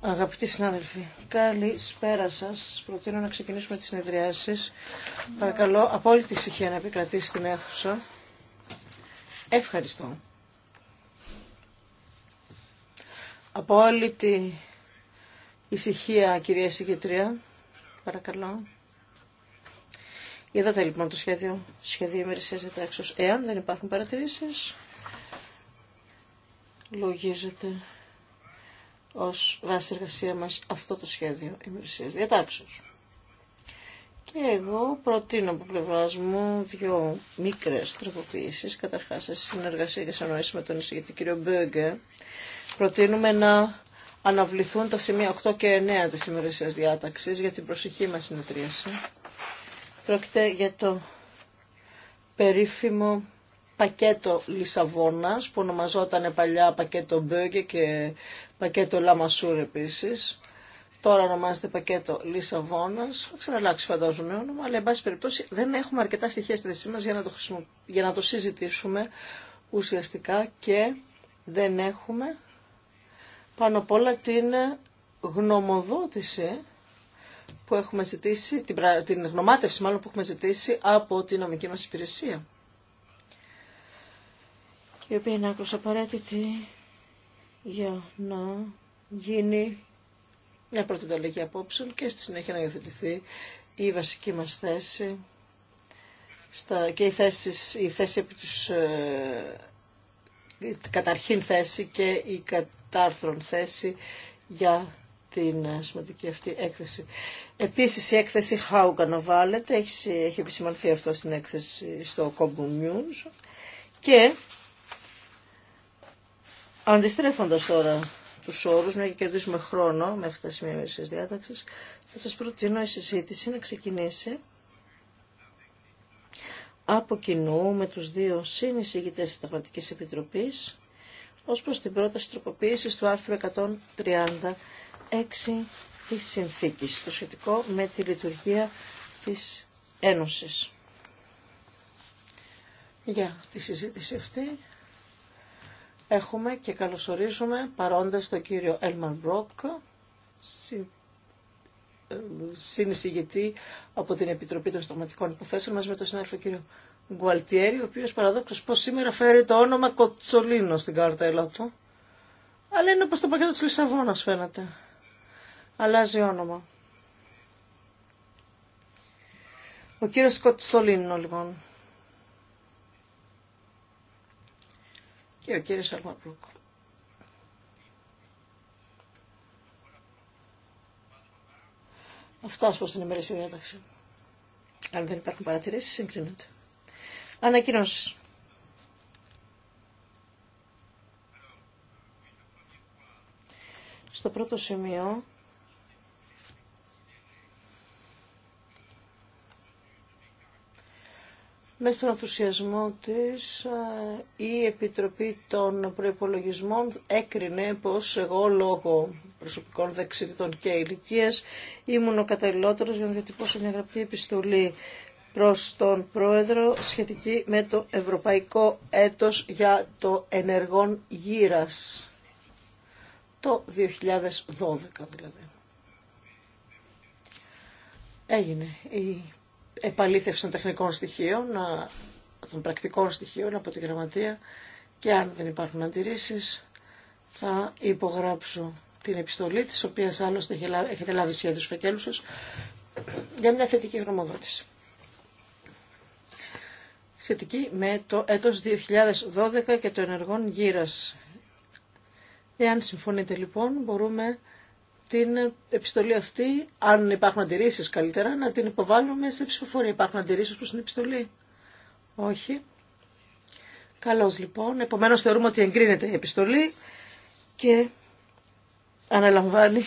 Αγαπητοί συνάδελφοι, καλησπέρα σα. Προτείνω να ξεκινήσουμε τι συνεδριάσει. Παρακαλώ, απόλυτη ησυχία να επικρατήσει την αίθουσα. Ευχαριστώ. Απόλυτη ησυχία, κυρία Συγκετρία. Παρακαλώ. Είδατε λοιπόν το σχέδιο, σχέδιο ημερησία για Εάν δεν υπάρχουν παρατηρήσει λογίζεται ως βάση εργασία μας αυτό το σχέδιο ημερησίας διατάξεως. Και εγώ προτείνω από πλευρά μου δύο μικρές τροποποιήσεις, καταρχάς σε συνεργασία και συνεννόηση με τον εισηγητή κύριο Μπέγκε. Προτείνουμε να αναβληθούν τα σημεία 8 και 9 της ημερησίας διάταξης για την προσεχή μας συνεδρίαση. Πρόκειται για το περίφημο πακέτο Λισαβόνας που ονομαζόταν παλιά πακέτο Μπέγκε και πακέτο Λαμασούρ επίσης. Τώρα ονομάζεται πακέτο Λισαβόνα. Θα ξαναλλάξει φαντάζομαι όνομα, αλλά εν πάση περιπτώσει δεν έχουμε αρκετά στοιχεία στη θέση μα για, να το χρησιμο... για να το συζητήσουμε ουσιαστικά και δεν έχουμε πάνω απ' όλα την γνωμοδότηση που έχουμε ζητήσει, την, γνωμάτευση μάλλον που έχουμε ζητήσει από την νομική μα υπηρεσία η οποία είναι άκρως απαραίτητη για να γίνει μια πρώτη ανταλλαγή απόψεων και στη συνέχεια να υιοθετηθεί η βασική μας θέση στα, και η θέση, η θέση επί τους, ε, καταρχήν θέση και η κατάρθρον θέση για την ε, σημαντική αυτή έκθεση. Επίσης η έκθεση How Can έχει, έχει επισημανθεί αυτό στην έκθεση στο Combo News και Αντιστρέφοντας τώρα τους όρους, και κερδίσουμε χρόνο μέχρι τα σημεία τη διάταξης, θα σας προτείνω η συζήτηση να ξεκινήσει από κοινού με τους δύο συνεισηγητές της Ταγματικής Επιτροπής ως προς την πρόταση τροποποίηση του άρθρου 136 της Συνθήκης, το σχετικό με τη λειτουργία της Ένωσης. Για τη συζήτηση αυτή έχουμε και καλωσορίζουμε παρόντες τον κύριο Έλμαν Μπρόκ, ε, συνεισηγητή από την Επιτροπή των Σταγματικών Υποθέσεων μαζί με τον συνάδελφο κύριο Γκουαλτιέρη, ο οποίος παραδόξως πως σήμερα φέρει το όνομα Κοτσολίνο στην κάρτα του. Αλλά είναι όπως το πακέτο της Λισαβόνας φαίνεται. Αλλάζει όνομα. Ο κύριος Κοτσολίνο λοιπόν. και ο κύριος Αλμαπλούκ. Αυτά προς την ημερήσια διάταξη. Αν δεν υπάρχουν παρατηρήσεις, συγκρίνονται. Ανακοινώσεις. Στο πρώτο σημείο με στον ενθουσιασμό της ε, η Επιτροπή των Προϋπολογισμών έκρινε πως εγώ λόγω προσωπικών δεξιτήτων και ηλικία ήμουν ο καταλληλότερος για να διατυπώσω μια γραπτή επιστολή προς τον Πρόεδρο σχετική με το Ευρωπαϊκό Έτος για το Ενεργόν Γύρας το 2012 δηλαδή. Έγινε η επαλήθευση των τεχνικών στοιχείων, των πρακτικών στοιχείων από τη γραμματεία και αν δεν υπάρχουν αντιρρήσεις θα υπογράψω την επιστολή της οποίας άλλωστε έχετε λάβει σχέδιο στους φακέλους σας για μια θετική γνωμοδότηση. Σχετική με το έτος 2012 και το ενεργόν γύρας. Εάν συμφωνείτε λοιπόν μπορούμε την επιστολή αυτή, αν υπάρχουν αντιρρήσει καλύτερα, να την υποβάλουμε σε ψηφοφορία. Υπάρχουν αντιρρήσει προ την επιστολή. Όχι. Καλώ λοιπόν. Επομένω θεωρούμε ότι εγκρίνεται η επιστολή και αναλαμβάνει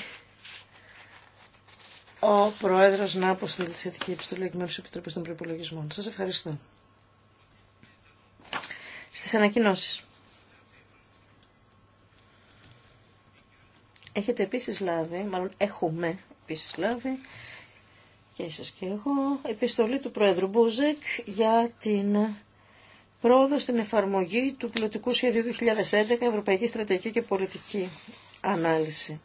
ο Πρόεδρος να αποστείλει τη σχετική επιστολή εκ μέρους Επιτροπής των Προϋπολογισμών. Σας ευχαριστώ. Στις ανακοινώσεις. Έχετε επίσης λάβει, μάλλον έχουμε επίσης λάβει, και ίσως και εγώ, επιστολή του Πρόεδρου Μπούζεκ για την πρόοδο στην εφαρμογή του πιλωτικού σχεδίου 2011 Ευρωπαϊκή Στρατηγική και Πολιτική Ανάλυση.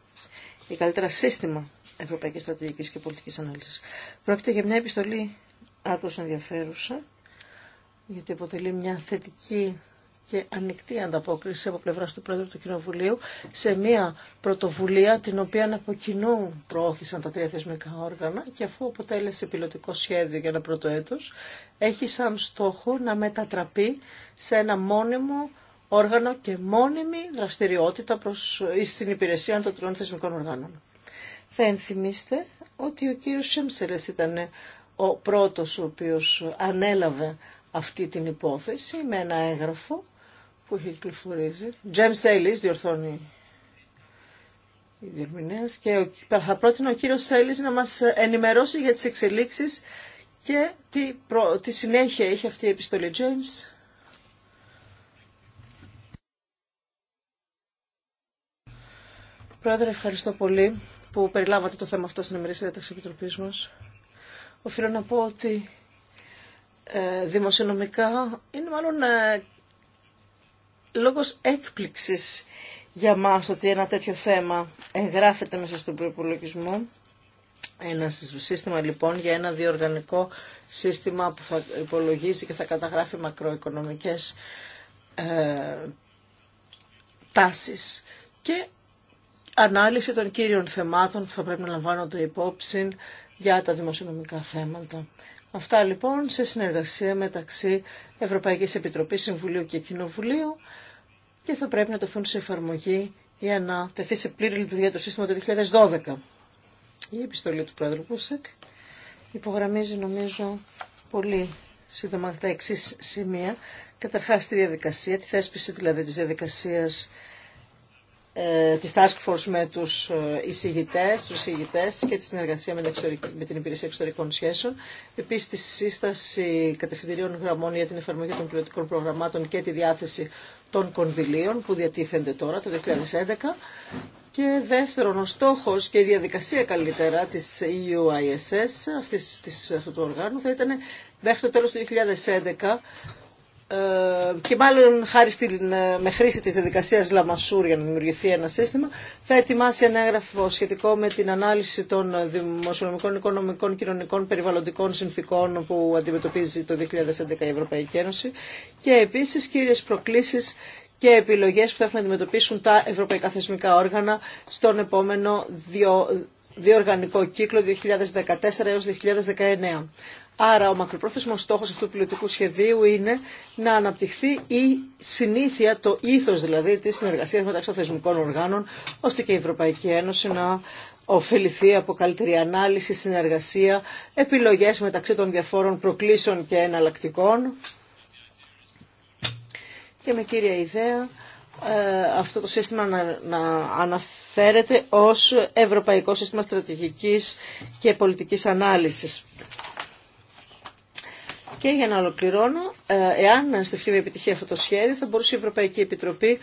Ή καλύτερα σύστημα Ευρωπαϊκής Στρατηγικής και Πολιτικής Ανάλυσης. Πρόκειται για μια επιστολή άκουσα ενδιαφέρουσα, γιατί αποτελεί μια θετική και ανοιχτή ανταπόκριση από πλευρά του Πρόεδρου του Κοινοβουλίου σε μια πρωτοβουλία την οποία από κοινού προώθησαν τα τρία θεσμικά όργανα και αφού αποτέλεσε πιλωτικό σχέδιο για ένα πρώτο έτος, έχει σαν στόχο να μετατραπεί σε ένα μόνιμο όργανο και μόνιμη δραστηριότητα προς, στην υπηρεσία των τριών θεσμικών οργάνων. Θα ενθυμίστε ότι ο κύριος Σέμψελες ήταν ο πρώτος ο οποίος ανέλαβε αυτή την υπόθεση με ένα έγγραφο που κυκλοφορήσει. James Σέιλις διορθώνει η διερμηνέα. και θα πρότεινα ο κύριο Σέιλις να μας ενημερώσει για τις εξελίξεις και τι, συνέχεια έχει αυτή η επιστολή. James. Πρόεδρε, ευχαριστώ πολύ που περιλάβατε το θέμα αυτό στην ημερήσια τη Επιτροπή μας. Οφείλω να πω ότι ε, δημοσιονομικά είναι μάλλον ε, λόγος έκπληξης για μας ότι ένα τέτοιο θέμα εγγράφεται μέσα στον προπολογισμό. Ένα σύστημα λοιπόν για ένα διοργανικό σύστημα που θα υπολογίζει και θα καταγράφει μακροοικονομικές ε, τάσεις και ανάλυση των κύριων θεμάτων που θα πρέπει να λαμβάνονται υπόψη για τα δημοσιονομικά θέματα. Αυτά λοιπόν σε συνεργασία μεταξύ Ευρωπαϊκής Επιτροπής Συμβουλίου και Κοινοβουλίου και θα πρέπει να τεθούν σε εφαρμογή για να τεθεί σε πλήρη λειτουργία το σύστημα το 2012. Η επιστολή του Πρόεδρου Πούσεκ υπογραμμίζει νομίζω πολύ σύντομα τα εξή σημεία. Καταρχά τη διαδικασία, τη θέσπιση δηλαδή τη διαδικασία ε, τη Task Force με του ε, εισηγητέ τους εισηγητές και τη συνεργασία με, με την Υπηρεσία Εξωτερικών Σχέσεων. Επίση τη σύσταση κατευθυντηρίων γραμμών για την εφαρμογή των πιλωτικών προγραμμάτων και τη διάθεση των κονδυλίων που διατίθενται τώρα το 2011 και δεύτερον ο στόχος και η διαδικασία καλύτερα της EUISS αυτής, της, αυτού του οργάνου θα ήταν μέχρι το τέλος του 2011 ε, και μάλλον χάρη ε, με χρήση της διαδικασίας Λαμασούρ για να δημιουργηθεί ένα σύστημα, θα ετοιμάσει ένα έγγραφο σχετικό με την ανάλυση των δημοσιονομικών, οικονομικών, κοινωνικών, περιβαλλοντικών συνθήκων που αντιμετωπίζει το 2011 η Ευρωπαϊκή Ένωση και επίσης κύριες προκλήσεις και επιλογές που θα έχουν να αντιμετωπίσουν τα ευρωπαϊκά θεσμικά όργανα στον επόμενο διοργανικό κύκλο 2014 έως 2019. Άρα ο μακροπρόθεσμος στόχος αυτού του πιλωτικού σχεδίου είναι να αναπτυχθεί η συνήθεια, το ήθος δηλαδή της συνεργασίας μεταξύ των θεσμικών οργάνων, ώστε και η Ευρωπαϊκή Ένωση να ωφεληθεί από καλύτερη ανάλυση, συνεργασία, επιλογές μεταξύ των διαφόρων προκλήσεων και εναλλακτικών. Και με κύρια ιδέα ε, αυτό το σύστημα να, να αναφέρεται ως Ευρωπαϊκό Σύστημα Στρατηγικής και Πολιτικής Ανάλυσης. Και για να ολοκληρώνω, ε, εάν αναστευτεί με επιτυχία αυτό το σχέδιο, θα μπορούσε η Ευρωπαϊκή Επιτροπή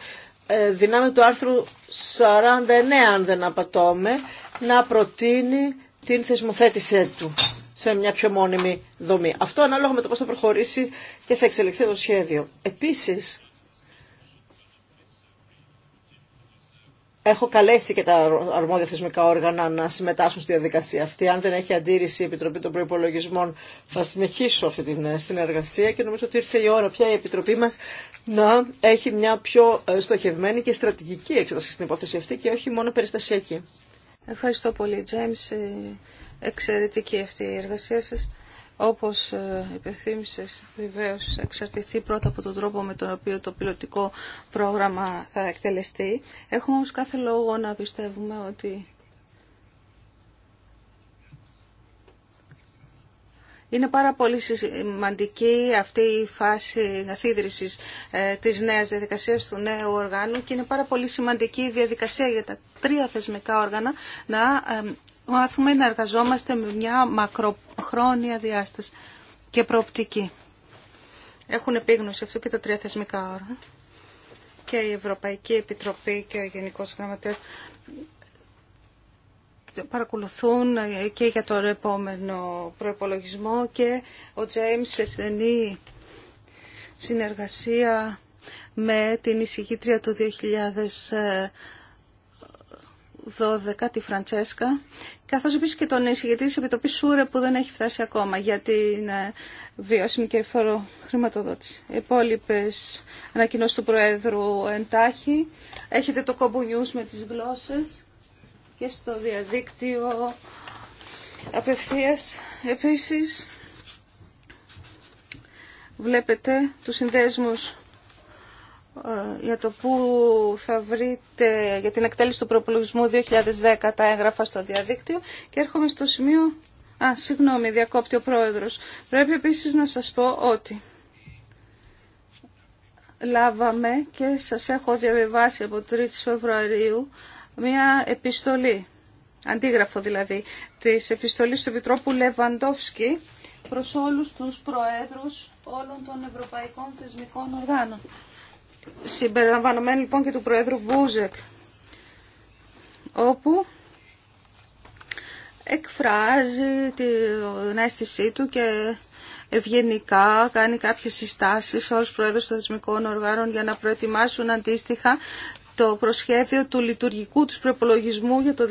ε, δυνάμει του άρθρου 49, αν δεν απατώμε, να προτείνει την θεσμοθέτησή του σε μια πιο μόνιμη δομή. Αυτό ανάλογα με το πώς θα προχωρήσει και θα εξελιχθεί το σχέδιο. Επίσης, Έχω καλέσει και τα αρμόδια θεσμικά όργανα να συμμετάσχουν στη διαδικασία αυτή. Αν δεν έχει αντίρρηση η Επιτροπή των Προπολογισμών, θα συνεχίσω αυτή τη ε, συνεργασία και νομίζω ότι ήρθε η ώρα πια η Επιτροπή μα να έχει μια πιο ε, στοχευμένη και στρατηγική εξέταση στην υπόθεση αυτή και όχι μόνο περιστασιακή. Ευχαριστώ πολύ, Τζέιμ. Ε, εξαιρετική αυτή η εργασία σας όπως ε, υπενθύμησες βεβαίως εξαρτηθεί πρώτα από τον τρόπο με τον οποίο το πιλωτικό πρόγραμμα θα εκτελεστεί. Έχουμε όμως κάθε λόγο να πιστεύουμε ότι Είναι πάρα πολύ σημαντική αυτή η φάση καθίδρυσης ε, της νέας διαδικασίας του νέου οργάνου και είναι πάρα πολύ σημαντική η διαδικασία για τα τρία θεσμικά όργανα να ε, μάθουμε να εργαζόμαστε με μια μακροχρόνια διάσταση και προοπτική. Έχουν επίγνωση αυτού και τα τρία θεσμικά όρα. Και η Ευρωπαϊκή Επιτροπή και ο Γενικός Γραμματέας παρακολουθούν ε, και για τον επόμενο προϋπολογισμό και ο Τζέιμς σε στενή συνεργασία με την εισηγήτρια του 2000 12 τη Φραντσέσκα, καθώς επίσης και τον εισηγητή τη Επιτροπής Σούρε που δεν έχει φτάσει ακόμα για την ε, βιώσιμη και φορο χρηματοδότηση. Υπόλοιπε ανακοινώσεις του Προέδρου εντάχει. Έχετε το κόμπο με τις γλώσσες και στο διαδίκτυο απευθείας επίσης. Βλέπετε τους συνδέσμους ε, για το που θα βρείτε για την εκτέλεση του προπολογισμού 2010 τα έγγραφα στο διαδίκτυο και έρχομαι στο σημείο... Α, συγγνώμη, διακόπτει ο πρόεδρος. Πρέπει επίσης να σας πω ότι λάβαμε και σας έχω διαβιβάσει από 3 Φεβρουαρίου μια επιστολή, αντίγραφο δηλαδή, της επιστολής του Επιτρόπου Λεβαντόφσκι προς όλους τους προέδρους όλων των ευρωπαϊκών θεσμικών οργάνων συμπεριλαμβανομένου λοιπόν και του Προέδρου Μπούζεκ, όπου εκφράζει την αίσθησή του και ευγενικά κάνει κάποιες συστάσεις ως Πρόεδρος των Θεσμικών Οργάνων για να προετοιμάσουν αντίστοιχα το προσχέδιο του λειτουργικού του προπολογισμού για το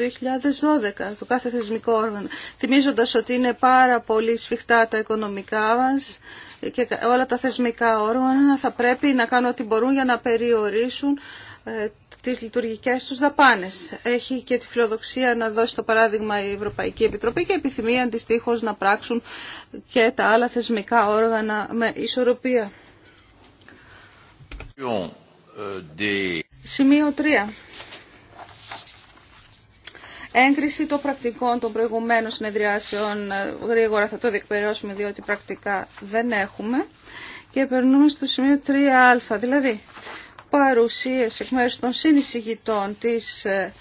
2012, του κάθε θεσμικό όργανο. Θυμίζοντας ότι είναι πάρα πολύ σφιχτά τα οικονομικά μας, και όλα τα θεσμικά όργανα θα πρέπει να κάνουν ό,τι μπορούν για να περιορίσουν ε, τις λειτουργικές τους δαπάνες. Έχει και τη φιλοδοξία να δώσει το παράδειγμα η Ευρωπαϊκή Επιτροπή και επιθυμεί αντιστοίχως να πράξουν και τα άλλα θεσμικά όργανα με ισορροπία. Σημείο 3 έγκριση των πρακτικών των προηγουμένων συνεδριάσεων. Ε, γρήγορα θα το διεκπαιρεώσουμε διότι πρακτικά δεν έχουμε. Και περνούμε στο σημείο 3α, δηλαδή παρουσίες εκ μέρους των συνεισηγητών της ε,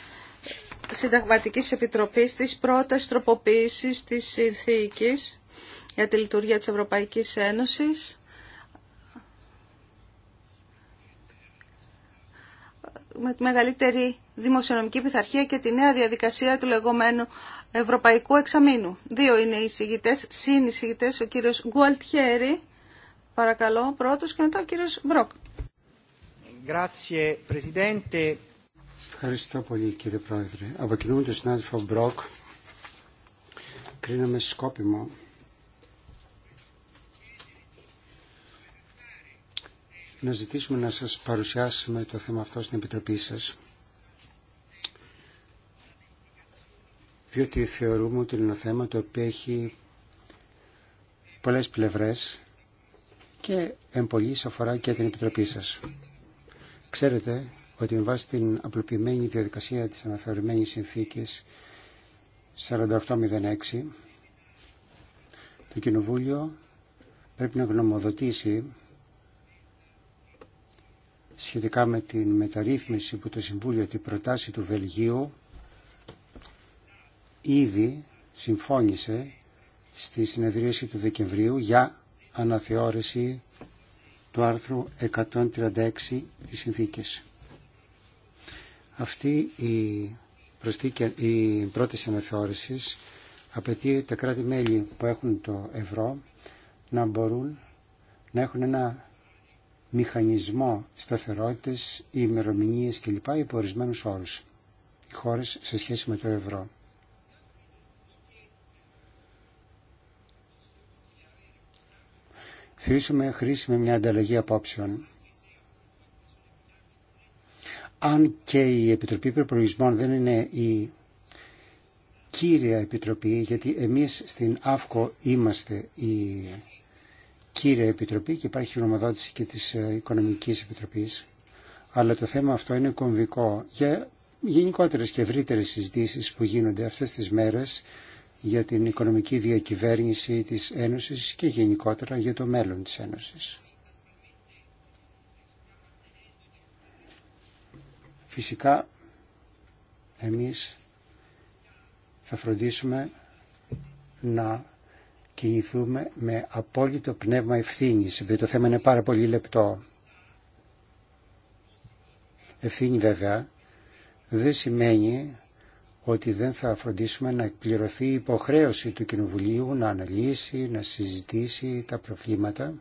Συνταγματικής Επιτροπής της πρώτας τροποποίησης της συνθήκης για τη λειτουργία της Ευρωπαϊκής Ένωσης με τη μεγαλύτερη δημοσιονομική πειθαρχία και τη νέα διαδικασία του λεγόμενου Ευρωπαϊκού Εξαμήνου. Δύο είναι οι συγητές, συν ο κύριο Γκουαλτιέρη, παρακαλώ, πρώτο και μετά ο κύριο Μπροκ. Ευχαριστώ πολύ κύριε Πρόεδρε. Από κοινού με τον συνάδελφο Μπροκ κρίναμε σκόπιμο να ζητήσουμε να σας παρουσιάσουμε το θέμα αυτό στην Επιτροπή σας. Διότι θεωρούμε ότι είναι ένα θέμα το οποίο έχει πολλές πλευρές και εμπολής αφορά και την Επιτροπή σας. Ξέρετε ότι με βάση την απλοποιημένη διαδικασία της αναθεωρημένης συνθήκης 4806 το Κοινοβούλιο πρέπει να γνωμοδοτήσει σχετικά με την μεταρρύθμιση που το Συμβούλιο την προτάσει του Βελγίου ήδη συμφώνησε στη συνεδρίαση του Δεκεμβρίου για αναθεώρηση του άρθρου 136 της συνθήκης. Αυτή η, πρώτη η πρόταση αναθεώρησης απαιτεί τα κράτη-μέλη που έχουν το ευρώ να μπορούν να έχουν ένα μηχανισμό οι ημερομηνίε κλπ. υπό ορισμένου όρους χώρες σε σχέση με το ευρώ. Θεωρήσουμε χρήσιμη μια ανταλλαγή απόψεων. Αν και η Επιτροπή Προπολογισμών δεν είναι η κύρια επιτροπή, γιατί εμείς στην ΑΦΚΟ είμαστε η κύρια επιτροπή και υπάρχει γνωμοδότηση και της ε, Οικονομικής Επιτροπής. Αλλά το θέμα αυτό είναι κομβικό για γενικότερες και ευρύτερε συζητήσει που γίνονται αυτές τις μέρες για την οικονομική διακυβέρνηση της Ένωσης και γενικότερα για το μέλλον της Ένωσης. Φυσικά, εμείς θα φροντίσουμε να κινηθούμε με απόλυτο πνεύμα ευθύνης, επειδή το θέμα είναι πάρα πολύ λεπτό. Ευθύνη βέβαια δεν σημαίνει ότι δεν θα φροντίσουμε να εκπληρωθεί η υποχρέωση του Κοινοβουλίου να αναλύσει, να συζητήσει τα προβλήματα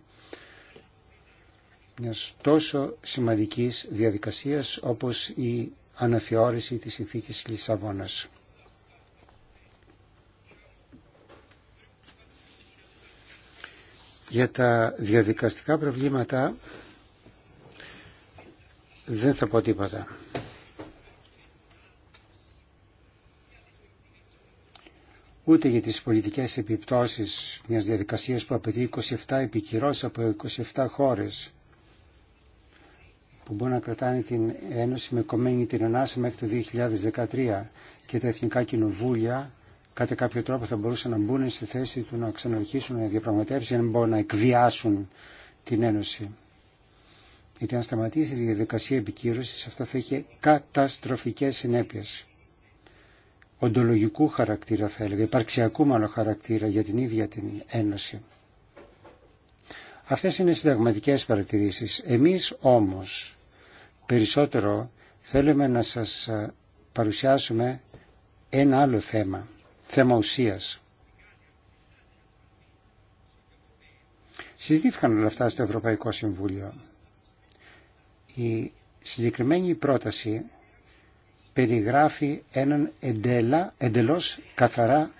μια τόσο σημαντικής διαδικασίας όπως η αναθεώρηση της συνθήκης Λισαβόνας. Για τα διαδικαστικά προβλήματα δεν θα πω τίποτα. Ούτε για τις πολιτικές επιπτώσεις μιας διαδικασίας που απαιτεί 27 επικυρώσεις από 27 χώρες που μπορεί να κρατάνε την Ένωση με κομμένη την Ανάσα μέχρι το 2013 και τα Εθνικά Κοινοβούλια κατά κάποιο τρόπο θα μπορούσαν να μπουν στη θέση του να ξαναρχίσουν να διαπραγματεύσει, να μπορούν να εκβιάσουν την Ένωση. Γιατί αν σταματήσει η διαδικασία επικύρωση, αυτό θα είχε καταστροφικέ συνέπειε, Οντολογικού χαρακτήρα θα έλεγα, υπαρξιακού μάλλον χαρακτήρα για την ίδια την Ένωση. Αυτέ είναι συνταγματικέ παρατηρήσει. Εμεί όμω, περισσότερο θέλουμε να σα παρουσιάσουμε ένα άλλο θέμα θέμα ουσίας. Συζητήθηκαν όλα αυτά στο Ευρωπαϊκό Συμβούλιο. Η συγκεκριμένη πρόταση περιγράφει έναν εντελά, εντελώς καθαρά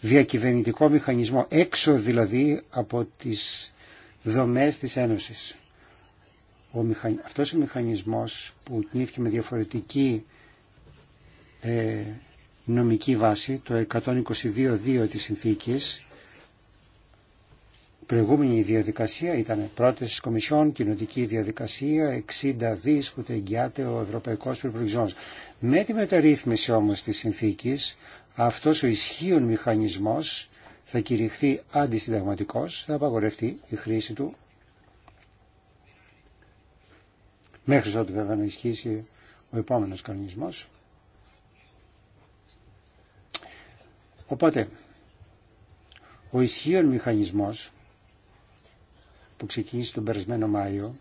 διακυβερνητικό μηχανισμό, έξω δηλαδή από τις δομές της Ένωσης. Ο Αυτός ο μηχανισμός που κινήθηκε με διαφορετική ε, νομική βάση, το 122.2 της συνθήκης. προηγούμενη διαδικασία ήταν πρώτες της Κομισιόν, κοινοτική διαδικασία, 60 δις που τεγκιάται ο Ευρωπαϊκός Περιπολογισμός. Με τη μεταρρύθμιση όμως της συνθήκης, αυτός ο ισχύων μηχανισμός θα κηρυχθεί αντισυνταγματικός, θα απαγορευτεί η χρήση του. Μέχρι ότου βέβαια να ισχύσει ο επόμενος κανονισμός. Οπότε, ο ισχύων μηχανισμός που ξεκίνησε τον περασμένο Μάιο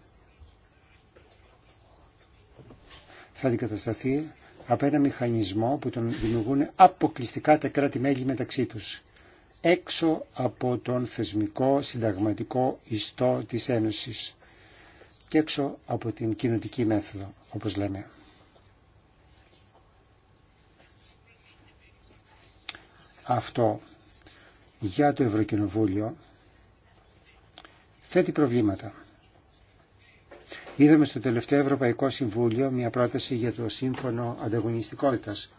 θα αντικατασταθεί από ένα μηχανισμό που τον δημιουργούν αποκλειστικά τα κράτη-μέλη μεταξύ τους, έξω από τον θεσμικό συνταγματικό ιστό της Ένωσης και έξω από την κοινωτική μέθοδο, όπως λέμε. αυτό για το Ευρωκοινοβούλιο θέτει προβλήματα. Είδαμε στο τελευταίο Ευρωπαϊκό Συμβούλιο μια πρόταση για το σύμφωνο ανταγωνιστικότητας.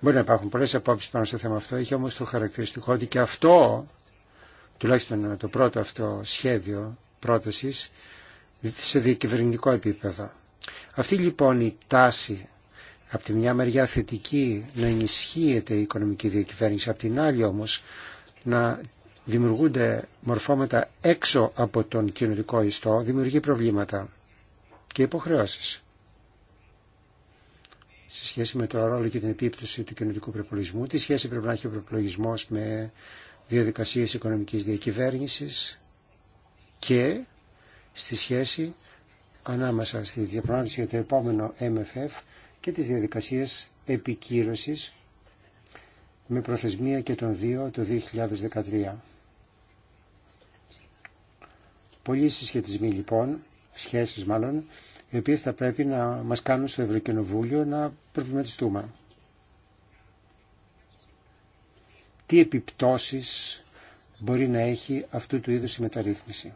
Μπορεί να υπάρχουν πολλές απόψεις πάνω στο θέμα αυτό, έχει όμως το χαρακτηριστικό ότι και αυτό, τουλάχιστον το πρώτο αυτό σχέδιο πρότασης, σε διακυβερνητικό επίπεδο. Αυτή λοιπόν η τάση από τη μια μεριά θετική να ενισχύεται η οικονομική διακυβέρνηση, από την άλλη όμως να δημιουργούνται μορφώματα έξω από τον κοινωνικό ιστό, δημιουργεί προβλήματα και υποχρεώσεις. Σε σχέση με το ρόλο και την επίπτωση του κοινωνικού προπολογισμού, τη σχέση πρέπει να έχει ο προπολογισμό με διαδικασίε οικονομική διακυβέρνηση και στη σχέση ανάμεσα στη διαπραγμάτευση για το επόμενο MFF και τις διαδικασίες επικύρωσης με προθεσμία και τον 2 το 2013. Πολλοί συσχετισμοί λοιπόν, σχέσεις μάλλον, οι οποίε θα πρέπει να μας κάνουν στο Ευρωκοινοβούλιο να προβληματιστούμε. Τι επιπτώσεις μπορεί να έχει αυτού του είδους η μεταρρύθμιση.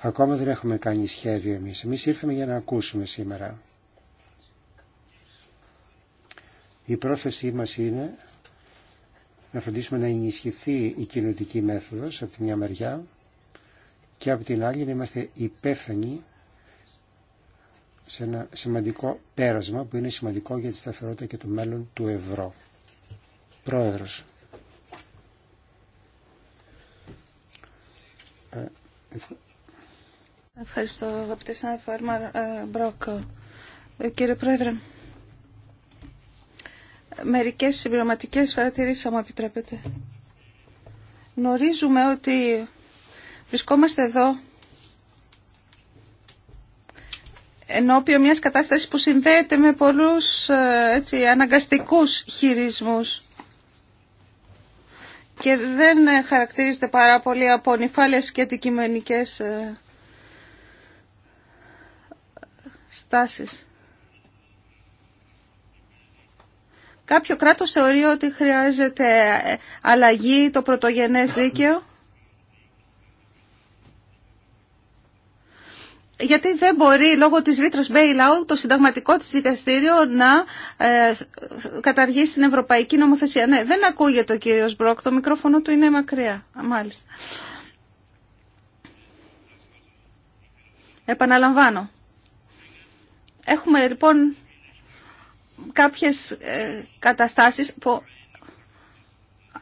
Ακόμα δεν έχουμε κάνει σχέδιο εμείς. Εμείς ήρθαμε για να ακούσουμε σήμερα. Η πρόθεσή μας είναι να φροντίσουμε να ενισχυθεί η κοινωτική μέθοδος από τη μια μεριά και από την άλλη να είμαστε υπεύθυνοι σε ένα σημαντικό πέρασμα που είναι σημαντικό για τη σταθερότητα και το μέλλον του ευρώ. Πρόεδρος. Ε, Ευχαριστώ, αγαπητέ συνάδελφο ε, Μπρόκ. Ε, κύριε Πρόεδρε, μερικές συμπληρωματικές αν μου επιτρέπετε. Γνωρίζουμε ότι βρισκόμαστε εδώ ενώπιον μιας κατάστασης που συνδέεται με πολλούς ε, έτσι, αναγκαστικούς χειρισμούς και δεν χαρακτηρίζεται πάρα πολύ από νυφάλες και αντικειμενικές στάσεις. Κάποιο κράτος θεωρεί ότι χρειάζεται αλλαγή το πρωτογενές δίκαιο. Γιατί δεν μπορεί λόγω της ρήτρας bailout το συνταγματικό της δικαστήριο να ε, καταργήσει την ευρωπαϊκή νομοθεσία. Ναι, δεν ακούγεται ο κύριος Μπρόκ, το μικρόφωνο του είναι μακριά. Μάλιστα. Επαναλαμβάνω. Έχουμε λοιπόν κάποιες ε, καταστάσεις που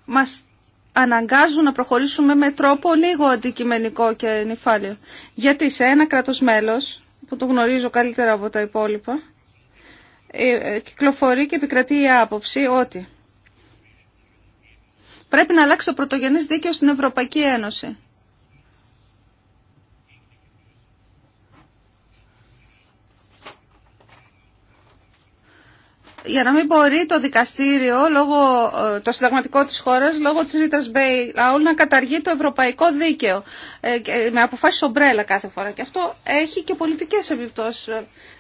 μας αναγκάζουν να προχωρήσουμε με τρόπο λίγο αντικειμενικό και νυφάλιο. Γιατί σε ένα κράτος μέλος, που το γνωρίζω καλύτερα από τα υπόλοιπα, ε, ε, κυκλοφορεί και επικρατεί η άποψη ότι πρέπει να αλλάξει το πρωτογενές δίκαιο στην Ευρωπαϊκή Ένωση. για να μην μπορεί το δικαστήριο, λόγω, ε, το συνταγματικό της χώρας, λόγω της Ρίτας Μπέιλαουλ να καταργεί το ευρωπαϊκό δίκαιο ε, ε, με αποφάσεις ομπρέλα κάθε φορά. Και αυτό έχει και πολιτικές επιπτώσεις.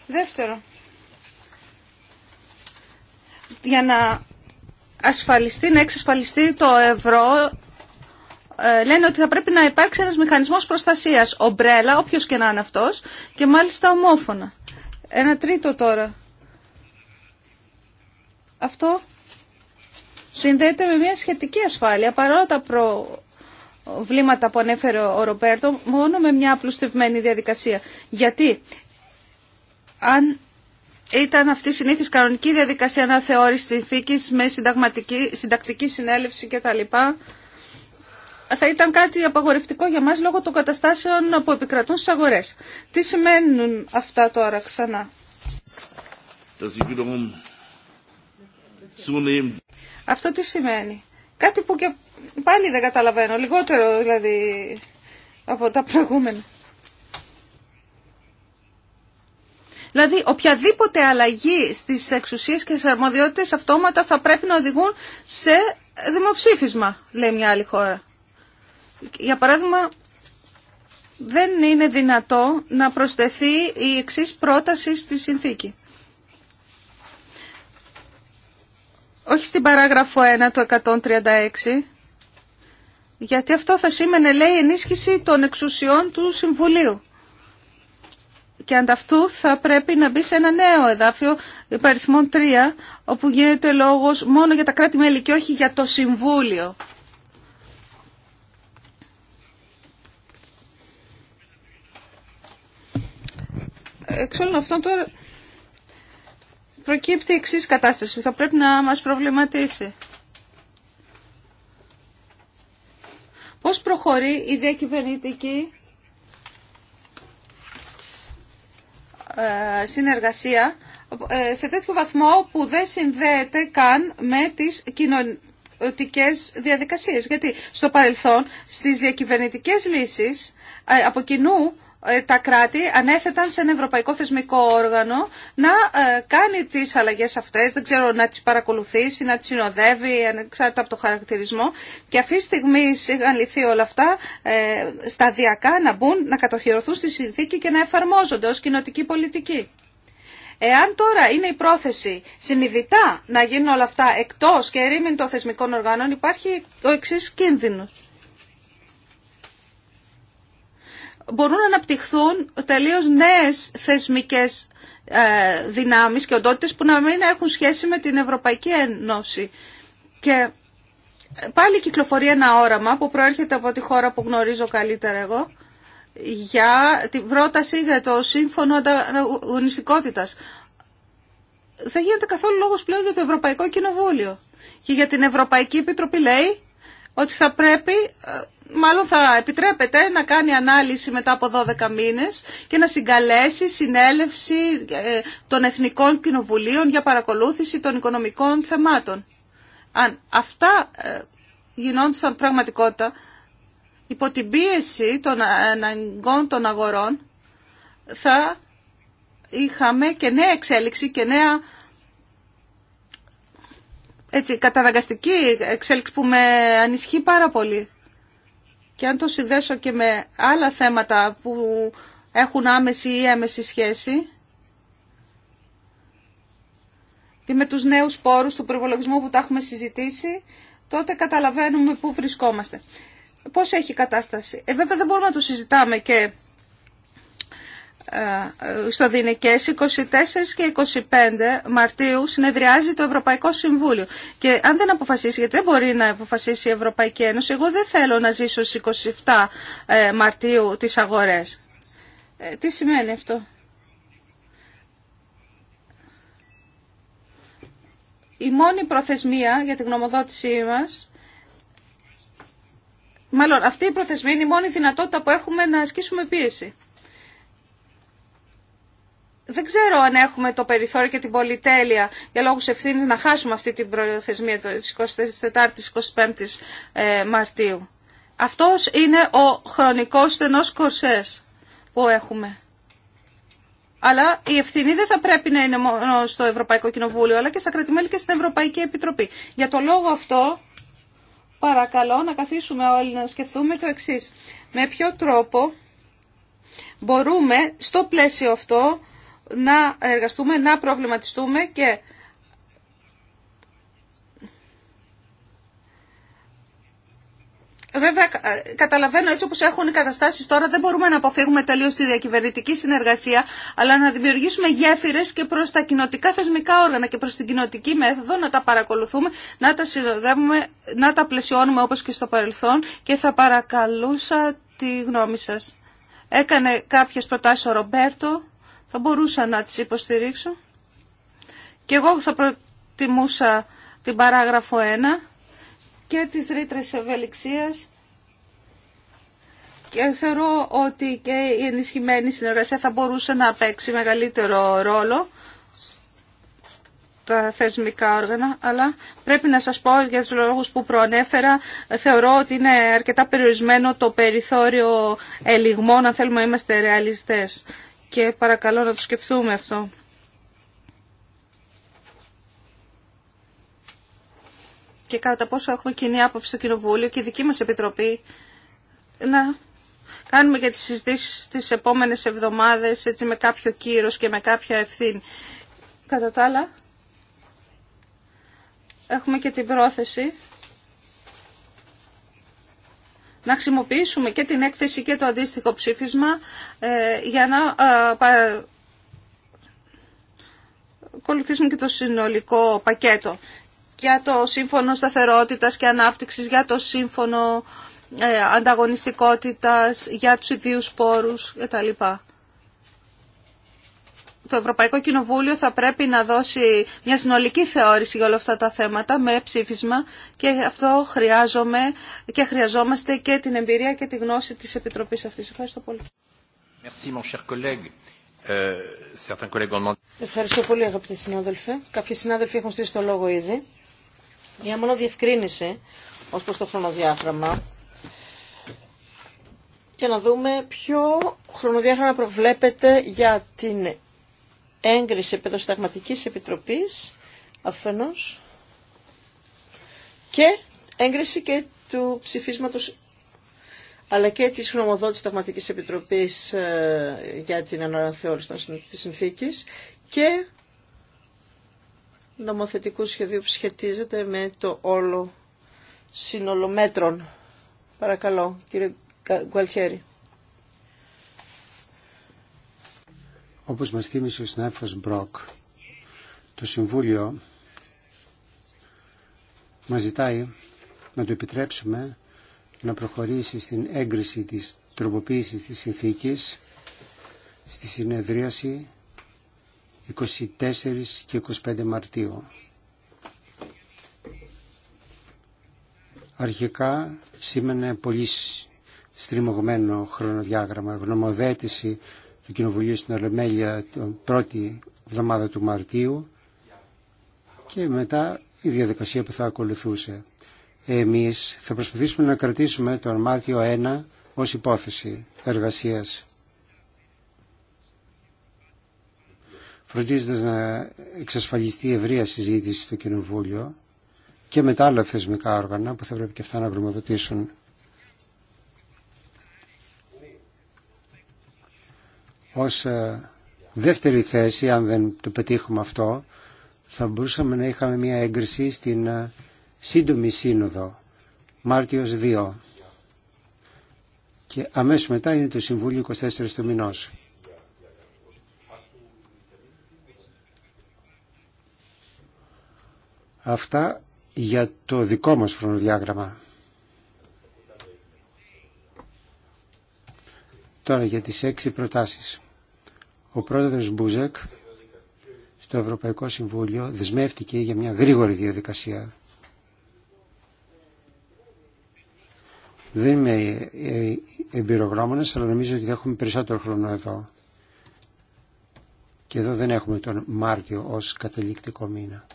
Δεύτερο, για να ασφαλιστεί, να εξασφαλιστεί το ευρώ, λένε ότι θα πρέπει να υπάρξει ένας μηχανισμός προστασίας, ομπρέλα, όποιος και να είναι αυτός, και μάλιστα ομόφωνα. Ένα τρίτο τώρα αυτό συνδέεται με μια σχετική ασφάλεια, παρόλα τα προβλήματα που ανέφερε ο Ροπέρτο, μόνο με μια απλουστευμένη διαδικασία. Γιατί αν ήταν αυτή η συνήθις κανονική διαδικασία να αναθεώρησης θήκη με συνταγματική, συντακτική συνέλευση κτλ. Θα ήταν κάτι απαγορευτικό για μας λόγω των καταστάσεων που επικρατούν στις αγορές. Τι σημαίνουν αυτά τώρα ξανά. Αυτό τι σημαίνει. Κάτι που και πάλι δεν καταλαβαίνω. Λιγότερο δηλαδή από τα προηγούμενα. Δηλαδή, οποιαδήποτε αλλαγή στις εξουσίες και στις αρμοδιότητες αυτόματα θα πρέπει να οδηγούν σε δημοψήφισμα, λέει μια άλλη χώρα. Για παράδειγμα, δεν είναι δυνατό να προσθεθεί η εξής πρόταση στη συνθήκη. όχι στην παράγραφο 1 του 136, γιατί αυτό θα σήμαινε, λέει, ενίσχυση των εξουσιών του Συμβουλίου. Και ανταυτού θα πρέπει να μπει σε ένα νέο εδάφιο, υπαριθμών 3, όπου γίνεται λόγος μόνο για τα κράτη-μέλη και όχι για το Συμβούλιο. Εξ όλων αυτών τώρα προκύπτει εξή κατάσταση που θα πρέπει να μας προβληματίσει. Πώς προχωρεί η διακυβερνητική ε, συνεργασία ε, σε τέτοιο βαθμό που δεν συνδέεται καν με τις κοινωνικές διαδικασίες. Γιατί στο παρελθόν στις διακυβερνητικές λύσεις ε, από κοινού ε, τα κράτη ανέθεταν σε ένα ευρωπαϊκό θεσμικό όργανο να ε, κάνει τις αλλαγές αυτές, δεν ξέρω να τις παρακολουθήσει, να τις συνοδεύει, ανεξάρτητα από το χαρακτηρισμό. Και αυτή τη στιγμή είχαν λυθεί όλα αυτά ε, σταδιακά να μπουν, να κατοχυρωθούν στη συνθήκη και να εφαρμόζονται ως κοινοτική πολιτική. Εάν τώρα είναι η πρόθεση συνειδητά να γίνουν όλα αυτά εκτός και ερήμην των θεσμικών οργάνων, υπάρχει ο εξή κίνδυνος. μπορούν να αναπτυχθούν τελείως νέες θεσμικές ε, δυνάμει και οντότητε που να μην έχουν σχέση με την Ευρωπαϊκή Ένωση. Και πάλι κυκλοφορεί ένα όραμα που προέρχεται από τη χώρα που γνωρίζω καλύτερα εγώ για την πρόταση για το σύμφωνο ανταγωνιστικότητα. Δεν γίνεται καθόλου λόγος πλέον για το Ευρωπαϊκό Κοινοβούλιο. Και για την Ευρωπαϊκή Επιτροπή λέει ότι θα πρέπει ε, μάλλον θα επιτρέπεται να κάνει ανάλυση μετά από 12 μήνες και να συγκαλέσει συνέλευση ε, των Εθνικών Κοινοβουλίων για παρακολούθηση των οικονομικών θεμάτων. Αν αυτά ε, γινόντουσαν πραγματικότητα, υπό την πίεση των αναγκών των αγορών, θα είχαμε και νέα εξέλιξη και νέα έτσι, καταναγκαστική εξέλιξη που με ανισχύει πάρα πολύ. Και αν το συνδέσω και με άλλα θέματα που έχουν άμεση ή έμεση σχέση και με τους νέους πόρους του προπολογισμού που τα έχουμε συζητήσει, τότε καταλαβαίνουμε πού βρισκόμαστε. Πώς έχει η κατάσταση. Ε, βέβαια δεν μπορούμε να το συζητάμε και στο Δινικές 24 και 25 Μαρτίου συνεδριάζει το Ευρωπαϊκό Συμβούλιο και αν δεν αποφασίσει γιατί δεν μπορεί να αποφασίσει η Ευρωπαϊκή Ένωση εγώ δεν θέλω να ζήσω στις 27 ε, Μαρτίου τις αγορές ε, τι σημαίνει αυτό η μόνη προθεσμία για την γνωμοδότησή μας μάλλον αυτή η προθεσμία είναι η μόνη δυνατότητα που έχουμε να ασκήσουμε πίεση δεν ξέρω αν έχουμε το περιθώριο και την πολυτέλεια για λόγους ευθύνη να χάσουμε αυτή την προθεσμία τη 24 η 25 Αυτός είναι ο χρονικός στενός κορσές που έχουμε. Αλλά η ευθύνη δεν θα πρέπει να είναι μόνο στο Ευρωπαϊκό Κοινοβούλιο, αλλά και στα κρατημέλη και στην Ευρωπαϊκή Επιτροπή. Για το λόγο αυτό, παρακαλώ να καθίσουμε όλοι να σκεφτούμε το εξής. Με ποιο τρόπο μπορούμε στο πλαίσιο αυτό να εργαστούμε, να προβληματιστούμε και Βέβαια, καταλαβαίνω έτσι όπως έχουν οι καταστάσεις τώρα, δεν μπορούμε να αποφύγουμε τελείως τη διακυβερνητική συνεργασία, αλλά να δημιουργήσουμε γέφυρες και προς τα κοινοτικά θεσμικά όργανα και προς την κοινοτική μέθοδο, να τα παρακολουθούμε, να τα συνοδεύουμε, να τα πλαισιώνουμε όπως και στο παρελθόν και θα παρακαλούσα τη γνώμη σας. Έκανε κάποιες προτάσεις ο Ρομπέρτο θα μπορούσα να τις υποστηρίξω. Και εγώ θα προτιμούσα την παράγραφο 1 και τις ρήτρες ευελιξίας και θεωρώ ότι και η ενισχυμένη συνεργασία θα μπορούσε να παίξει μεγαλύτερο ρόλο τα θεσμικά όργανα, αλλά πρέπει να σας πω για τους λόγους που προανέφερα, θεωρώ ότι είναι αρκετά περιορισμένο το περιθώριο ελιγμών, αν θέλουμε να είμαστε ρεαλιστές και παρακαλώ να το σκεφτούμε αυτό. Και κατά πόσο έχουμε κοινή άποψη στο Κοινοβούλιο και η δική μας Επιτροπή να κάνουμε και τις συζητήσεις τις επόμενες εβδομάδες έτσι με κάποιο κύρος και με κάποια ευθύνη. Κατά τα άλλα, έχουμε και την πρόθεση να χρησιμοποιήσουμε και την έκθεση και το αντίστοιχο ψήφισμα ε, για να ε, ακολουθήσουμε και το συνολικό πακέτο για το Σύμφωνο Σταθερότητας και Ανάπτυξης, για το Σύμφωνο ε, Ανταγωνιστικότητας, για τους ιδίους πόρους κτλ το Ευρωπαϊκό Κοινοβούλιο θα πρέπει να δώσει μια συνολική θεώρηση για όλα αυτά τα θέματα με ψήφισμα και αυτό χρειάζομαι και χρειαζόμαστε και την εμπειρία και τη γνώση της Επιτροπής αυτής. Ευχαριστώ πολύ. Ε, Ευχαριστώ πολύ αγαπητοί συνάδελφοι. Κάποιοι συνάδελφοι έχουν στήσει το λόγο ήδη. Για μόνο διευκρίνηση ως προς το χρονοδιάγραμμα για να δούμε ποιο χρονοδιάγραμμα προβλέπετε για την έγκριση επιδοσταγματικής επιτροπής αφενός και έγκριση και του ψηφίσματος αλλά και της γνωμοδότησης Ταγματικής Επιτροπής ε, για την αναθεώρηση της συνθήκης και νομοθετικού σχεδίου που σχετίζεται με το όλο σύνολο μέτρων. Παρακαλώ, κύριε Γκουαλτιέρη. Όπως μας θύμισε ο συνάδελφος Μπροκ, το Συμβούλιο μας ζητάει να το επιτρέψουμε να προχωρήσει στην έγκριση της τροποποίησης της συνθήκης στη συνεδρίαση 24 και 25 Μαρτίου. Αρχικά σήμαινε πολύ στριμωγμένο χρονοδιάγραμμα, γνωμοδέτηση του Κοινοβουλίου στην Ολομέλεια την πρώτη εβδομάδα του Μαρτίου και μετά η διαδικασία που θα ακολουθούσε. Εμείς θα προσπαθήσουμε να κρατήσουμε τον Μάρτιο 1 ως υπόθεση εργασίας. Φροντίζοντας να εξασφαλιστεί ευρεία συζήτηση στο Κοινοβούλιο και με τα άλλα θεσμικά όργανα που θα πρέπει και αυτά να γνωμοδοτήσουν. ως ε, δεύτερη θέση, αν δεν το πετύχουμε αυτό, θα μπορούσαμε να είχαμε μια έγκριση στην ε, σύντομη σύνοδο, Μάρτιος 2. Και αμέσως μετά είναι το Συμβούλιο 24 του μηνός. Αυτά για το δικό μας χρονοδιάγραμμα. Τώρα για τις έξι προτάσεις. Ο πρόεδρος Μπούζεκ στο Ευρωπαϊκό Συμβούλιο δεσμεύτηκε για μια γρήγορη διαδικασία. Δεν είμαι ε, εμπειρογνώμονας, αλλά νομίζω ότι έχουμε περισσότερο χρόνο εδώ. Και εδώ δεν έχουμε τον Μάρτιο ως καταληκτικό μήνα.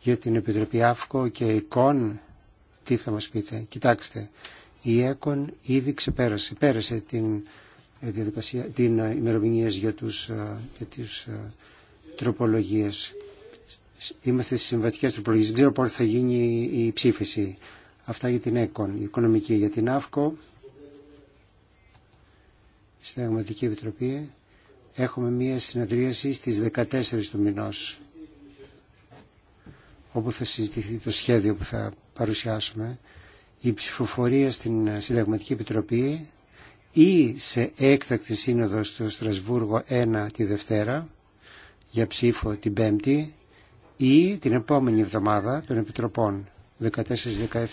Για την Επιτροπή ΑΦΚΟ και εικόν. τι θα μας πείτε. Κοιτάξτε, η ΕΚΟΝ ήδη ξεπέρασε, πέρασε την διαδικασία, την ε, ημερομηνία για, τους, ε, για τις ε, τροπολογίες. Είμαστε στις συμβατικές τροπολογίες. Δεν ξέρω πότε θα γίνει η ψήφιση. Αυτά για την ΕΚΟΝ, η οικονομική για την ΑΦΚΟ, Συνταγματική Επιτροπή. Έχουμε μία συνεδρίαση στις 14 του μηνός, όπου θα συζητηθεί το σχέδιο που θα παρουσιάσουμε. Η ψηφοφορία στην Συνταγματική Επιτροπή ή σε έκτακτη σύνοδο στο Στρασβούργο 1 τη Δευτέρα για ψήφο την Πέμπτη ή την επόμενη εβδομάδα των Επιτροπών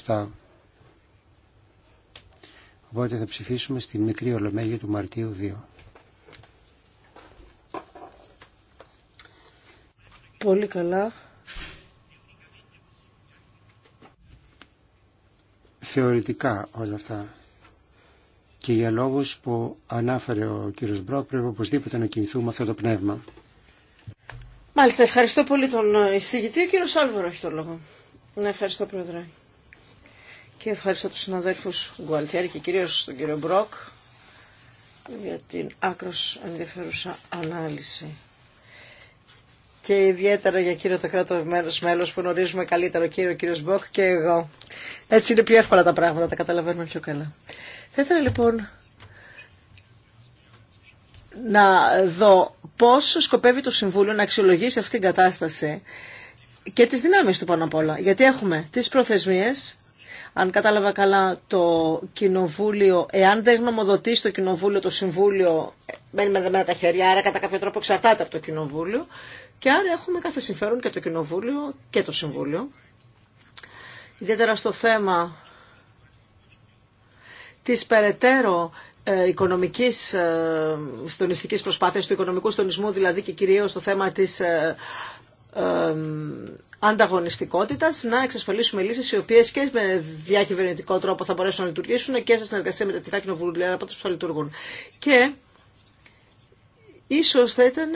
14-17. Οπότε θα ψηφίσουμε στην μικρή Ολομέλεια του Μαρτίου 2. Πολύ καλά. Θεωρητικά όλα αυτά και για λόγους που ανάφερε ο κύριος Μπρόκ πρέπει οπωσδήποτε να κινηθούμε αυτό το πνεύμα. Μάλιστα, ευχαριστώ πολύ τον ε, εισηγητή. Ο κύριος Άλβαρο έχει το λόγο. Ναι, ευχαριστώ πρόεδρε. Και ευχαριστώ τους συναδέλφους Γκουαλτιέρη και κυρίως τον κύριο Μπρόκ για την άκρος ενδιαφέρουσα ανάλυση. Και ιδιαίτερα για κύριο το κράτο μέλος που γνωρίζουμε καλύτερο κύριο κύριος Μπρόκ και εγώ. Έτσι είναι πιο εύκολα τα πράγματα, τα καταλαβαίνουμε πιο καλά. Θα ήθελα λοιπόν να δω πώς σκοπεύει το Συμβούλιο να αξιολογήσει αυτήν την κατάσταση και τις δυνάμεις του πάνω απ' όλα. Γιατί έχουμε τις προθεσμίες, αν κατάλαβα καλά το Κοινοβούλιο, εάν δεν γνωμοδοτεί στο Κοινοβούλιο το Συμβούλιο, μένει με δεμένα τα χέρια, άρα κατά κάποιο τρόπο εξαρτάται από το Κοινοβούλιο και άρα έχουμε κάθε συμφέρον και το Κοινοβούλιο και το Συμβούλιο. Ιδιαίτερα στο θέμα της περαιτέρω ε, οικονομικής ε, στονιστικής προσπάθειας, του οικονομικού στονισμού δηλαδή και κυρίως το θέμα της ε, ανταγωνιστικότητας, να εξασφαλίσουμε λύσεις οι οποίες και με διακυβερνητικό τρόπο θα μπορέσουν να λειτουργήσουν και σε συνεργασία με τα τυρά κοινοβουλία από τους που θα λειτουργούν. Και ίσως θα ήταν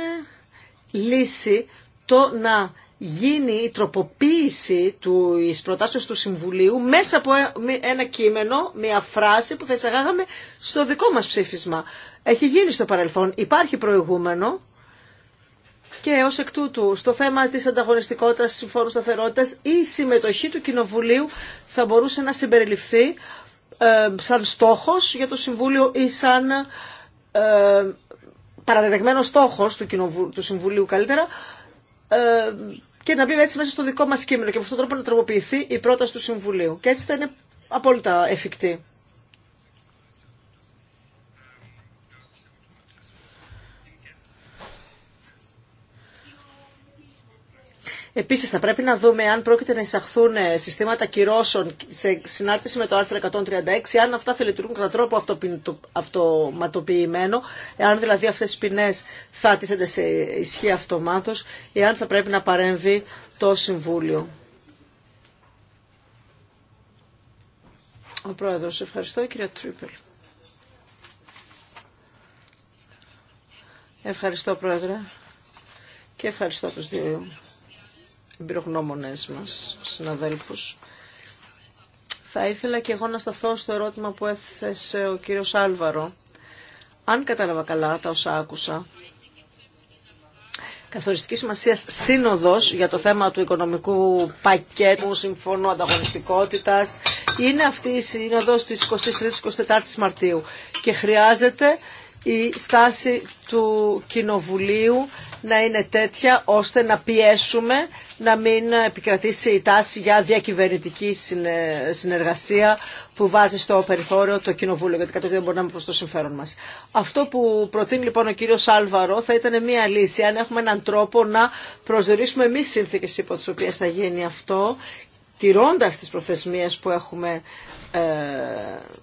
λύση το να γίνει η τροποποίηση του προτάσεως του Συμβουλίου μέσα από ε, ένα κείμενο, μια φράση που θα εισαγάγαμε στο δικό μας ψήφισμα. Έχει γίνει στο παρελθόν, υπάρχει προηγούμενο και ως εκ τούτου στο θέμα της ανταγωνιστικότητας, συμφώνου σταθερότητας η συμμετοχή του Κοινοβουλίου θα μπορούσε να συμπεριληφθεί ε, σαν στόχος για το Συμβούλιο ή σαν ε, παραδεδεγμένο στόχος του, του Συμβουλίου καλύτερα, ε, και να μπει έτσι μέσα στο δικό μας κείμενο και με αυτόν τον τρόπο να τροποποιηθεί η πρόταση του Συμβουλίου. Και έτσι θα είναι απόλυτα εφικτή. Επίσης θα πρέπει να δούμε αν πρόκειται να εισαχθούν ε, συστήματα κυρώσεων σε συνάρτηση με το άρθρο 136, αν αυτά θα λειτουργούν κατά τρόπο αυτοματοποιημένο, εάν δηλαδή αυτέ οι ποινέ θα τίθενται σε ισχύ αυτομάτω, εάν θα πρέπει να παρέμβει το Συμβούλιο. Ο πρόεδρο. ευχαριστώ. Η κυρία Τρίπελ. Ευχαριστώ, Πρόεδρε. Και ευχαριστώ τους δύο εμπειρογνώμονές μας, συναδέλφους. Θα ήθελα και εγώ να σταθώ στο ερώτημα που έθεσε ο κύριος Άλβαρο. Αν κατάλαβα καλά τα όσα άκουσα, καθοριστική σημασία σύνοδος για το θέμα του οικονομικού πακέτου, συμφωνού ανταγωνιστικότητας, είναι αυτή η σύνοδος της 23-24 Μαρτίου και χρειάζεται η στάση του Κοινοβουλίου να είναι τέτοια ώστε να πιέσουμε να μην επικρατήσει η τάση για διακυβερνητική συνεργασία που βάζει στο περιθώριο το Κοινοβούλιο, γιατί ό,τι δεν μπορεί να είναι προ το συμφέρον μα. Αυτό που προτείνει λοιπόν ο κύριο Άλβαρο θα ήταν μια λύση, αν έχουμε έναν τρόπο να προσδιορίσουμε εμεί συνθήκε υπό τι οποίε θα γίνει αυτό, τηρώντα τι προθεσμίε που έχουμε ε,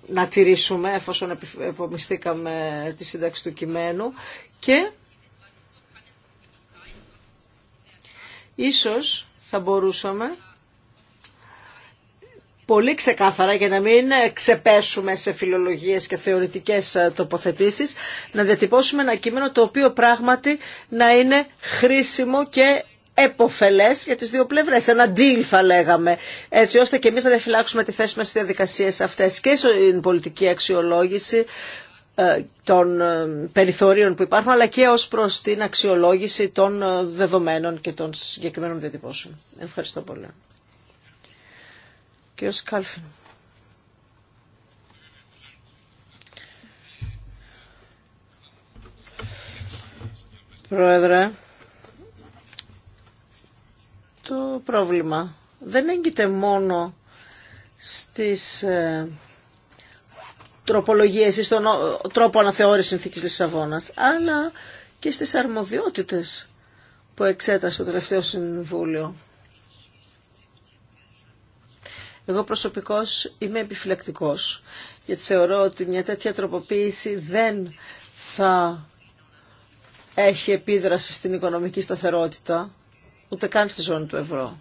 να τηρήσουμε εφόσον επομιστήκαμε τη σύνταξη του κειμένου και Ίσως θα μπορούσαμε πολύ ξεκάθαρα για να μην ξεπέσουμε σε φιλολογίες και θεωρητικές ε, τοποθετήσεις, να διατυπώσουμε ένα κείμενο το οποίο πράγματι να είναι χρήσιμο και εποφελές για τις δύο πλευρές, ένα deal θα λέγαμε, έτσι ώστε και εμείς να διαφυλάξουμε τη θέση μας στις διαδικασίες αυτές και στην πολιτική αξιολόγηση ε, των ε, περιθωρίων που υπάρχουν, αλλά και ως προς την αξιολόγηση των ε, δεδομένων και των συγκεκριμένων διατυπώσεων. Ευχαριστώ πολύ. Κύριο Κάλφιν. Πρόεδρε, το πρόβλημα δεν έγκυται μόνο στις τροπολογίες ή στον τρόπο αναθεώρησης συνθήκης Λισαβόνας, αλλά και στις αρμοδιότητες που εξέτασε το τελευταίο συμβούλιο. Εγώ προσωπικώς είμαι επιφυλακτικός, γιατί θεωρώ ότι μια τέτοια τροποποίηση δεν θα έχει επίδραση στην οικονομική σταθερότητα, ούτε καν στη ζώνη του ευρώ.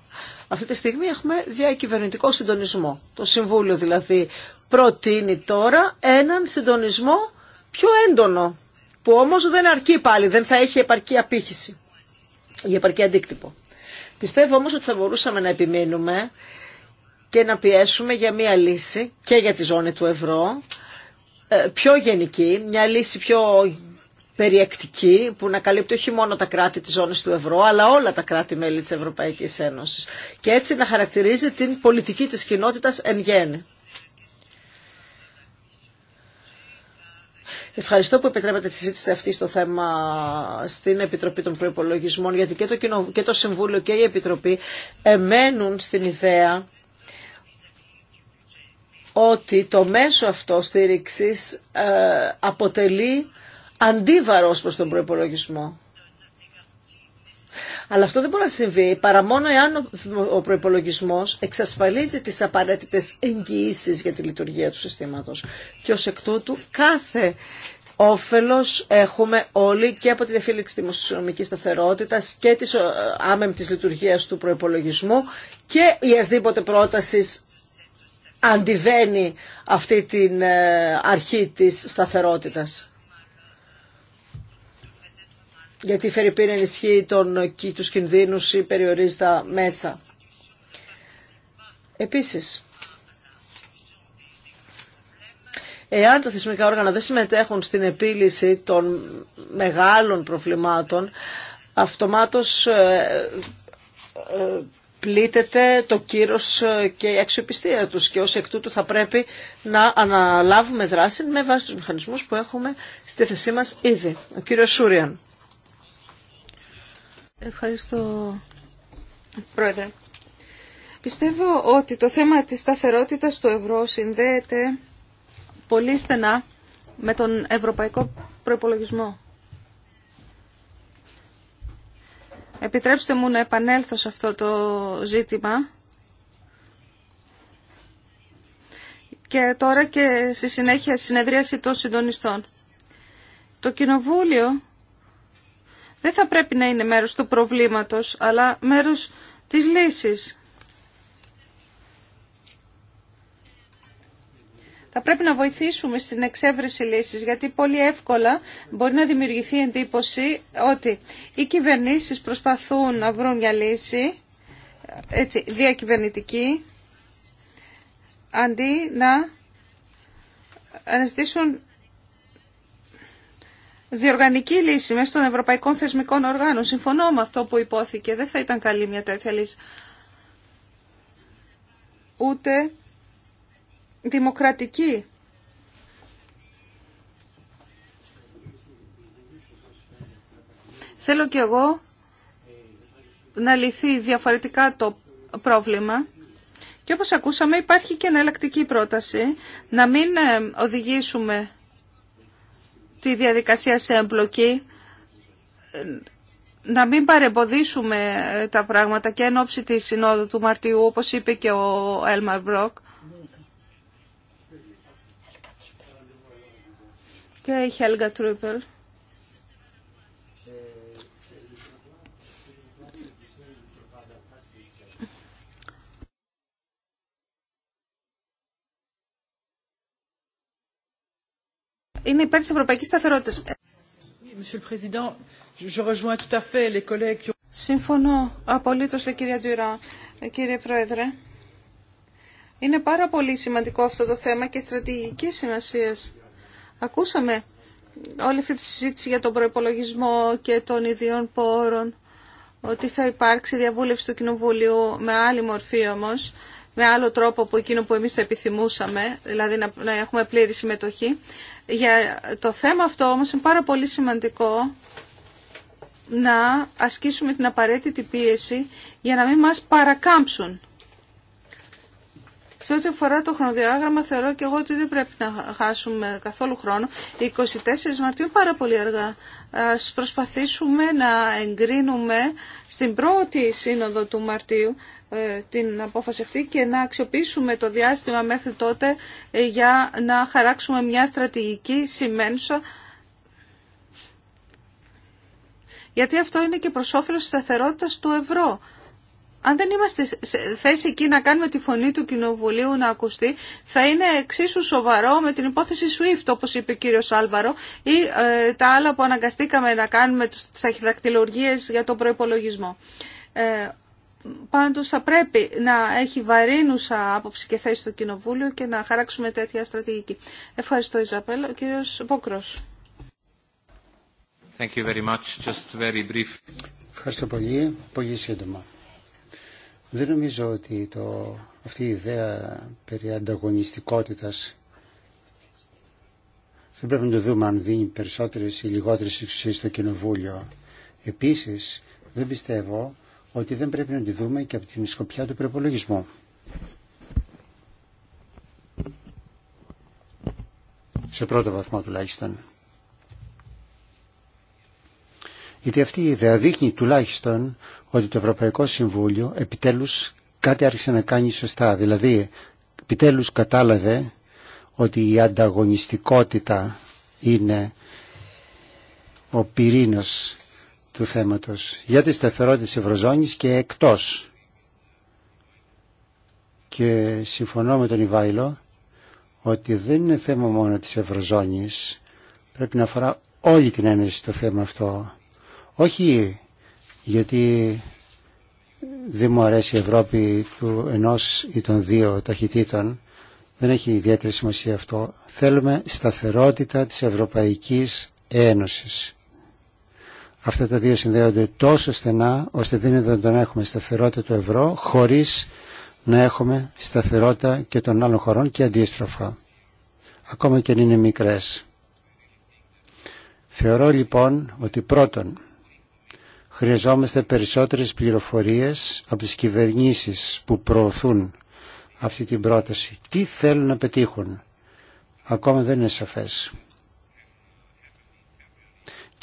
Αυτή τη στιγμή έχουμε διακυβερνητικό συντονισμό. Το Συμβούλιο δηλαδή προτείνει τώρα έναν συντονισμό πιο έντονο, που όμως δεν αρκεί πάλι, δεν θα έχει επαρκή απήχηση ή επαρκή αντίκτυπο. Πιστεύω όμως ότι θα μπορούσαμε να επιμείνουμε και να πιέσουμε για μια λύση και για τη ζώνη του ευρώ, ε, πιο γενική, μια λύση πιο περιεκτική που να καλύπτει όχι μόνο τα κράτη της ζώνης του ευρώ αλλά όλα τα κράτη-μέλη της Ευρωπαϊκής Ένωσης και έτσι να χαρακτηρίζει την πολιτική της κοινότητας εν γέννη. Ευχαριστώ που επιτρέπετε τη συζήτηση αυτή στο θέμα στην Επιτροπή των Προπολογισμών, γιατί και το, και το Συμβούλιο και η Επιτροπή εμένουν στην ιδέα ότι το μέσο αυτό στήριξης ε, αποτελεί αντίβαρος προς τον προϋπολογισμό. Αλλά αυτό δεν μπορεί να συμβεί παρά μόνο εάν ο προπολογισμό εξασφαλίζει τι απαραίτητε εγγυήσει για τη λειτουργία του συστήματο. Και ω εκ τούτου κάθε όφελος έχουμε όλοι και από τη διαφύλαξη τη δημοσιονομική σταθερότητα και της ε, άμεμπτης λειτουργίας του προπολογισμού και η ασδήποτε πρόταση αντιβαίνει αυτή την ε, αρχή της σταθερότητας γιατί η Φερρυπίν ενισχύει τον, τους κινδύνους ή περιορίζει μέσα. Επίσης, εάν τα θεσμικά όργανα δεν συμμετέχουν στην επίλυση των μεγάλων προβλημάτων, αυτομάτως ε, ε, πλήττεται το κύρος ε, και η αξιοπιστία τους και ως εκ τούτου θα πρέπει να αναλάβουμε δράση με βάση τους μηχανισμούς που έχουμε στη θέση μας ήδη. Ο κύριος Σούριαν. Ευχαριστώ, Πρόεδρε. Πιστεύω ότι το θέμα της σταθερότητας του ευρώ συνδέεται πολύ στενά με τον ευρωπαϊκό προϋπολογισμό. Επιτρέψτε μου να επανέλθω σε αυτό το ζήτημα και τώρα και στη συνέχεια συνεδρίαση των συντονιστών. Το Κοινοβούλιο δεν θα πρέπει να είναι μέρος του προβλήματος, αλλά μέρος της λύσης. Θα πρέπει να βοηθήσουμε στην εξέβρεση λύσης, γιατί πολύ εύκολα μπορεί να δημιουργηθεί εντύπωση ότι οι κυβερνήσεις προσπαθούν να βρουν μια λύση έτσι, διακυβερνητική, αντί να αναζητήσουν διοργανική λύση μέσα των ευρωπαϊκών θεσμικών οργάνων. Συμφωνώ με αυτό που υπόθηκε. Δεν θα ήταν καλή μια τέτοια λύση. Ούτε δημοκρατική. Θέλω και εγώ να λυθεί διαφορετικά το πρόβλημα. Και όπως ακούσαμε υπάρχει και εναλλακτική πρόταση να μην ε, οδηγήσουμε τη διαδικασία σε εμπλοκή, να μην παρεμποδίσουμε τα πράγματα και εν ώψη της Συνόδου του Μαρτιού, όπως είπε και ο Έλμαρ Μπροκ. Και η Χέλγα Τρούπελ. είναι υπέρ της ευρωπαϊκής σταθερότητας. Συμφωνώ απολύτως, λέει κυρία ε, κύριε Πρόεδρε. Είναι πάρα πολύ σημαντικό αυτό το θέμα και στρατηγική σημασία. Ακούσαμε όλη αυτή τη συζήτηση για τον προπολογισμό και των ιδίων πόρων, ότι θα υπάρξει διαβούλευση του Κοινοβουλίου με άλλη μορφή όμως με άλλο τρόπο από εκείνο που εμείς επιθυμούσαμε, δηλαδή να έχουμε πλήρη συμμετοχή. Για το θέμα αυτό όμως είναι πάρα πολύ σημαντικό να ασκήσουμε την απαραίτητη πίεση για να μην μας παρακάμψουν. Σε ό,τι αφορά το χρονοδιάγραμμα θεωρώ και εγώ ότι δεν πρέπει να χάσουμε καθόλου χρόνο. 24 Μαρτίου πάρα πολύ αργά. Ας προσπαθήσουμε να εγκρίνουμε στην πρώτη σύνοδο του Μαρτίου ε, την απόφαση αυτή και να αξιοποιήσουμε το διάστημα μέχρι τότε ε, για να χαράξουμε μια στρατηγική σημαίνουσα γιατί αυτό είναι και προς όφελος της σταθερότητας του ευρώ. Αν δεν είμαστε σε θέση εκεί να κάνουμε τη φωνή του Κοινοβουλίου να ακουστεί, θα είναι εξίσου σοβαρό με την υπόθεση SWIFT, όπως είπε ο κύριος Άλβαρο, ή ε, τα άλλα που αναγκαστήκαμε να κάνουμε τις για τον προϋπολογισμό. Πάντως θα πρέπει να έχει βαρύνουσα άποψη και θέση στο Κοινοβούλιο και να χαράξουμε τέτοια στρατηγική. Ευχαριστώ Ιζαπέλ. Ο κύριος Μπόκρος. Ευχαριστώ πολύ. Πολύ σύντομα. Δεν νομίζω ότι το, αυτή η ιδέα περί ανταγωνιστικότητας δεν πρέπει να το δούμε αν δίνει περισσότερες ή λιγότερες εξουσίες στο Κοινοβούλιο. Επίσης, δεν πιστεύω ότι δεν πρέπει να τη δούμε και από την σκοπιά του προπολογισμού. Σε πρώτο βαθμό τουλάχιστον. Γιατί αυτή η ιδέα δείχνει τουλάχιστον ότι το Ευρωπαϊκό Συμβούλιο επιτέλους κάτι άρχισε να κάνει σωστά. Δηλαδή, επιτέλους κατάλαβε ότι η ανταγωνιστικότητα είναι ο πυρήνος του θέματος για τη σταθερότητα της Ευρωζώνης και εκτός. Και συμφωνώ με τον Ιβάιλο ότι δεν είναι θέμα μόνο της Ευρωζώνης, πρέπει να αφορά όλη την Ένωση το θέμα αυτό. Όχι γιατί δεν μου αρέσει η Ευρώπη του ενός ή των δύο ταχυτήτων, δεν έχει ιδιαίτερη σημασία αυτό. Θέλουμε σταθερότητα της Ευρωπαϊκής Ένωσης. Αυτά τα δύο συνδέονται τόσο στενά ώστε δίνεται να έχουμε σταθερότητα το ευρώ χωρίς να έχουμε σταθερότητα και των άλλων χωρών και αντίστροφα. Ακόμα και αν είναι μικρές. Θεωρώ λοιπόν ότι πρώτον χρειαζόμαστε περισσότερες πληροφορίες από τις κυβερνήσεις που προωθούν αυτή την πρόταση. Τι θέλουν να πετύχουν. Ακόμα δεν είναι σαφές.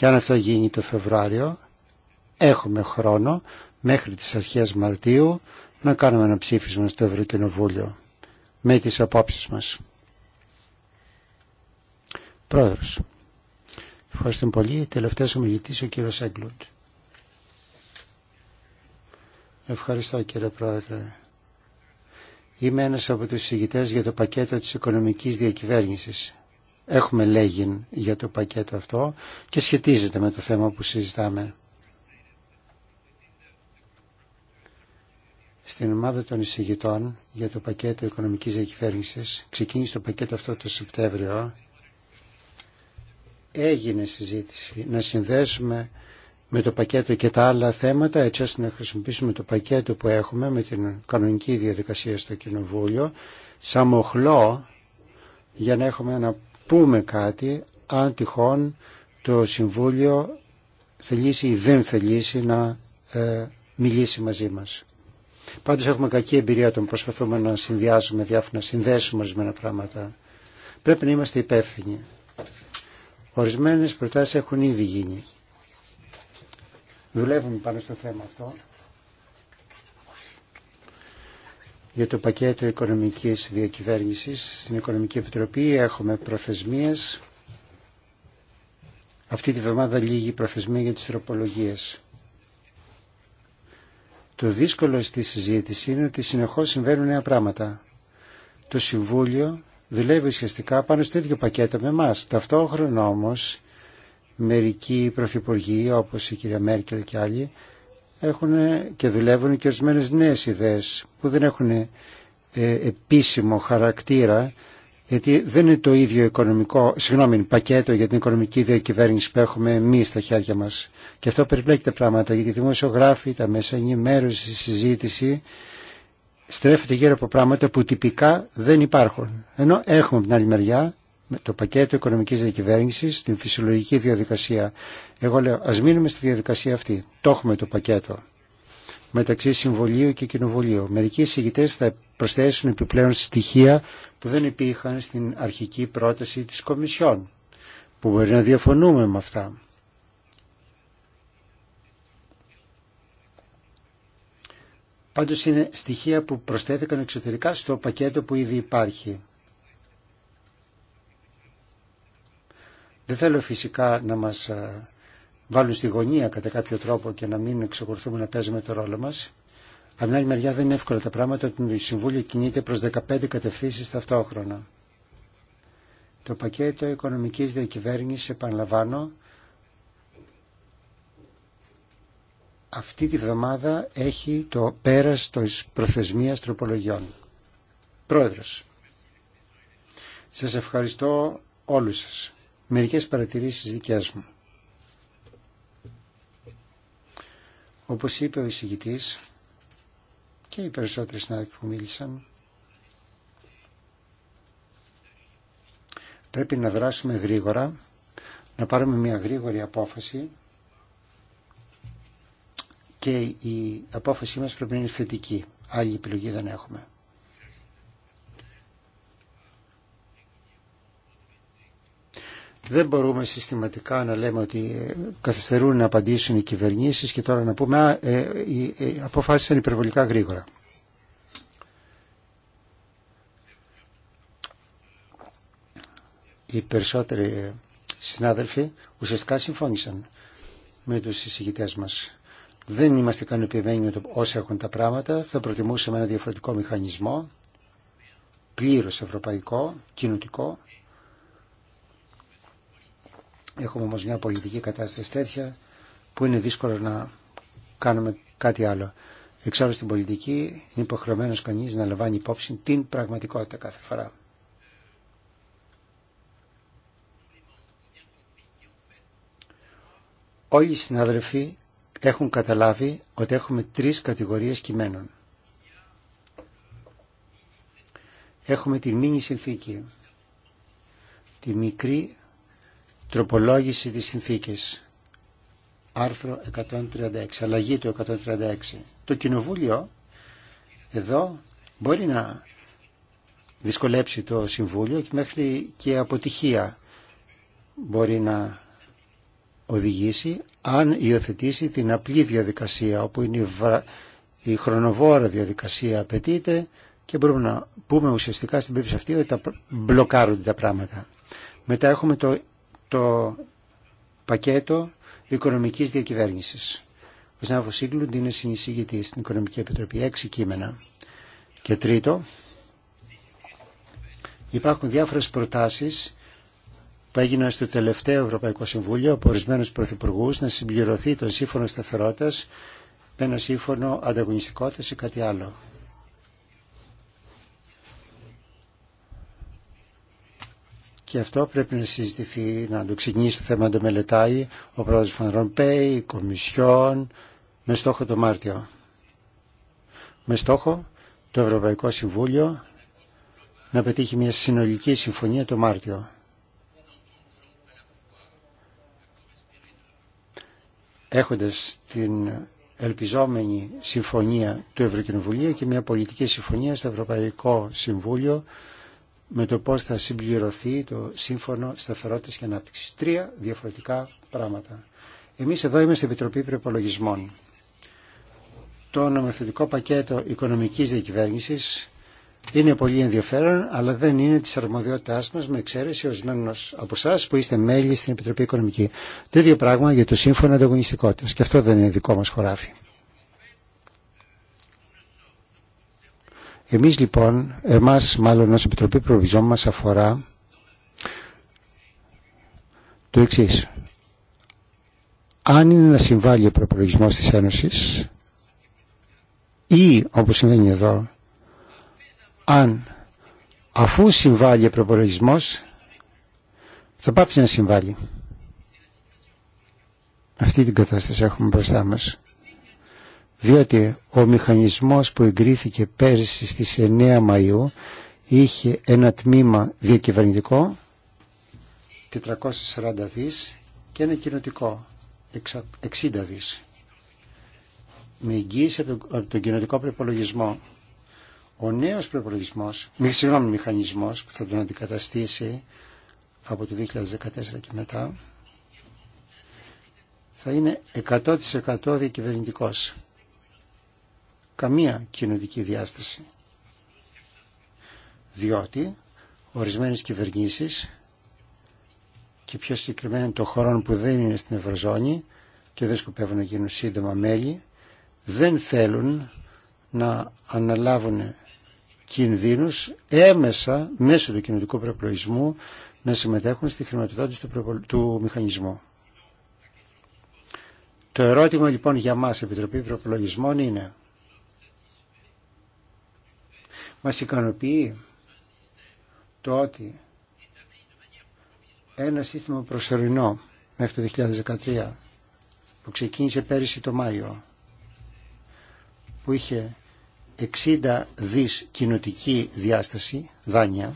Και αν αυτό γίνει το Φεβρουάριο, έχουμε χρόνο μέχρι τις αρχές Μαρτίου να κάνουμε ένα ψήφισμα στο Ευρωκοινοβούλιο με τις απόψεις μας. Πρόεδρος. Ευχαριστώ πολύ. Τελευταίος ομιλητής ο κύριος Έγκλουντ. Ευχαριστώ κύριε Πρόεδρε. Είμαι ένας από τους συγητές για το πακέτο της οικονομικής διακυβέρνησης έχουμε λέγει για το πακέτο αυτό και σχετίζεται με το θέμα που συζητάμε. Στην ομάδα των εισηγητών για το πακέτο οικονομικής διακυβέρνησης ξεκίνησε το πακέτο αυτό το Σεπτέμβριο. Έγινε συζήτηση να συνδέσουμε με το πακέτο και τα άλλα θέματα έτσι ώστε να χρησιμοποιήσουμε το πακέτο που έχουμε με την κανονική διαδικασία στο Κοινοβούλιο σαν μοχλό για να έχουμε ένα πούμε κάτι αν τυχόν το Συμβούλιο θελήσει ή δεν θελήσει να ε, μιλήσει μαζί μας. Πάντως έχουμε κακή εμπειρία όταν προσπαθούμε να συνδυάσουμε διάφορα, συνδέσουμε ορισμένα πράγματα. Πρέπει να είμαστε υπεύθυνοι. Ορισμένες προτάσεις έχουν ήδη γίνει. Δουλεύουμε πάνω στο θέμα αυτό. για το πακέτο οικονομικής διακυβέρνησης στην Οικονομική Επιτροπή. Έχουμε προθεσμίες. Αυτή τη βδομάδα λύγει η προθεσμία για τις τροπολογίες. Το δύσκολο στη συζήτηση είναι ότι συνεχώς συμβαίνουν νέα πράγματα. Το Συμβούλιο δουλεύει ουσιαστικά πάνω στο ίδιο πακέτο με εμά. Ταυτόχρονα όμως μερικοί πρωθυπουργοί όπως η κυρία Μέρκελ και άλλοι έχουν και δουλεύουν και ορισμένε νέες ιδέες που δεν έχουν ε, επίσημο χαρακτήρα γιατί δεν είναι το ίδιο οικονομικό, συγγνώμη, πακέτο για την οικονομική διακυβέρνηση που έχουμε εμεί στα χέρια μα. Και αυτό περιπλέκει τα πράγματα, γιατί οι δημοσιογράφοι, τα μέσα ενημέρωση, η συζήτηση στρέφεται γύρω από πράγματα που τυπικά δεν υπάρχουν. Ενώ έχουμε την άλλη μεριά με το πακέτο οικονομική διακυβέρνηση, την φυσιολογική διαδικασία εγώ λέω ας μείνουμε στη διαδικασία αυτή. Το έχουμε το πακέτο μεταξύ Συμβολίου και Κοινοβουλίου. Μερικοί εισηγητέ θα προσθέσουν επιπλέον στοιχεία που δεν υπήρχαν στην αρχική πρόταση της Κομισιόν, που μπορεί να διαφωνούμε με αυτά. Πάντως είναι στοιχεία που προσθέθηκαν εξωτερικά στο πακέτο που ήδη υπάρχει. Δεν θέλω φυσικά να μας ε, βάλουν στη γωνία κατά κάποιο τρόπο και να μην εξακολουθούμε να παίζουμε το ρόλο μα. Από μια άλλη μεριά δεν είναι εύκολα τα πράγματα ότι το Συμβούλιο κινείται προ 15 κατευθύνσει ταυτόχρονα. Το πακέτο οικονομική διακυβέρνηση, επαναλαμβάνω, αυτή τη βδομάδα έχει το πέραστο της προθεσμίας τροπολογιών. Πρόεδρος, σας ευχαριστώ όλους σας. Μερικές παρατηρήσεις δικές μου. Όπως είπε ο εισηγητής και οι περισσότεροι συνάδελφοι που μίλησαν, πρέπει να δράσουμε γρήγορα, να πάρουμε μια γρήγορη απόφαση και η απόφασή μας πρέπει να είναι θετική. Άλλη επιλογή δεν έχουμε. Δεν μπορούμε συστηματικά να λέμε ότι ε, καθυστερούν να απαντήσουν οι κυβερνήσεις και τώρα να πούμε α, ε, ε, ε, αποφάσισαν υπερβολικά γρήγορα. Οι περισσότεροι συνάδελφοι ουσιαστικά συμφώνησαν με τους συζητητές μας. Δεν είμαστε ικανοποιημένοι με το έχουν τα πράγματα. Θα προτιμούσαμε ένα διαφορετικό μηχανισμό, πλήρως ευρωπαϊκό, κοινωτικό, Έχουμε όμως μια πολιτική κατάσταση τέτοια που είναι δύσκολο να κάνουμε κάτι άλλο. Εξάλλου στην πολιτική είναι υποχρεωμένο κανεί να λαμβάνει υπόψη την πραγματικότητα κάθε φορά. Όλοι οι συνάδελφοι έχουν καταλάβει ότι έχουμε τρεις κατηγορίες κειμένων. Έχουμε τη μήνυ συνθήκη, τη μικρή Τροπολόγηση της συνθήκης. Άρθρο 136. Αλλαγή του 136. Το Κοινοβούλιο εδώ μπορεί να δυσκολέψει το Συμβούλιο και μέχρι και αποτυχία μπορεί να οδηγήσει αν υιοθετήσει την απλή διαδικασία όπου είναι η, χρονοβόρα διαδικασία απαιτείται και μπορούμε να πούμε ουσιαστικά στην περίπτωση αυτή ότι τα μπλοκάρουν τα πράγματα. Μετά έχουμε το το πακέτο οικονομικής διακυβέρνησης. Ο Σνάβος Σίγκλουντ είναι συνεισήγητη στην Οικονομική Επιτροπή έξι κείμενα. Και τρίτο, υπάρχουν διάφορες προτάσεις που έγιναν στο τελευταίο Ευρωπαϊκό Συμβούλιο από ορισμένου πρωθυπουργού να συμπληρωθεί το σύμφωνο σταθερότητα με ένα σύμφωνο ανταγωνιστικότητα ή κάτι άλλο. και αυτό πρέπει να συζητηθεί, να το ξεκινήσει το θέμα να το μελετάει ο πρόεδρος Φαν Ρομπέι, η Κομισιόν, με στόχο το Μάρτιο. Με στόχο το Ευρωπαϊκό Συμβούλιο να πετύχει μια συνολική συμφωνία το Μάρτιο. Έχοντας την ελπιζόμενη συμφωνία του Ευρωκοινοβουλίου και μια πολιτική συμφωνία στο Ευρωπαϊκό Συμβούλιο με το πώς θα συμπληρωθεί το Σύμφωνο Σταθερότητας και Ανάπτυξης. Τρία διαφορετικά πράγματα. Εμείς εδώ είμαστε Επιτροπή Προπολογισμών. Το νομοθετικό πακέτο οικονομικής διακυβέρνησης είναι πολύ ενδιαφέρον, αλλά δεν είναι τη αρμοδιότητάς μα, με εξαίρεση ορισμένου από εσά που είστε μέλη στην Επιτροπή Οικονομική. Το ίδιο πράγμα για το Σύμφωνο ανταγωνιστικότητας. Και αυτό δεν είναι δικό μα χωράφι. Εμείς λοιπόν, εμάς μάλλον ως Επιτροπή Προβιζών μας αφορά το εξή. Αν είναι να συμβάλλει ο προπολογισμό της Ένωσης ή όπως συμβαίνει εδώ, αν αφού συμβάλλει ο προπολογισμό, θα πάψει να συμβάλλει. Αυτή την κατάσταση έχουμε μπροστά μας διότι ο μηχανισμός που εγκρίθηκε πέρσι στις 9 Μαΐου είχε ένα τμήμα διακυβερνητικό 440 δις και ένα κοινοτικό 60 δις με εγγύηση από τον κοινοτικό προπολογισμό. Ο νέος προπολογισμός, μη συγγνώμη μηχανισμός που θα τον αντικαταστήσει από το 2014 και μετά θα είναι 100% διακυβερνητικός καμία κοινωνική διάσταση. Διότι ορισμένες κυβερνήσεις και πιο συγκεκριμένα των χωρών που δεν είναι στην Ευρωζώνη και δεν σκοπεύουν να γίνουν σύντομα μέλη, δεν θέλουν να αναλάβουν κινδύνους έμεσα μέσω του κοινωνικού προπλοϊσμού να συμμετέχουν στη χρηματοδότηση του, του μηχανισμού. Το ερώτημα λοιπόν για μας, Επιτροπή Προπολογισμών, είναι μας ικανοποιεί το ότι ένα σύστημα προσωρινό μέχρι το 2013 που ξεκίνησε πέρυσι το Μάιο που είχε 60 δις κοινοτική διάσταση δάνεια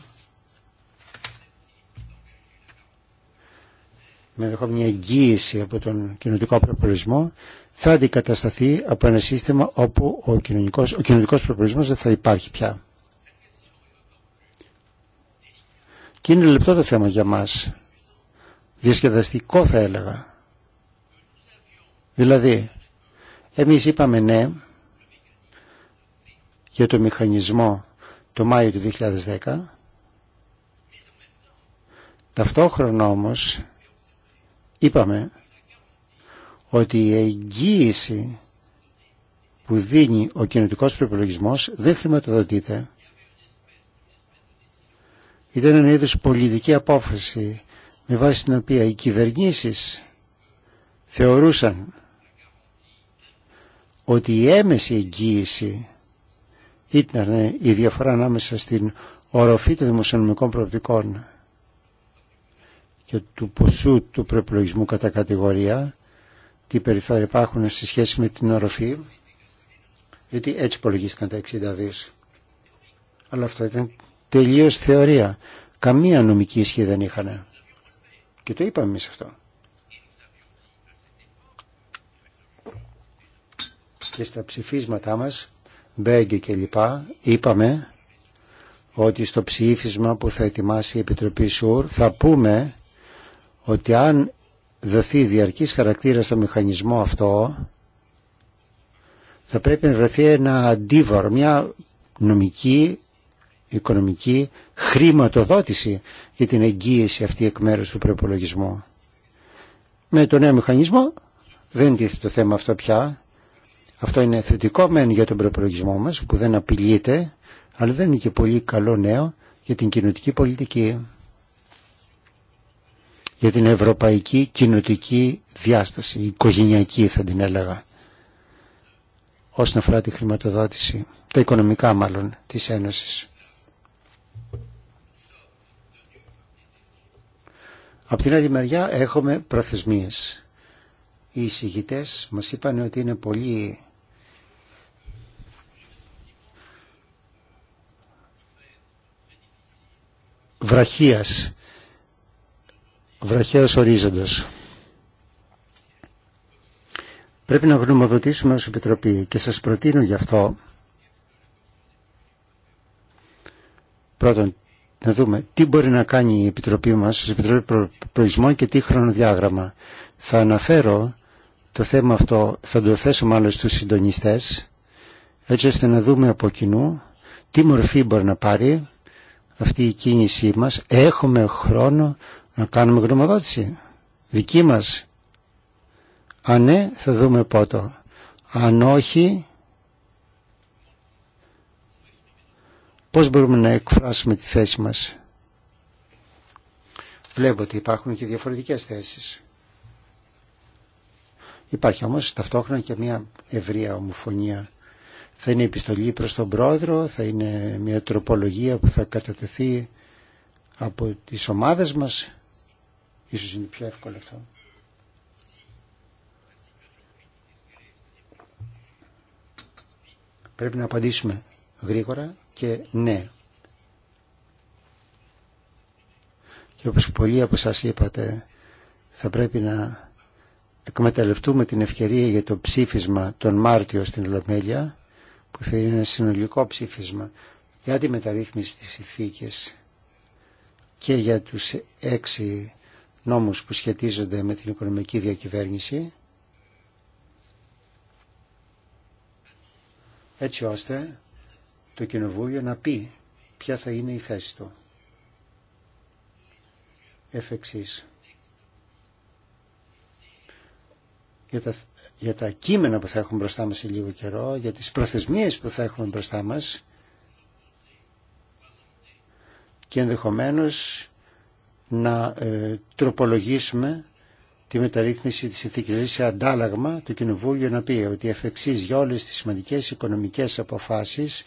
με δεχόμενη εγγύηση από τον κοινότικό προπολισμό θα αντικατασταθεί από ένα σύστημα όπου ο κοινωνικός, ο κοινωνικός προπολισμός δεν θα υπάρχει πια. Και είναι λεπτό το θέμα για μας. Διασκεδαστικό θα έλεγα. Δηλαδή, εμείς είπαμε ναι για το μηχανισμό το Μάιο του 2010. Ταυτόχρονα όμως είπαμε ότι η εγγύηση που δίνει ο κοινωτικός προϋπολογισμός δεν χρηματοδοτείται ήταν ένα είδος πολιτική απόφαση με βάση την οποία οι κυβερνήσεις θεωρούσαν ότι η έμεση εγγύηση ήταν η διαφορά ανάμεσα στην οροφή των δημοσιονομικών προοπτικών και του ποσού του προεπλογισμού κατά κατηγορία, τι περιθώρια υπάρχουν σε σχέση με την οροφή, γιατί έτσι υπολογίστηκαν τα 60 δις. Αλλά αυτό ήταν τελείως θεωρία. Καμία νομική ισχύ δεν είχαν. Και το είπαμε εμείς αυτό. Και στα ψηφίσματά μας, Μπέγκε και λοιπά, είπαμε ότι στο ψήφισμα που θα ετοιμάσει η Επιτροπή ΣΟΥΡ θα πούμε ότι αν δοθεί διαρκής χαρακτήρα στο μηχανισμό αυτό θα πρέπει να βρεθεί ένα αντίβαρο, μια νομική οικονομική χρηματοδότηση για την εγγύηση αυτή εκ μέρους του προπολογισμού. Με το νέο μηχανισμό δεν τίθεται το θέμα αυτό πια. Αυτό είναι θετικό μεν για τον προπολογισμό μας που δεν απειλείται αλλά δεν είναι και πολύ καλό νέο για την κοινωτική πολιτική για την ευρωπαϊκή κοινωτική διάσταση, οικογενειακή θα την έλεγα, όσον αφορά τη χρηματοδότηση, τα οικονομικά μάλλον της Ένωσης. Από την άλλη μεριά έχουμε προθεσμίες. Οι εισηγητές μας είπαν ότι είναι πολύ βραχίας, βραχίας ορίζοντος. Πρέπει να γνωμοδοτήσουμε ως Επιτροπή και σας προτείνω γι' αυτό Πρώτον, να δούμε τι μπορεί να κάνει η Επιτροπή μας, η Επιτροπή Προϊσμών και τι χρονοδιάγραμμα. Θα αναφέρω το θέμα αυτό, θα το θέσω μάλλον στους συντονιστές, έτσι ώστε να δούμε από κοινού τι μορφή μπορεί να πάρει αυτή η κίνησή μας. Έχουμε χρόνο να κάνουμε γνωμοδότηση. Δική μας. Αν ναι, θα δούμε πότε. Αν όχι, Πώς μπορούμε να εκφράσουμε τη θέση μας. Βλέπω ότι υπάρχουν και διαφορετικές θέσεις. Υπάρχει όμως ταυτόχρονα και μια ευρεία ομοφωνία. Θα είναι επιστολή προς τον πρόεδρο, θα είναι μια τροπολογία που θα κατατεθεί από τις ομάδες μας. Ίσως είναι πιο εύκολο αυτό. Πρέπει να απαντήσουμε γρήγορα και ναι. Και όπως πολλοί από σας είπατε, θα πρέπει να εκμεταλλευτούμε την ευκαιρία για το ψήφισμα τον Μάρτιο στην Λομέλια που θα είναι ένα συνολικό ψήφισμα για τη μεταρρύθμιση της ηθίκης και για τους έξι νόμους που σχετίζονται με την οικονομική διακυβέρνηση, έτσι ώστε το Κοινοβούλιο να πει ποια θα είναι η θέση του. Εφ' Για τα, για τα κείμενα που θα έχουμε μπροστά μας σε λίγο καιρό, για τις προθεσμίες που θα έχουμε μπροστά μας και ενδεχομένως να ε, τροπολογήσουμε τη μεταρρύθμιση της ηθικής δηλαδή σε αντάλλαγμα το Κοινοβούλιο να πει ότι εφ' για όλες τις σημαντικές οικονομικές αποφάσεις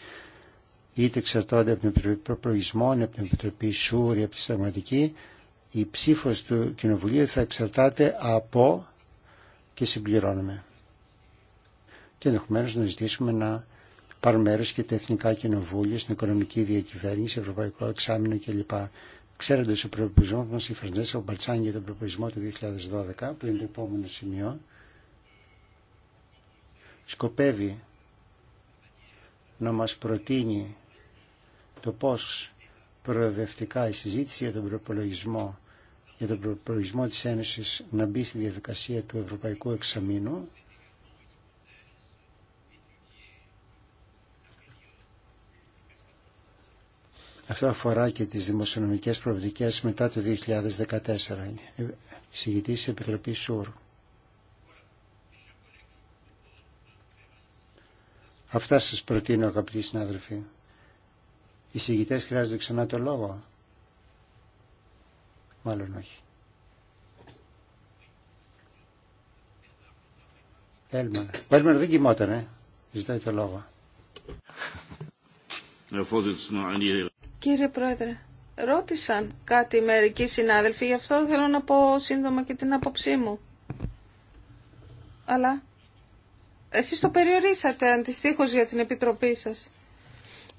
είτε εξαρτώνται από την Επιτροπή Προπολογισμών, από την Επιτροπή Σούρη, από τη Συνταγματική, η ψήφο του Κοινοβουλίου θα εξαρτάται από και συμπληρώνουμε. Και ενδεχομένω να ζητήσουμε να πάρουν μέρο και τα Εθνικά Κοινοβούλια στην Οικονομική Διακυβέρνηση, Ευρωπαϊκό Εξάμεινο κλπ. Ξέροντα ο προπολογισμό μα, η Φραντζέσσα Μπαλτσάνη για τον προπολογισμό του 2012, που είναι το επόμενο σημείο, σκοπεύει να μας προτείνει το πώς προοδευτικά η συζήτηση για τον προπολογισμό για τον προπολογισμό της Ένωσης να μπει στη διαδικασία του Ευρωπαϊκού Εξαμήνου Αυτό αφορά και τις δημοσιονομικές προοπτικές μετά το 2014. Συγητής Επιτροπής ΣΟΥΡ. Αυτά σας προτείνω αγαπητοί συνάδελφοι. Οι συγητές χρειάζονται ξανά το λόγο. Μάλλον όχι. Έλμαν. Ο Έλμερ δεν κοιμόταν, ε. Ζητάει το λόγο. Κύριε Πρόεδρε, ρώτησαν κάτι μερικοί συνάδελφοι, γι' αυτό θέλω να πω σύντομα και την άποψή μου. Αλλά εσείς το περιορίσατε αντιστοίχως για την επιτροπή σας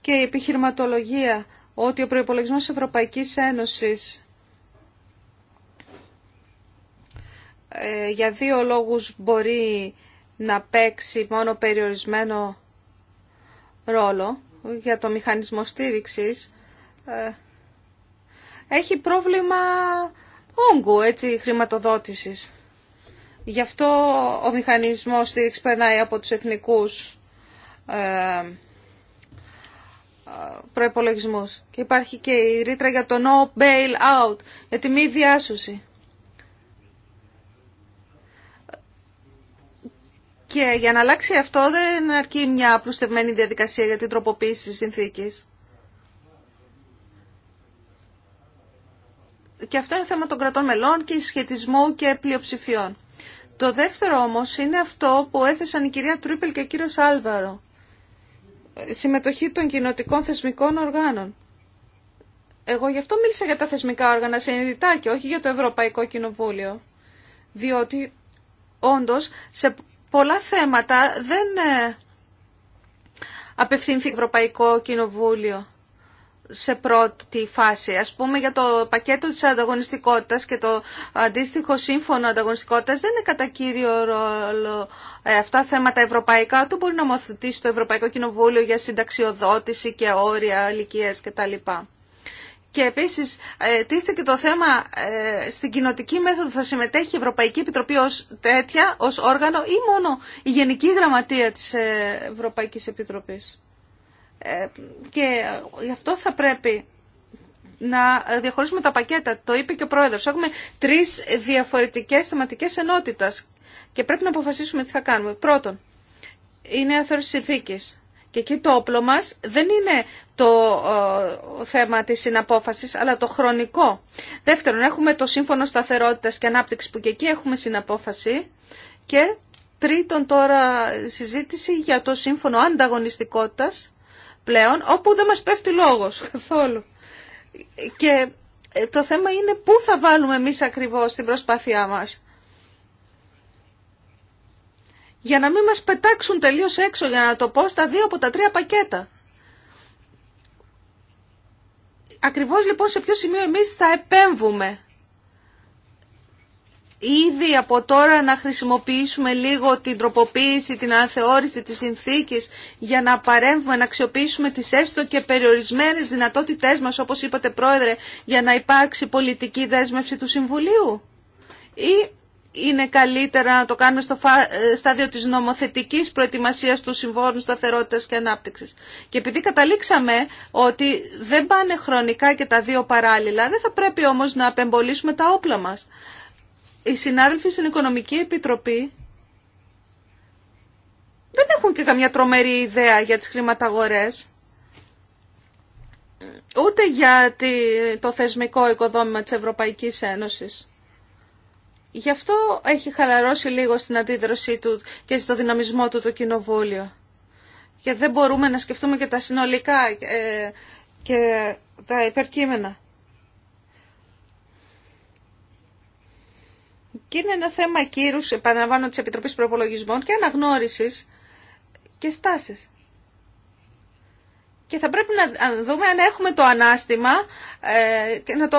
και η επιχειρηματολογία ότι ο προϋπολογισμός της Ευρωπαϊκής Ένωσης ε, για δύο λόγους μπορεί να παίξει μόνο περιορισμένο ρόλο για το μηχανισμό στήριξης ε, έχει πρόβλημα όγκου έτσι, χρηματοδότησης. Γι' αυτό ο μηχανισμός στήριξης περνάει από τους εθνικούς ε, προϋπολογισμούς. Και υπάρχει και η ρήτρα για το no bail out, για τη μη διάσωση. Και για να αλλάξει αυτό δεν αρκεί μια απλουστευμένη διαδικασία για την τροποποίηση της συνθήκης. Και αυτό είναι θέμα των κρατών μελών και σχετισμού και πλειοψηφιών. Το δεύτερο όμως είναι αυτό που έθεσαν η κυρία Τρίπελ και ο κύριος Άλβαρο συμμετοχή των κοινοτικών θεσμικών οργάνων. Εγώ γι' αυτό μίλησα για τα θεσμικά όργανα συνειδητά και όχι για το Ευρωπαϊκό Κοινοβούλιο. Διότι όντως σε πολλά θέματα δεν ε, απευθύνθηκε Ευρωπαϊκό Κοινοβούλιο σε πρώτη φάση. Ας πούμε για το πακέτο της ανταγωνιστικότητας και το αντίστοιχο σύμφωνο ανταγωνιστικότητας δεν είναι κατά κύριο ρόλο ε, αυτά θέματα ευρωπαϊκά. του μπορεί να ομοθετήσει το Ευρωπαϊκό Κοινοβούλιο για συνταξιοδότηση και όρια ηλικίε κτλ. Και επίσης ε, τίθεται το θέμα ε, στην κοινοτική μέθοδο θα συμμετέχει η Ευρωπαϊκή Επιτροπή ως τέτοια, ως όργανο ή μόνο η Γενική Γραμματεία της Ευρωπαϊκής Επιτροπής. Ε, και γι' αυτό θα πρέπει να διαχωρίσουμε τα πακέτα. Το είπε και ο Πρόεδρος. Έχουμε τρεις διαφορετικές θεματικές ενότητες και πρέπει να αποφασίσουμε τι θα κάνουμε. Πρώτον, είναι αθέρωση συνθήκη. Και εκεί το όπλο μας δεν είναι το ε, θέμα της συναπόφασης, αλλά το χρονικό. Δεύτερον, έχουμε το Σύμφωνο Σταθερότητας και ανάπτυξη που και εκεί έχουμε συναπόφαση. Και τρίτον τώρα συζήτηση για το Σύμφωνο Ανταγωνιστικότητας, πλέον όπου δεν μας πέφτει λόγος καθόλου. Και ε, το θέμα είναι πού θα βάλουμε εμείς ακριβώς την προσπάθειά μας. Για να μην μας πετάξουν τελείως έξω, για να το πω, στα δύο από τα τρία πακέτα. Ακριβώς λοιπόν σε ποιο σημείο εμείς θα επέμβουμε ήδη από τώρα να χρησιμοποιήσουμε λίγο την τροποποίηση, την αναθεώρηση της συνθήκης για να παρέμβουμε, να αξιοποιήσουμε τις έστω και περιορισμένες δυνατότητές μας, όπως είπατε πρόεδρε, για να υπάρξει πολιτική δέσμευση του Συμβουλίου. Ή είναι καλύτερα να το κάνουμε στο στάδιο της νομοθετικής προετοιμασίας του συμβόλου Σταθερότητας και Ανάπτυξης. Και επειδή καταλήξαμε ότι δεν πάνε χρονικά και τα δύο παράλληλα, δεν θα πρέπει όμως να απεμπολίσουμε τα όπλα μας οι συνάδελφοι στην Οικονομική Επιτροπή δεν έχουν και καμιά τρομερή ιδέα για τις χρηματαγορές, ούτε για το θεσμικό οικοδόμημα της Ευρωπαϊκής Ένωσης. Γι' αυτό έχει χαλαρώσει λίγο στην αντίδρασή του και στο δυναμισμό του το κοινοβούλιο. Και δεν μπορούμε να σκεφτούμε και τα συνολικά ε, και τα υπερκείμενα. Και είναι ένα θέμα κύρους, επαναλαμβάνω, της Επιτροπής Προπολογισμών και αναγνώρισης και στάσεις. Και θα πρέπει να δούμε αν έχουμε το ανάστημα ε, και να το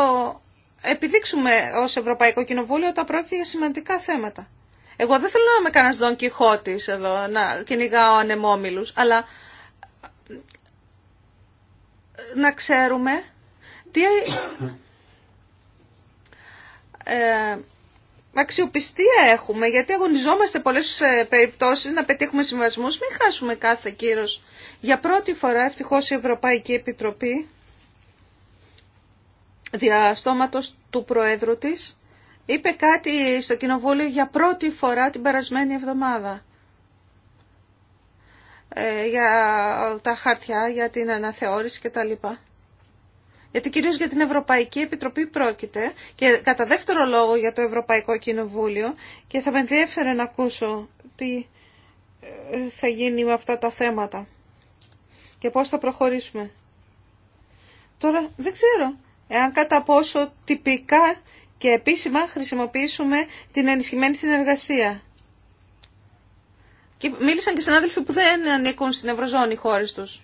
επιδείξουμε ως Ευρωπαϊκό Κοινοβούλιο όταν πρόκειται για σημαντικά θέματα. Εγώ δεν θέλω να είμαι κανένας Δον Κιχώτης εδώ, να κυνηγάω ανεμόμυλους, αλλά να ξέρουμε τι... Ε, αξιοπιστία έχουμε, γιατί αγωνιζόμαστε πολλές ε, περιπτώσεις να πετύχουμε συμβασμούς, μην χάσουμε κάθε κύρος. Για πρώτη φορά ευτυχώς η Ευρωπαϊκή Επιτροπή διαστόματος του Προέδρου της είπε κάτι στο Κοινοβούλιο για πρώτη φορά την περασμένη εβδομάδα ε, για τα χαρτιά, για την αναθεώρηση κτλ γιατί κυρίως για την Ευρωπαϊκή Επιτροπή πρόκειται και κατά δεύτερο λόγο για το Ευρωπαϊκό Κοινοβούλιο και θα με ενδιαφέρε να ακούσω τι ε, θα γίνει με αυτά τα θέματα και πώς θα προχωρήσουμε. Τώρα δεν ξέρω εάν κατά πόσο τυπικά και επίσημα χρησιμοποιήσουμε την ενισχυμένη συνεργασία. Και μίλησαν και συνάδελφοι που δεν ανήκουν στην Ευρωζώνη χώρες τους.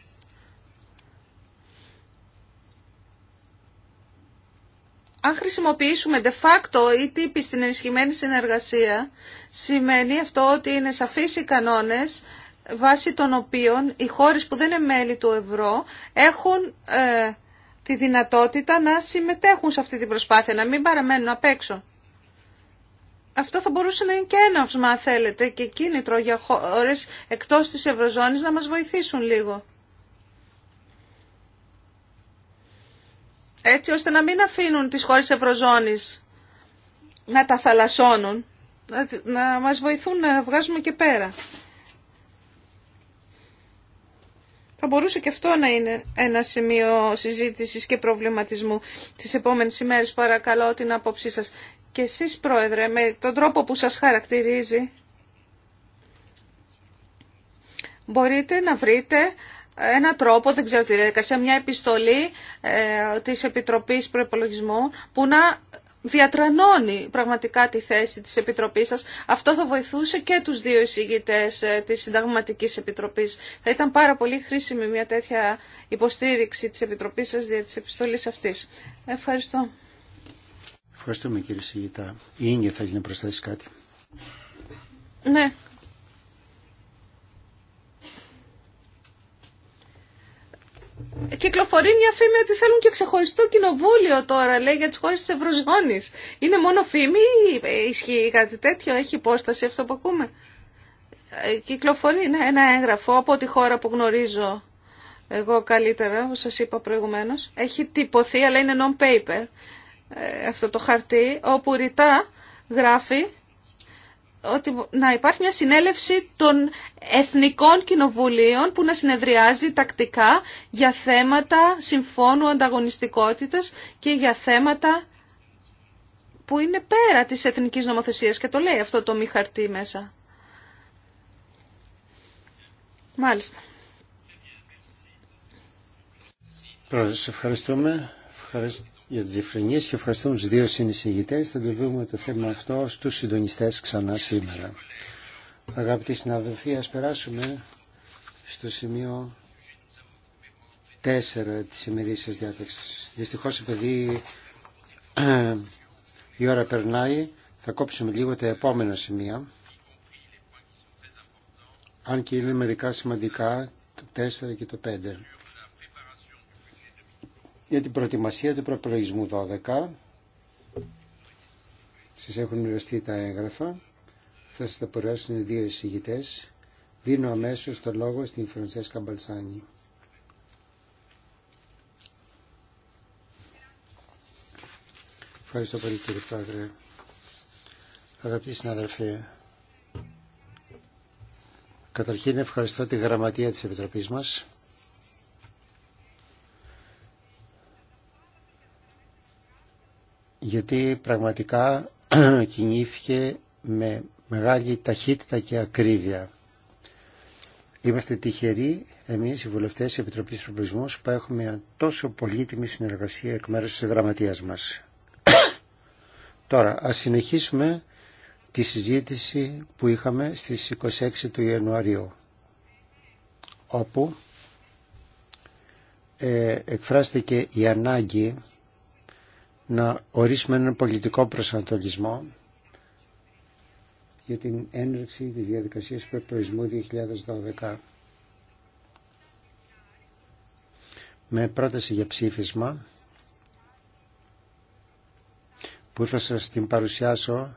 αν χρησιμοποιήσουμε de facto ή τύπη στην ενισχυμένη συνεργασία, σημαίνει αυτό ότι είναι σαφείς οι κανόνες βάσει των οποίων οι χώρες που δεν είναι μέλη του ευρώ έχουν ε, τη δυνατότητα να συμμετέχουν σε αυτή την προσπάθεια, να μην παραμένουν απ' έξω. Αυτό θα μπορούσε να είναι και έναυσμα, αν θέλετε, και κίνητρο για χώρες εκτός της Ευρωζώνης να μας βοηθήσουν λίγο. έτσι ώστε να μην αφήνουν τις χώρες Ευρωζώνης να τα θαλασσώνουν, να μας βοηθούν να βγάζουμε και πέρα. Θα μπορούσε και αυτό να είναι ένα σημείο συζήτησης και προβληματισμού τις επόμενες ημέρες. Παρακαλώ την άποψή σας. Και εσείς, Πρόεδρε, με τον τρόπο που σας χαρακτηρίζει, μπορείτε να βρείτε ένα τρόπο, δεν ξέρω τι διαδικασία, μια επιστολή ε, της Επιτροπής Προεπολογισμού που να διατρανώνει πραγματικά τη θέση της Επιτροπής σας. Αυτό θα βοηθούσε και τους δύο εισηγητές ε, της Συνταγματικής Επιτροπής. Θα ήταν πάρα πολύ χρήσιμη μια τέτοια υποστήριξη της Επιτροπής σας για της επιστολής αυτής. Ευχαριστώ. Ευχαριστούμε κύριε Σιγητά. Η Ίγκε θα να προσθέσει κάτι. Ναι, κυκλοφορεί μια φήμη ότι θέλουν και ξεχωριστό κοινοβούλιο τώρα, λέει, για τι χώρε τη Ευρωζώνη. Είναι μόνο φήμη ή ισχύει κάτι τέτοιο, έχει υπόσταση αυτό που ακούμε. Ε, κυκλοφορεί ναι, ένα έγγραφο από τη χώρα που γνωρίζω εγώ καλύτερα, όπως σας είπα προηγουμένως. Έχει τυπωθεί, αλλά είναι non-paper ε, αυτό το χαρτί, όπου ρητά γράφει ότι να υπάρχει μια συνέλευση των εθνικών κοινοβουλίων που να συνεδριάζει τακτικά για θέματα συμφώνου ανταγωνιστικότητας και για θέματα που είναι πέρα της εθνικής νομοθεσίας και το λέει αυτό το μη χαρτί μέσα. Μάλιστα. Πρόεδρε, ευχαριστούμε. Ευχαριστώ για τις διευκρινίες και ευχαριστούμε τους δύο συνεισηγητές. Θα δούμε το θέμα αυτό στους συντονιστές ξανά σήμερα. Αγαπητοί συναδελφοί, ας περάσουμε στο σημείο 4 της ημερήσιας διάταξης. Δυστυχώς, επειδή η ώρα περνάει, θα κόψουμε λίγο τα επόμενα σημεία. Αν και είναι μερικά σημαντικά, το 4 και το 5 για την προετοιμασία του προπολογισμού 12. Σας έχουν μοιραστεί τα έγγραφα. Θα σας τα παρουσιάσουν οι δύο εισηγητές. Δίνω αμέσως το λόγο στην Φρανσέσκα Μπαλσάνη. Ευχαριστώ πολύ κύριε Πρόεδρε. Αγαπητοί συναδελφοί, καταρχήν ευχαριστώ τη γραμματεία της Επιτροπής μας γιατί πραγματικά κινήθηκε με μεγάλη ταχύτητα και ακρίβεια. Είμαστε τυχεροί εμείς οι βουλευτές της Επιτροπής Προπλησμού που έχουμε τόσο πολύτιμη συνεργασία εκ μέρους της γραμματείας μας. Τώρα, ας συνεχίσουμε τη συζήτηση που είχαμε στις 26 του Ιανουαρίου όπου ε, εκφράστηκε η ανάγκη να ορίσουμε έναν πολιτικό προσανατολισμό για την έναρξη της διαδικασίας περπροϊσμού 2012 με πρόταση για ψήφισμα που θα σας την παρουσιάσω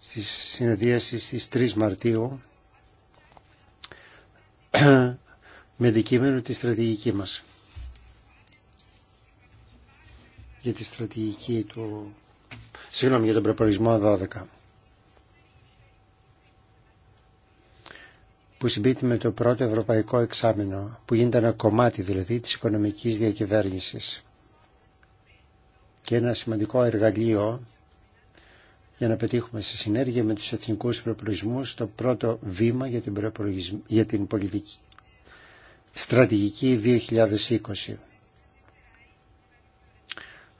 στη συνεδρίαση στις 3 Μαρτίου με αντικείμενο τη στρατηγική μας. για τη στρατηγική του... Συγγνώμη, για τον προπολογισμό 12. που συμπίτει με το πρώτο ευρωπαϊκό εξάμεινο, που γίνεται ένα κομμάτι δηλαδή της οικονομικής διακυβέρνησης και ένα σημαντικό εργαλείο για να πετύχουμε σε συνέργεια με τους εθνικούς προπολογισμούς το πρώτο βήμα για την, για την πολιτική στρατηγική 2020.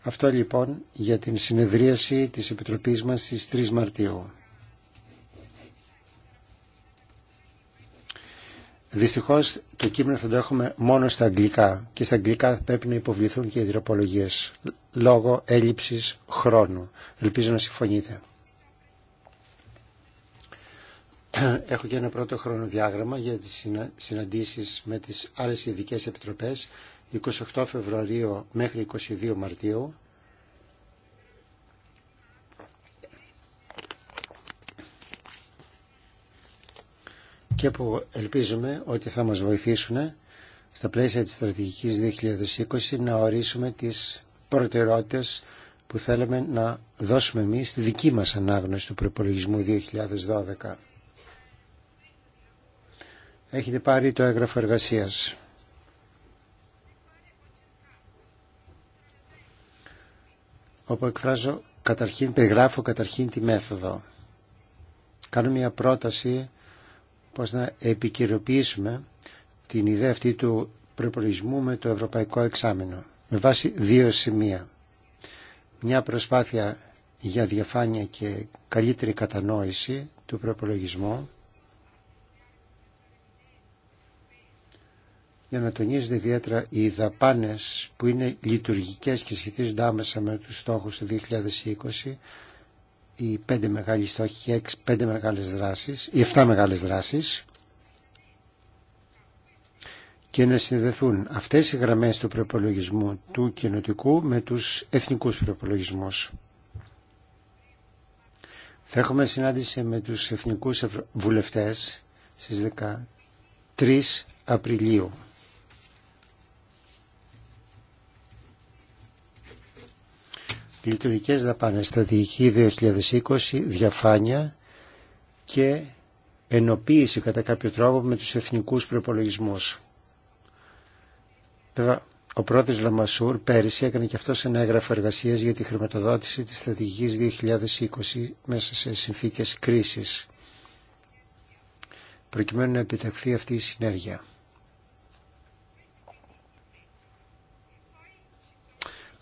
Αυτό λοιπόν για την συνεδρίαση της Επιτροπής μας στις 3 Μαρτίου. Δυστυχώς το κείμενο θα το έχουμε μόνο στα αγγλικά και στα αγγλικά πρέπει να υποβληθούν και οι τροπολογίες λόγω έλλειψης χρόνου. Ελπίζω να συμφωνείτε. Έχω και ένα πρώτο χρονοδιάγραμμα για τις συναντήσεις με τις άλλες ειδικέ επιτροπές 28 Φεβρουαρίου μέχρι 22 Μαρτίου και που ελπίζουμε ότι θα μας βοηθήσουν στα πλαίσια της στρατηγικής 2020 να ορίσουμε τις προτεραιότητες που θέλουμε να δώσουμε εμείς στη δική μας ανάγνωση του προπολογισμού 2012. Έχετε πάρει το έγγραφο εργασίας. όπου εκφράζω καταρχήν, περιγράφω καταρχήν τη μέθοδο. Κάνω μια πρόταση πώς να επικαιροποιήσουμε την ιδέα αυτή του προπολογισμού με το Ευρωπαϊκό Εξάμεινο με βάση δύο σημεία. Μια προσπάθεια για διαφάνεια και καλύτερη κατανόηση του προπολογισμού για να τονίζονται ιδιαίτερα οι δαπάνες που είναι λειτουργικές και σχετίζονται άμεσα με τους στόχους του 2020, οι πέντε μεγάλοι στόχοι, και πέντε μεγάλες δράσεις, οι εφτά μεγάλες δράσεις και να συνδεθούν αυτές οι γραμμές του προπολογισμού του κοινοτικού με τους εθνικούς προπολογισμού. Θα έχουμε συνάντηση με τους εθνικούς βουλευτές στις 13 Απριλίου. Λειτουργικές δαπάνες, στρατηγική 2020, διαφάνεια και ενοποίηση κατά κάποιο τρόπο με τους εθνικούς προπολογισμούς. Βέβαια, ο πρώτος Λαμασούρ πέρυσι έκανε και αυτός ένα έγγραφο εργασίας για τη χρηματοδότηση της στρατηγικής 2020 μέσα σε συνθήκες κρίσης, προκειμένου να επιτευχθεί αυτή η συνέργεια.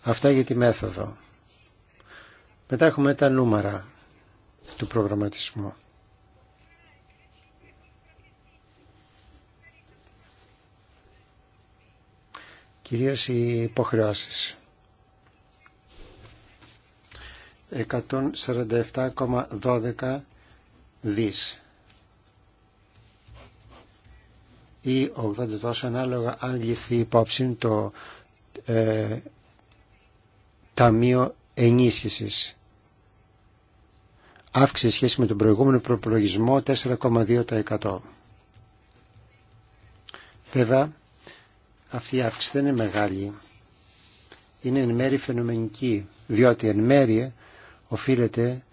Αυτά για τη μέθοδο. Μετά έχουμε τα νούμερα του προγραμματισμού. Κυρίως οι υποχρεώσεις. 147,12 δις ή 80 τόσο ανάλογα αν ληφθεί υπόψη το ε, Ταμείο ενίσχυσης. Αύξηση σχέση με τον προηγούμενο προπολογισμό 4,2%. Βέβαια, αυτή η αύξηση δεν είναι μεγάλη. Είναι εν μέρει φαινομενική, διότι εν μέρει οφείλεται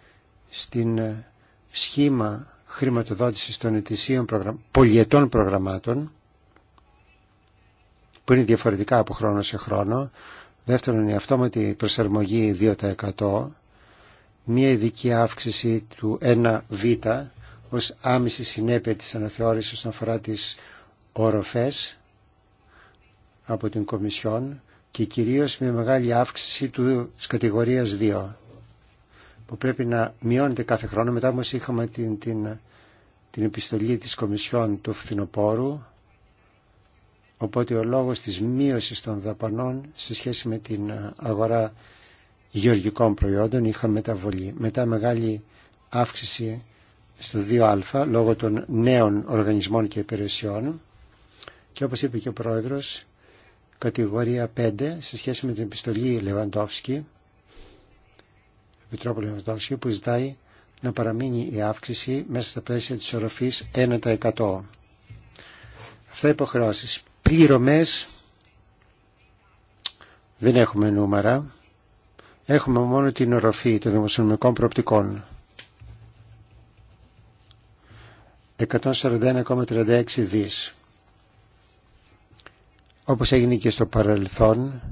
στην ε, σχήμα χρηματοδότησης των ετησίων προγραμ... πολιετών προγραμμάτων που είναι διαφορετικά από χρόνο σε χρόνο Δεύτερον, η αυτόματη προσαρμογή 2%, μια ειδική αύξηση του 1β ως άμεση συνέπεια της αναθεώρησης όσον αφορά τις οροφές από την Κομισιόν και κυρίως μια μεγάλη αύξηση του κατηγορίας 2 που πρέπει να μειώνεται κάθε χρόνο. Μετά όμως είχαμε την, την, την επιστολή της Κομισιόν του Φθινοπόρου Οπότε ο λόγος της μείωσης των δαπανών σε σχέση με την αγορά γεωργικών προϊόντων είχα μεταβολή. Μετά μεγάλη αύξηση στο 2α λόγω των νέων οργανισμών και υπηρεσιών και όπως είπε και ο Πρόεδρος, κατηγορία 5 σε σχέση με την επιστολή Λεβαντόφσκη, Επιτρόπου Λεβαντόφσκη, που ζητάει να παραμείνει η αύξηση μέσα στα πλαίσια της οροφής 1%. Αυτά υποχρεώσεις πληρωμές δεν έχουμε νούμερα. Έχουμε μόνο την οροφή των δημοσιονομικών προοπτικών. 141,36 δις. Όπως έγινε και στο παρελθόν,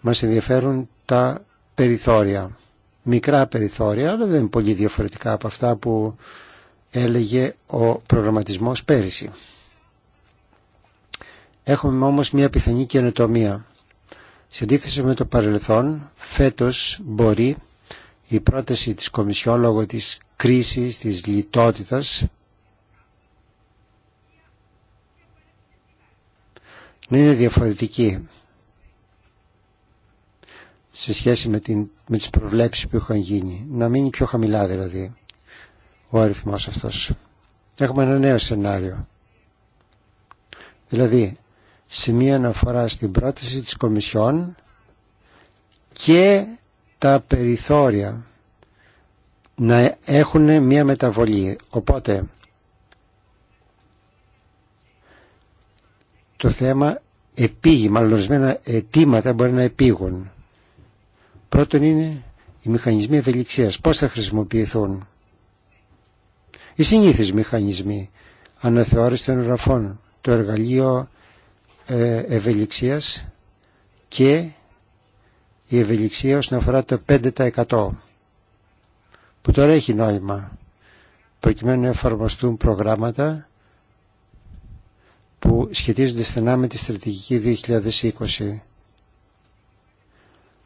μας ενδιαφέρουν τα περιθώρια. Μικρά περιθώρια, αλλά δεν είναι πολύ διαφορετικά από αυτά που έλεγε ο προγραμματισμός πέρυσι. Έχουμε όμως μια πιθανή καινοτομία. Σε αντίθεση με το παρελθόν, φέτος μπορεί η πρόταση της Κομισιόν λόγω της κρίσης, της λιτότητας να είναι διαφορετική σε σχέση με, την, με τις προβλέψεις που είχαν γίνει. Να μείνει πιο χαμηλά δηλαδή ο αριθμός αυτός. Έχουμε ένα νέο σενάριο. Δηλαδή σημεία αναφορά στην πρόταση της Κομισιόν και τα περιθώρια να έχουν μία μεταβολή. Οπότε, το θέμα επίγει, μάλλον ορισμένα αιτήματα μπορεί να επίγουν. Πρώτον είναι οι μηχανισμοί ευελιξίας. Πώς θα χρησιμοποιηθούν. Οι συνήθεις μηχανισμοί αναθεώρηση των εγγραφών, το εργαλείο ε, ευελιξίας και η ευελιξία όσον αφορά το 5% που τώρα έχει νόημα προκειμένου να εφαρμοστούν προγράμματα που σχετίζονται στενά με τη στρατηγική 2020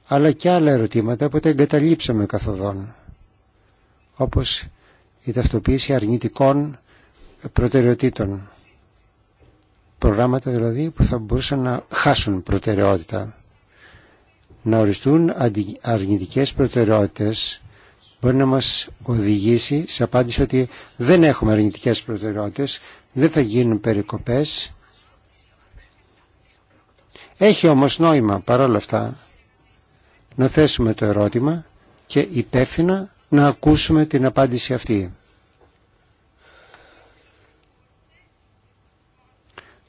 αλλά και άλλα ερωτήματα που τα εγκαταλείψαμε καθοδόν όπως η ταυτοποίηση αρνητικών προτεραιοτήτων προγράμματα δηλαδή που θα μπορούσαν να χάσουν προτεραιότητα. Να οριστούν αρνητικές προτεραιότητες μπορεί να μας οδηγήσει σε απάντηση ότι δεν έχουμε αρνητικές προτεραιότητες, δεν θα γίνουν περικοπές. Έχει όμως νόημα παρόλα αυτά να θέσουμε το ερώτημα και υπεύθυνα να ακούσουμε την απάντηση αυτή.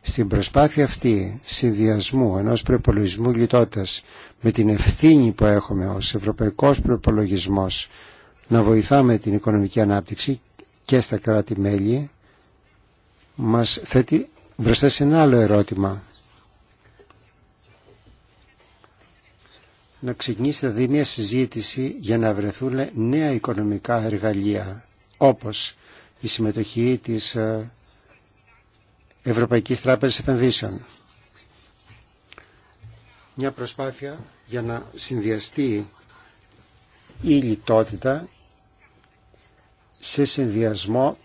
Στην προσπάθεια αυτή συνδυασμού ενός προπολογισμού λιτότητας με την ευθύνη που έχουμε ως ευρωπαϊκός προπολογισμό να βοηθάμε την οικονομική ανάπτυξη και στα κράτη-μέλη μας θέτει μπροστά σε ένα άλλο ερώτημα. Να ξεκινήσει δηλαδή μια συζήτηση για να βρεθούν νέα οικονομικά εργαλεία όπως η συμμετοχή της ε, Ευρωπαϊκής Τράπεζας Επενδύσεων. Μια προσπάθεια για να συνδυαστεί η λιτότητα σε συνδυασμό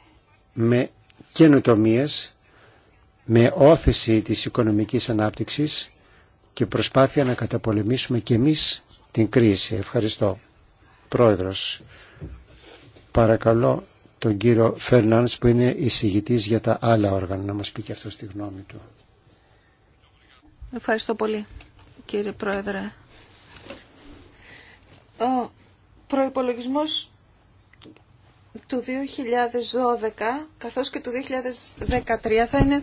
με καινοτομίες, με όθεση της οικονομικής ανάπτυξης και προσπάθεια να καταπολεμήσουμε και εμείς την κρίση. Ευχαριστώ. Πρόεδρος, παρακαλώ τον κύριο Φέρνανς που είναι εισηγητής για τα άλλα όργανα να μας πει και αυτό στη γνώμη του. Ευχαριστώ πολύ κύριε Πρόεδρε. Ο προϋπολογισμός του 2012 καθώς και του 2013 θα είναι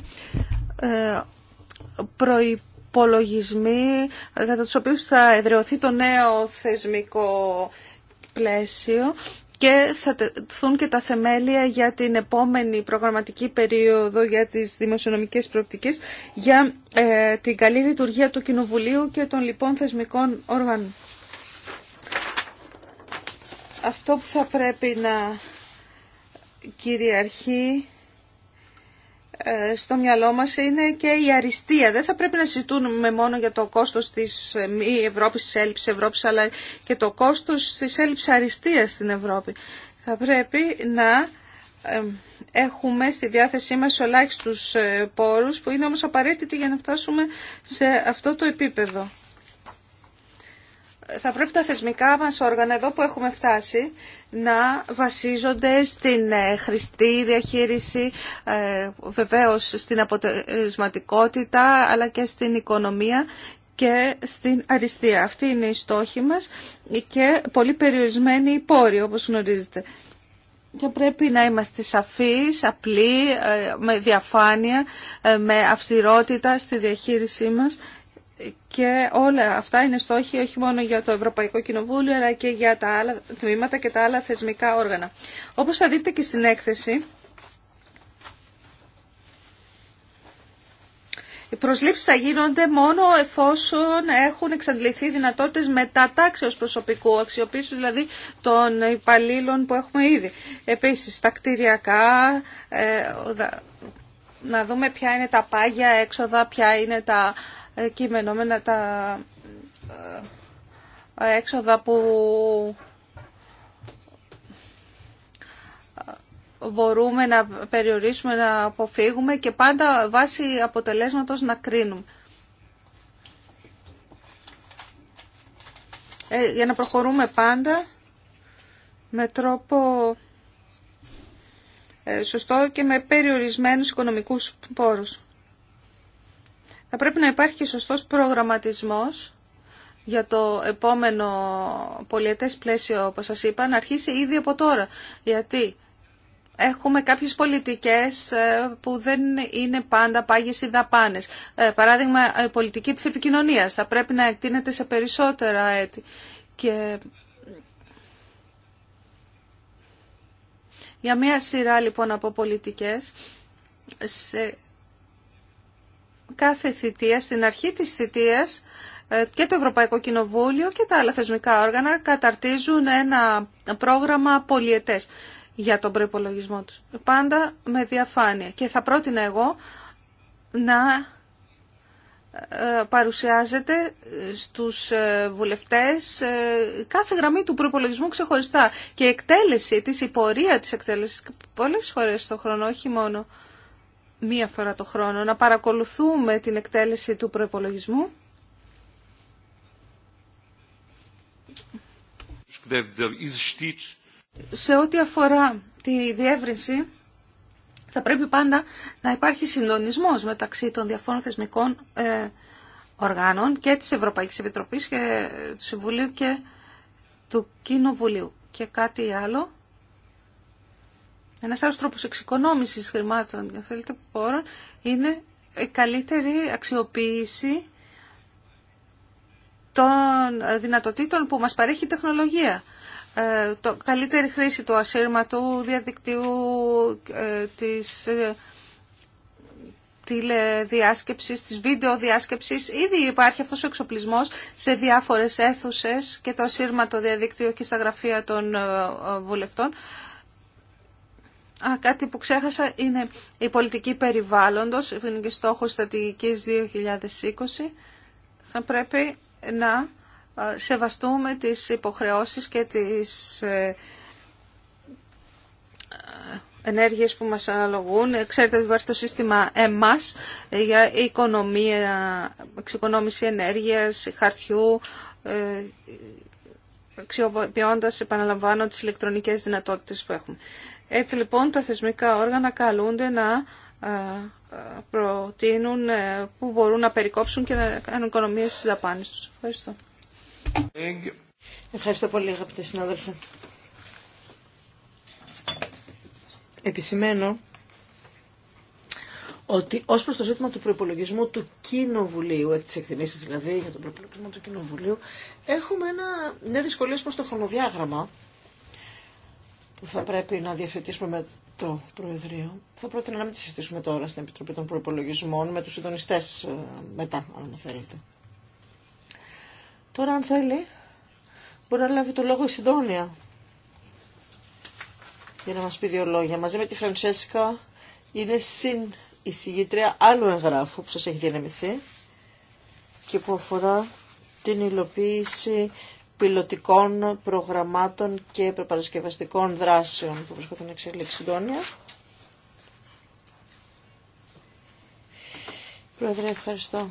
ε, προϋπολογισμοί κατά τους οποίους θα εδραιωθεί το νέο θεσμικό πλαίσιο και θα τεθούν και τα θεμέλια για την επόμενη προγραμματική περίοδο για τις δημοσιονομικές προοπτικές για ε, την καλή λειτουργία του Κοινοβουλίου και των λοιπόν θεσμικών όργανων. Αυτό που θα πρέπει να κυριαρχεί ε, στο μυαλό μας είναι και η αριστεία. Δεν θα πρέπει να συζητούμε μόνο για το κόστος της ε, μη Ευρώπης, της έλλειψης Ευρώπης, αλλά και το κόστος της έλλειψης αριστείας στην Ευρώπη. Θα πρέπει να ε, έχουμε στη διάθεσή μας τους πόρους, που είναι όμως απαραίτητοι για να φτάσουμε σε αυτό το επίπεδο θα πρέπει τα θεσμικά μας όργανα εδώ που έχουμε φτάσει να βασίζονται στην ε, χρηστή διαχείριση, ε, βεβαίως στην αποτελεσματικότητα αλλά και στην οικονομία και στην αριστεία. Αυτή είναι η στόχη μας και πολύ περιορισμένη η πόρη όπως γνωρίζετε. Και πρέπει να είμαστε σαφείς, απλοί, ε, με διαφάνεια, με αυστηρότητα στη διαχείρισή μας και όλα αυτά είναι στόχοι όχι μόνο για το Ευρωπαϊκό Κοινοβούλιο αλλά και για τα άλλα τμήματα και τα άλλα θεσμικά όργανα. Όπως θα δείτε και στην έκθεση, οι προσλήψεις θα γίνονται μόνο εφόσον έχουν εξαντληθεί δυνατότητες μετατάξεως προσωπικού, αξιοποίησης δηλαδή των υπαλλήλων που έχουμε ήδη. Επίσης, τα κτηριακά, ε, να δούμε ποια είναι τα πάγια έξοδα, ποια είναι τα ε, κείμενο με τα ε, έξοδα που μπορούμε να περιορίσουμε, να αποφύγουμε και πάντα βάσει αποτελέσματος να κρίνουμε. Ε, για να προχωρούμε πάντα με τρόπο σωστό και με περιορισμένους οικονομικούς πόρους. Θα πρέπει να υπάρχει και σωστός προγραμματισμός για το επόμενο πολιετές πλαίσιο, όπως σας είπα, να αρχίσει ήδη από τώρα. Γιατί έχουμε κάποιες πολιτικές ε, που δεν είναι πάντα πάγιες ή δαπάνες. Ε, παράδειγμα, η πολιτική της επικοινωνίας θα πρέπει να εκτείνεται σε περισσότερα έτη. Και για μια σειρά λοιπόν από πολιτικές, κάθε θητεία, στην αρχή της θητείας ε, και το Ευρωπαϊκό Κοινοβούλιο και τα άλλα θεσμικά όργανα καταρτίζουν ένα πρόγραμμα πολιετές για τον προϋπολογισμό τους. Πάντα με διαφάνεια. Και θα πρότεινα εγώ να ε, παρουσιάζεται στους ε, βουλευτές κάθε γραμμή του προϋπολογισμού ξεχωριστά και η εκτέλεση της, η πορεία της εκτέλεσης πολλές φορές στον χρόνο, όχι μόνο μία φορά το χρόνο, να παρακολουθούμε την εκτέλεση του προϋπολογισμού. Σε ό,τι αφορά τη διεύρυνση, θα πρέπει πάντα να υπάρχει συντονισμός μεταξύ των διαφόρων θεσμικών ε, οργάνων και της Ευρωπαϊκής Επιτροπής και του Συμβουλίου και του Κοινοβουλίου. Και κάτι άλλο ένας άλλος τρόπος εξοικονόμησης χρημάτων για θέλετε είναι η καλύτερη αξιοποίηση των δυνατοτήτων που μας παρέχει η τεχνολογία. Ε, το, καλύτερη χρήση του ασύρματου διαδικτύου, ε, της ε, τηλεδιάσκεψης, της βίντεο διάσκεψης. Ήδη υπάρχει αυτός ο εξοπλισμός σε διάφορες αίθουσες και το ασύρματο διαδίκτυο και στα γραφεία των ε, ε, βουλευτών. Α, κάτι που ξέχασα είναι η πολιτική περιβάλλοντος, η είναι και στόχος 2020. Θα πρέπει να σεβαστούμε τις υποχρεώσεις και τις ε, ε, ενέργειες που μας αναλογούν. Ξέρετε ότι υπάρχει το σύστημα ΕΜΑΣ για οικονομία, εξοικονόμηση ενέργειας, χαρτιού, ε, αξιοποιώντας επαναλαμβάνω, τις ηλεκτρονικές δυνατότητες που έχουμε. Έτσι λοιπόν τα θεσμικά όργανα καλούνται να ε, ε, προτείνουν ε, που μπορούν να περικόψουν και να κάνουν οικονομίες στις δαπάνες τους. Ευχαριστώ. Ευχαριστώ πολύ αγαπητέ συνάδελφε. Επισημαίνω ότι ως προς το ζήτημα του προϋπολογισμού του Κοινοβουλίου, εκ της εκτιμήσεις δηλαδή για τον προϋπολογισμό του Κοινοβουλίου, έχουμε ένα, μια δυσκολία το χρονοδιάγραμμα που θα πρέπει να διευθετήσουμε με το Προεδρείο. Θα πρότεινα να μην τη συστήσουμε τώρα στην Επιτροπή των Προπολογισμών, με τους συντονιστέ ε, μετά, αν θέλετε. Τώρα, αν θέλει, μπορεί να λάβει το λόγο η Συντόνια για να μας πει δύο λόγια. Μαζί με τη Φραντσέσκα είναι συν εισηγήτρια άλλου εγγράφου που σας έχει διανεμηθεί και που αφορά την υλοποίηση πιλωτικών προγραμμάτων και προπαρασκευαστικών δράσεων που βρίσκονται να εξελίξει Τόνια. Πρόεδρε, ευχαριστώ.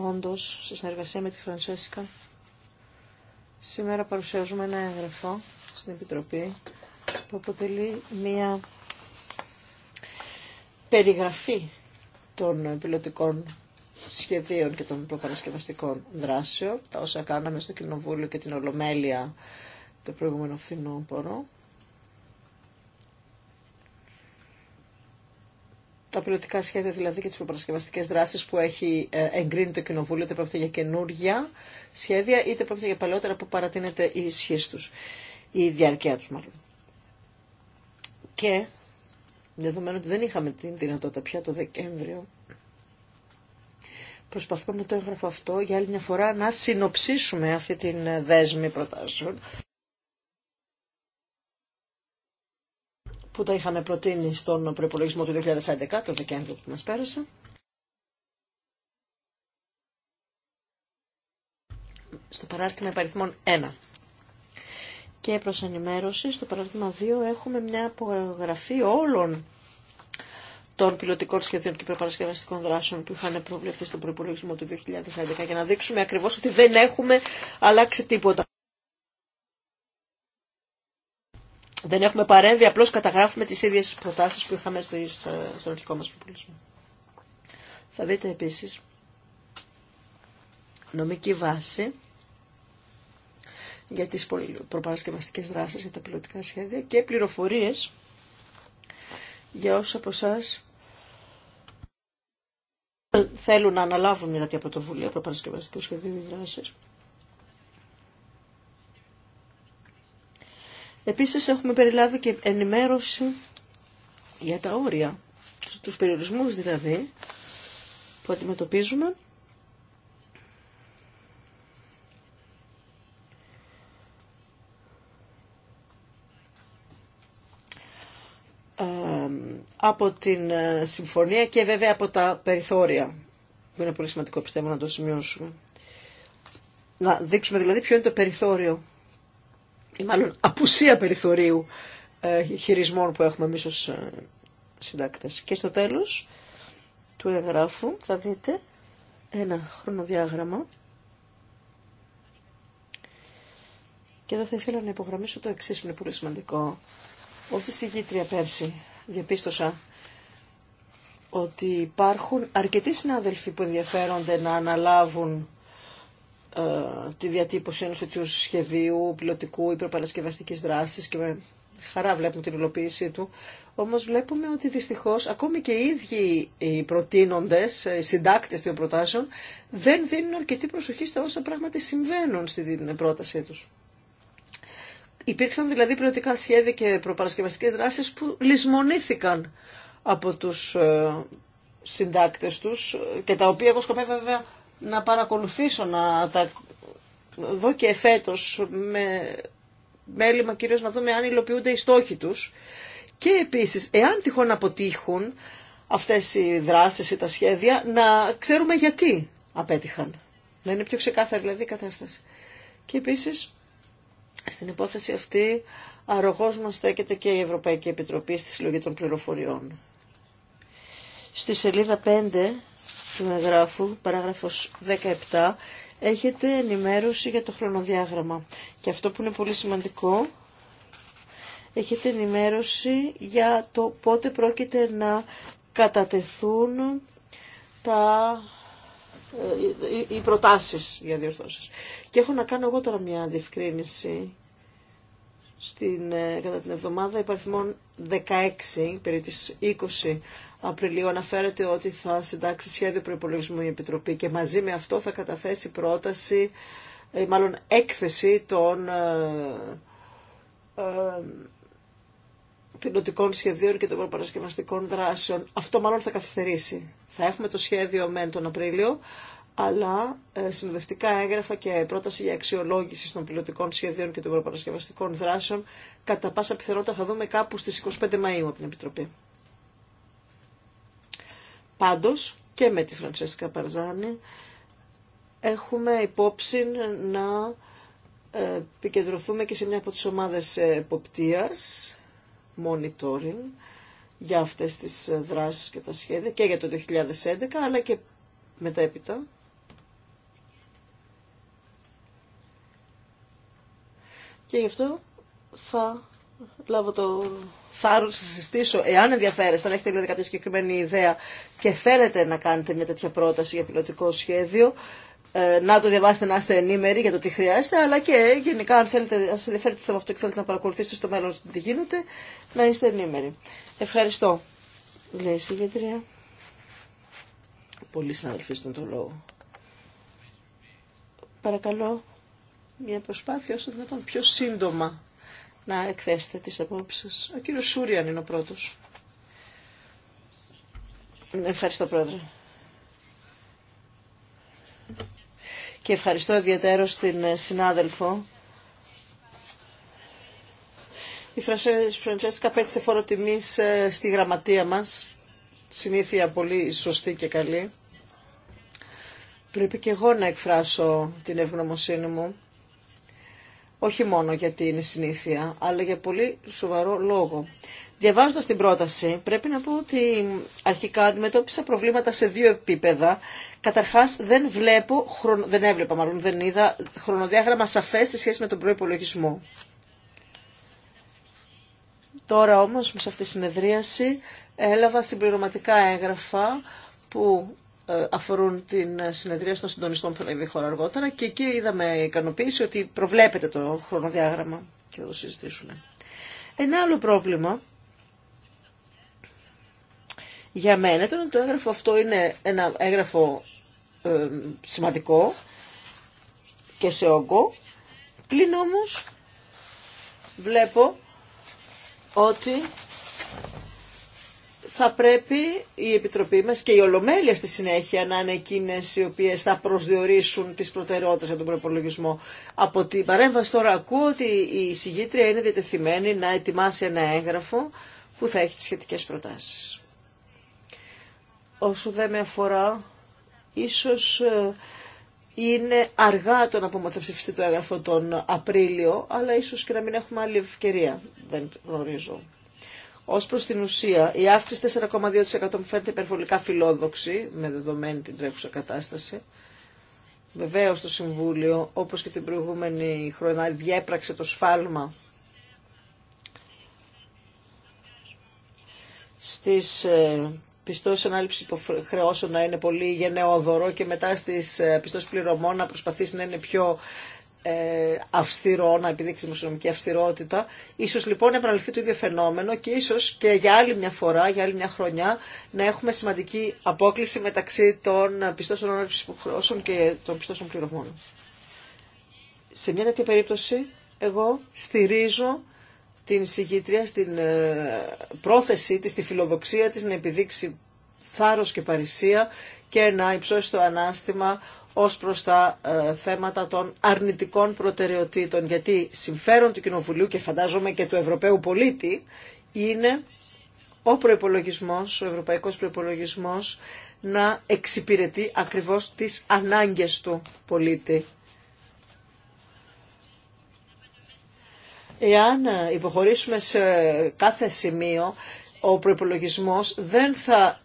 Όντως, σε συνεργασία με τη Φρανσέσικα, σήμερα παρουσιάζουμε ένα έγγραφο στην Επιτροπή που αποτελεί μία περιγραφή των πιλωτικών σχεδίων και των προπαρασκευαστικών δράσεων, τα όσα κάναμε στο Κοινοβούλιο και την Ολομέλεια το προηγούμενο φθινόπωρο. Τα πιλωτικά σχέδια δηλαδή και τις προπαρασκευαστικές δράσεις που έχει ε, εγκρίνει το Κοινοβούλιο, είτε πρόκειται για καινούργια σχέδια, είτε πρόκειται για παλαιότερα που παρατείνεται η ισχύ τους, η διάρκεια τους μάλλον. Και δεδομένου ότι δεν είχαμε την δυνατότητα πια το Δεκέμβριο Προσπαθώ με το έγγραφο αυτό για άλλη μια φορά να συνοψίσουμε αυτή την ε, δέσμη προτάσεων που τα είχαμε προτείνει στον προπολογισμό του 2011, το Δεκέμβριο που μας πέρασε. Στο παράρτημα υπαριθμών 1. Και προς ενημέρωση, στο παράρτημα 2 έχουμε μια απογραφή όλων των πιλωτικών σχεδίων και προπαρασκευαστικών δράσεων που είχαν προβλεφθεί στον προπολογισμό του 2011 για να δείξουμε ακριβώς ότι δεν έχουμε αλλάξει τίποτα. Δεν έχουμε παρέμβει, απλώς καταγράφουμε τις ίδιες προτάσεις που είχαμε στο, στον αρχικό μας προπολογισμό. Θα δείτε επίσης νομική βάση για τις προπαρασκευαστικές δράσεις, για τα πιλωτικά σχέδια και πληροφορίες για όσους από εσά θέλουν να αναλάβουν μια τέτοια πρωτοβουλία προπαρασκευαστικού σχεδίου δράση. Επίσης έχουμε περιλάβει και ενημέρωση για τα όρια, τους περιορισμούς δηλαδή, που αντιμετωπίζουμε από την ε, συμφωνία και βέβαια από τα περιθώρια, που είναι πολύ σημαντικό πιστεύω να το σημειώσουμε. Να δείξουμε δηλαδή ποιο είναι το περιθώριο, ή μάλλον απουσία περιθωρίου ε, χειρισμών που έχουμε εμείς ως ε, συντάκτες. Και στο τέλος του εγγράφου θα δείτε ένα χρονοδιάγραμμα και εδώ θα ήθελα να υπογραμμίσω το εξής που είναι πολύ σημαντικό. Ως εισηγήτρια πέρσι διαπίστωσα ότι υπάρχουν αρκετοί συνάδελφοι που ενδιαφέρονται να αναλάβουν ε, τη διατύπωση ενός τέτοιου σχεδίου, πιλωτικού ή προπαρασκευαστικής δράσης και με χαρά βλέπουμε την υλοποίησή του. Όμως βλέπουμε ότι δυστυχώς ακόμη και οι ίδιοι οι προτείνοντες, οι συντάκτες των προτάσεων δεν δίνουν αρκετή προσοχή στα όσα πράγματι συμβαίνουν στην πρότασή τους. Υπήρξαν δηλαδή πιλωτικά σχέδια και προπαρασκευαστικές δράσεις που λησμονήθηκαν από τους ε, συντάκτες τους και τα οποία εγώ σκοπεύω βέβαια να παρακολουθήσω, να τα δω και φέτος με μέλημα κυρίως να δούμε αν υλοποιούνται οι στόχοι τους και επίσης εάν τυχόν αποτύχουν αυτές οι δράσεις ή τα σχέδια να ξέρουμε γιατί απέτυχαν. Να είναι πιο ξεκάθαρη δηλαδή η κατάσταση. Και επίσης στην υπόθεση αυτή αρρωγός μας στέκεται και η Ευρωπαϊκή Επιτροπή στη Συλλογή των Πληροφοριών. Στη σελίδα 5 του εγγράφου, παράγραφος 17, έχετε ενημέρωση για το χρονοδιάγραμμα. Και αυτό που είναι πολύ σημαντικό, έχετε ενημέρωση για το πότε πρόκειται να κατατεθούν τα ε, οι προτάσεις για διορθώσεις. Και έχω να κάνω εγώ τώρα μια διευκρίνηση. Στην, ε, κατά την εβδομάδα υπαριθμών 16, περί της 20 Απριλίου αναφέρεται ότι θα συντάξει σχέδιο προϋπολογισμού η Επιτροπή και μαζί με αυτό θα καταθέσει πρόταση, ε, μάλλον έκθεση των πιλωτικών σχεδίων και των προπαρασκευαστικών δράσεων. Αυτό μάλλον θα καθυστερήσει. Θα έχουμε το σχέδιο μεν τον Απρίλιο, αλλά ε, συνοδευτικά έγγραφα και πρόταση για αξιολόγηση των πιλωτικών σχεδίων και των προπαρασκευαστικών δράσεων κατά πάσα πιθανότητα θα δούμε κάπου στις 25 Μαΐου από την Επιτροπή. Πάντως και με τη Φραντσέσκα Παρζάνη έχουμε υπόψη να ε, επικεντρωθούμε και σε μια από τις ομάδες ε, εποπτείας monitoring για αυτές τις ε, δράσεις και τα σχέδια και για το 2011 αλλά και μετέπειτα. Και γι' αυτό θα λάβω το θάρρος να συστήσω, εάν ενδιαφέρεστε, αν έχετε δηλαδή κάποια συγκεκριμένη ιδέα και θέλετε να κάνετε μια τέτοια πρόταση για πιλωτικό σχέδιο, ε, να το διαβάσετε να είστε ενήμεροι για το τι χρειάζεται, αλλά και γενικά αν θέλετε, αν σας ενδιαφέρει το θέμα αυτό και θέλετε να παρακολουθήσετε στο μέλλον τι γίνεται, να είστε ενήμεροι. Ευχαριστώ. Λέει η συγγετρία. Πολλοί συναδελφοί στον το λόγο. Παρακαλώ μια προσπάθεια όσο δυνατόν πιο σύντομα να εκθέσετε τις απόψεις. Ο κύριος Σούριαν είναι ο πρώτος. Ευχαριστώ πρόεδρε και ευχαριστώ ιδιαίτερο την ε, συνάδελφο. Η Φραντσέσκα πέτυσε φόρο τιμή ε, στη γραμματεία μας, συνήθεια πολύ σωστή και καλή. Πρέπει και εγώ να εκφράσω την ευγνωμοσύνη μου, όχι μόνο γιατί είναι συνήθεια, αλλά για πολύ σοβαρό λόγο. Διαβάζοντα την πρόταση, πρέπει να πω ότι αρχικά αντιμετώπισα προβλήματα σε δύο επίπεδα. Καταρχά, δεν βλέπω, δεν έβλεπα μάλλον, δεν είδα χρονοδιάγραμμα σαφέ στη σχέση με τον προπολογισμό. Τώρα όμως, σε αυτή τη συνεδρίαση, έλαβα συμπληρωματικά έγγραφα που ε, αφορούν την συνεδρία των συντονιστών που θα λάβει χώρα αργότερα και εκεί είδαμε ικανοποίηση ότι προβλέπεται το χρονοδιάγραμμα και θα το συζητήσουμε. Ένα άλλο πρόβλημα για μένα το έγγραφο αυτό είναι ένα έγγραφο ε, σημαντικό και σε όγκο. Πλην όμως βλέπω ότι θα πρέπει η Επιτροπή μας και η Ολομέλεια στη συνέχεια να είναι εκείνες οι οποίες θα προσδιορίσουν τις προτεραιότητες για τον προπολογισμό. Από την παρέμβαση τώρα ακούω ότι η συγγήτρια είναι διατεθειμένη να ετοιμάσει ένα έγγραφο που θα έχει τις σχετικές προτάσεις όσο δεν με αφορά, ίσως ε, είναι αργά το να πούμε ότι θα ψηφιστεί το έγγραφο τον Απρίλιο, αλλά ίσως και να μην έχουμε άλλη ευκαιρία, δεν γνωρίζω. Ω προ την ουσία, η αύξηση 4,2% μου φαίνεται υπερβολικά φιλόδοξη, με δεδομένη την τρέχουσα κατάσταση. Βεβαίω το Συμβούλιο, όπω και την προηγούμενη χρονιά, διέπραξε το σφάλμα στις ε, πιστώσει ανάληψη υποχρεώσεων να είναι πολύ γενναιόδωρο και μετά στις ε, πιστώσεις πληρωμών να προσπαθήσει να είναι πιο ε, αυστηρό, να επιδείξει δημοσιονομική αυστηρότητα. Ίσως λοιπόν επαναληφθεί το ίδιο φαινόμενο και ίσως και για άλλη μια φορά, για άλλη μια χρονιά, να έχουμε σημαντική απόκληση μεταξύ των πιστώσεων ανάληψης υποχρεώσεων και των πιστώσεων πληρωμών. Σε μια τέτοια περίπτωση, εγώ στηρίζω την συγκήτρια στην ε, πρόθεσή της, τη φιλοδοξία της να επιδείξει θάρρος και παρησία και να υψώσει το ανάστημα ως προς τα ε, θέματα των αρνητικών προτεραιοτήτων. Γιατί συμφέρον του Κοινοβουλίου και φαντάζομαι και του Ευρωπαίου πολίτη είναι ο προϋπολογισμός, ο ευρωπαϊκός προϋπολογισμός να εξυπηρετεί ακριβώς τις ανάγκες του πολίτη. Εάν ε, υποχωρήσουμε σε κάθε σημείο, ο προπολογισμό δεν θα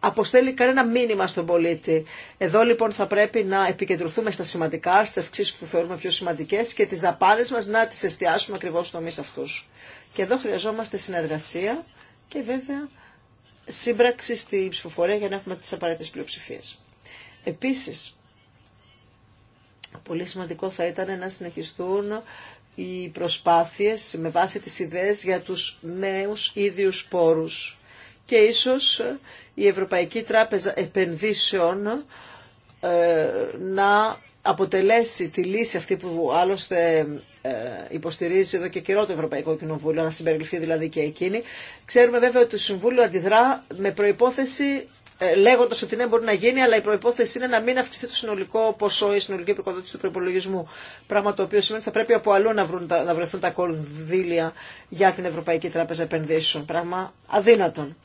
αποστέλει κανένα μήνυμα στον πολίτη. Εδώ λοιπόν θα πρέπει να επικεντρωθούμε στα σημαντικά, στι αυξήσει που θεωρούμε πιο σημαντικέ και τι δαπάνε μα να τι εστιάσουμε ακριβώ στου τομεί αυτού. Και εδώ χρειαζόμαστε συνεργασία και βέβαια σύμπραξη στη ψηφοφορία για να έχουμε τι απαραίτητε πλειοψηφίε. Επίση, πολύ σημαντικό θα ήταν να συνεχιστούν οι προσπάθειες με βάση τις ιδέες για τους νέους ίδιους πόρους. Και ίσως η Ευρωπαϊκή Τράπεζα Επενδύσεων ε, να αποτελέσει τη λύση αυτή που άλλωστε ε, υποστηρίζει εδώ και καιρό το Ευρωπαϊκό Κοινοβούλιο, να συμπεριληφθεί δηλαδή και εκείνη. Ξέρουμε βέβαια ότι το Συμβούλιο αντιδρά με προϋπόθεση ε, λέγοντα ότι ναι, μπορεί να γίνει, αλλά η προπόθεση είναι να μην αυξηθεί το συνολικό ποσό, η η συνολική επικοδότηση του προπολογισμού. Πράγμα το οποίο σημαίνει ότι θα πρέπει από αλλού να, βρουν, βρεθούν τα κονδύλια για την Ευρωπαϊκή Τράπεζα Επενδύσεων. Πράγμα αδύνατον.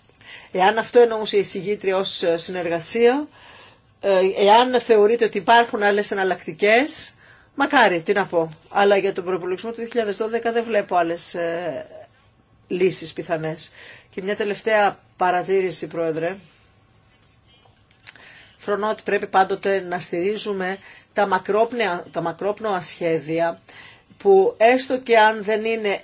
Εάν αυτό εννοούσε η εισηγήτρια ω ε, συνεργασία, ε, εάν θεωρείτε ότι υπάρχουν άλλε εναλλακτικέ, μακάρι, τι να πω. Αλλά για τον προπολογισμό του 2012 δεν βλέπω άλλε λύσει πιθανέ. Και μια τελευταία παρατήρηση, Πρόεδρε φρονώ ότι πρέπει πάντοτε να στηρίζουμε τα, μακρόπνοα, τα μακρόπνοα σχέδια που έστω και αν δεν είναι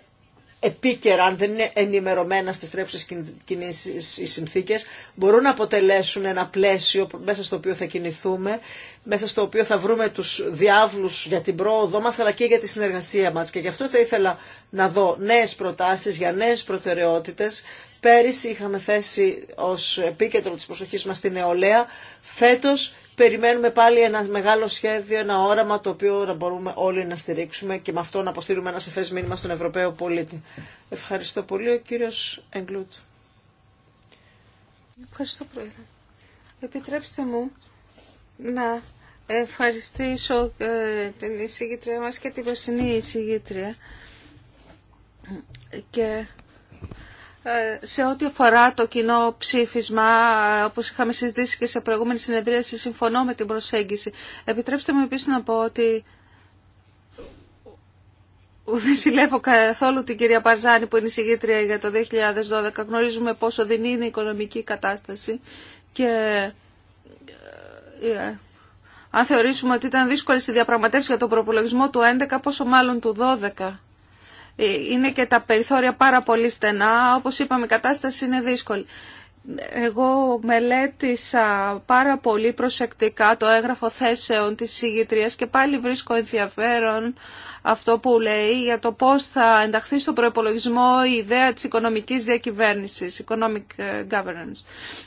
επίκαιρα, αν δεν είναι ενημερωμένα στις τρέψεις κινήσεις οι συνθήκες, μπορούν να αποτελέσουν ένα πλαίσιο μέσα στο οποίο θα κινηθούμε, μέσα στο οποίο θα βρούμε τους διάβλους για την πρόοδό μας, αλλά και για τη συνεργασία μας. Και γι' αυτό θα ήθελα να δω νέες προτάσεις για νέες προτεραιότητες, Πέρυσι είχαμε θέσει ως επίκεντρο της προσοχής μας την νεολαία. Φέτος περιμένουμε πάλι ένα μεγάλο σχέδιο, ένα όραμα το οποίο να μπορούμε όλοι να στηρίξουμε και με αυτό να αποστείλουμε ένα σεφές μήνυμα στον Ευρωπαίο πολίτη. Ευχαριστώ πολύ ο κύριος Εγκλούτ. Ευχαριστώ πρόεδρε. Επιτρέψτε μου να ευχαριστήσω ε, την εισηγήτρια μας και την βασινή εισηγήτρια και ε, σε ό,τι αφορά το κοινό ψήφισμα, ε, όπως είχαμε συζητήσει και σε προηγούμενη συνεδρίαση, συμφωνώ με την προσέγγιση. Επιτρέψτε μου επίσης να πω ότι δεν συλλεύω καθόλου την κυρία Παρζάνη που είναι η συγγήτρια για το 2012. Γνωρίζουμε πόσο δεν είναι η οικονομική κατάσταση και yeah. Ε, αν θεωρήσουμε ότι ήταν δύσκολη στη διαπραγματεύση για τον προπολογισμό του 2011, πόσο μάλλον του 12. Ε, είναι και τα περιθώρια πάρα πολύ στενά. Όπως είπαμε, η κατάσταση είναι δύσκολη. Εγώ μελέτησα πάρα πολύ προσεκτικά το έγγραφο θέσεων της συγγητρίας και πάλι βρίσκω ενδιαφέρον αυτό που λέει για το πώς θα ενταχθεί στο προϋπολογισμό η ιδέα της οικονομικής διακυβέρνησης, economic ε, governance.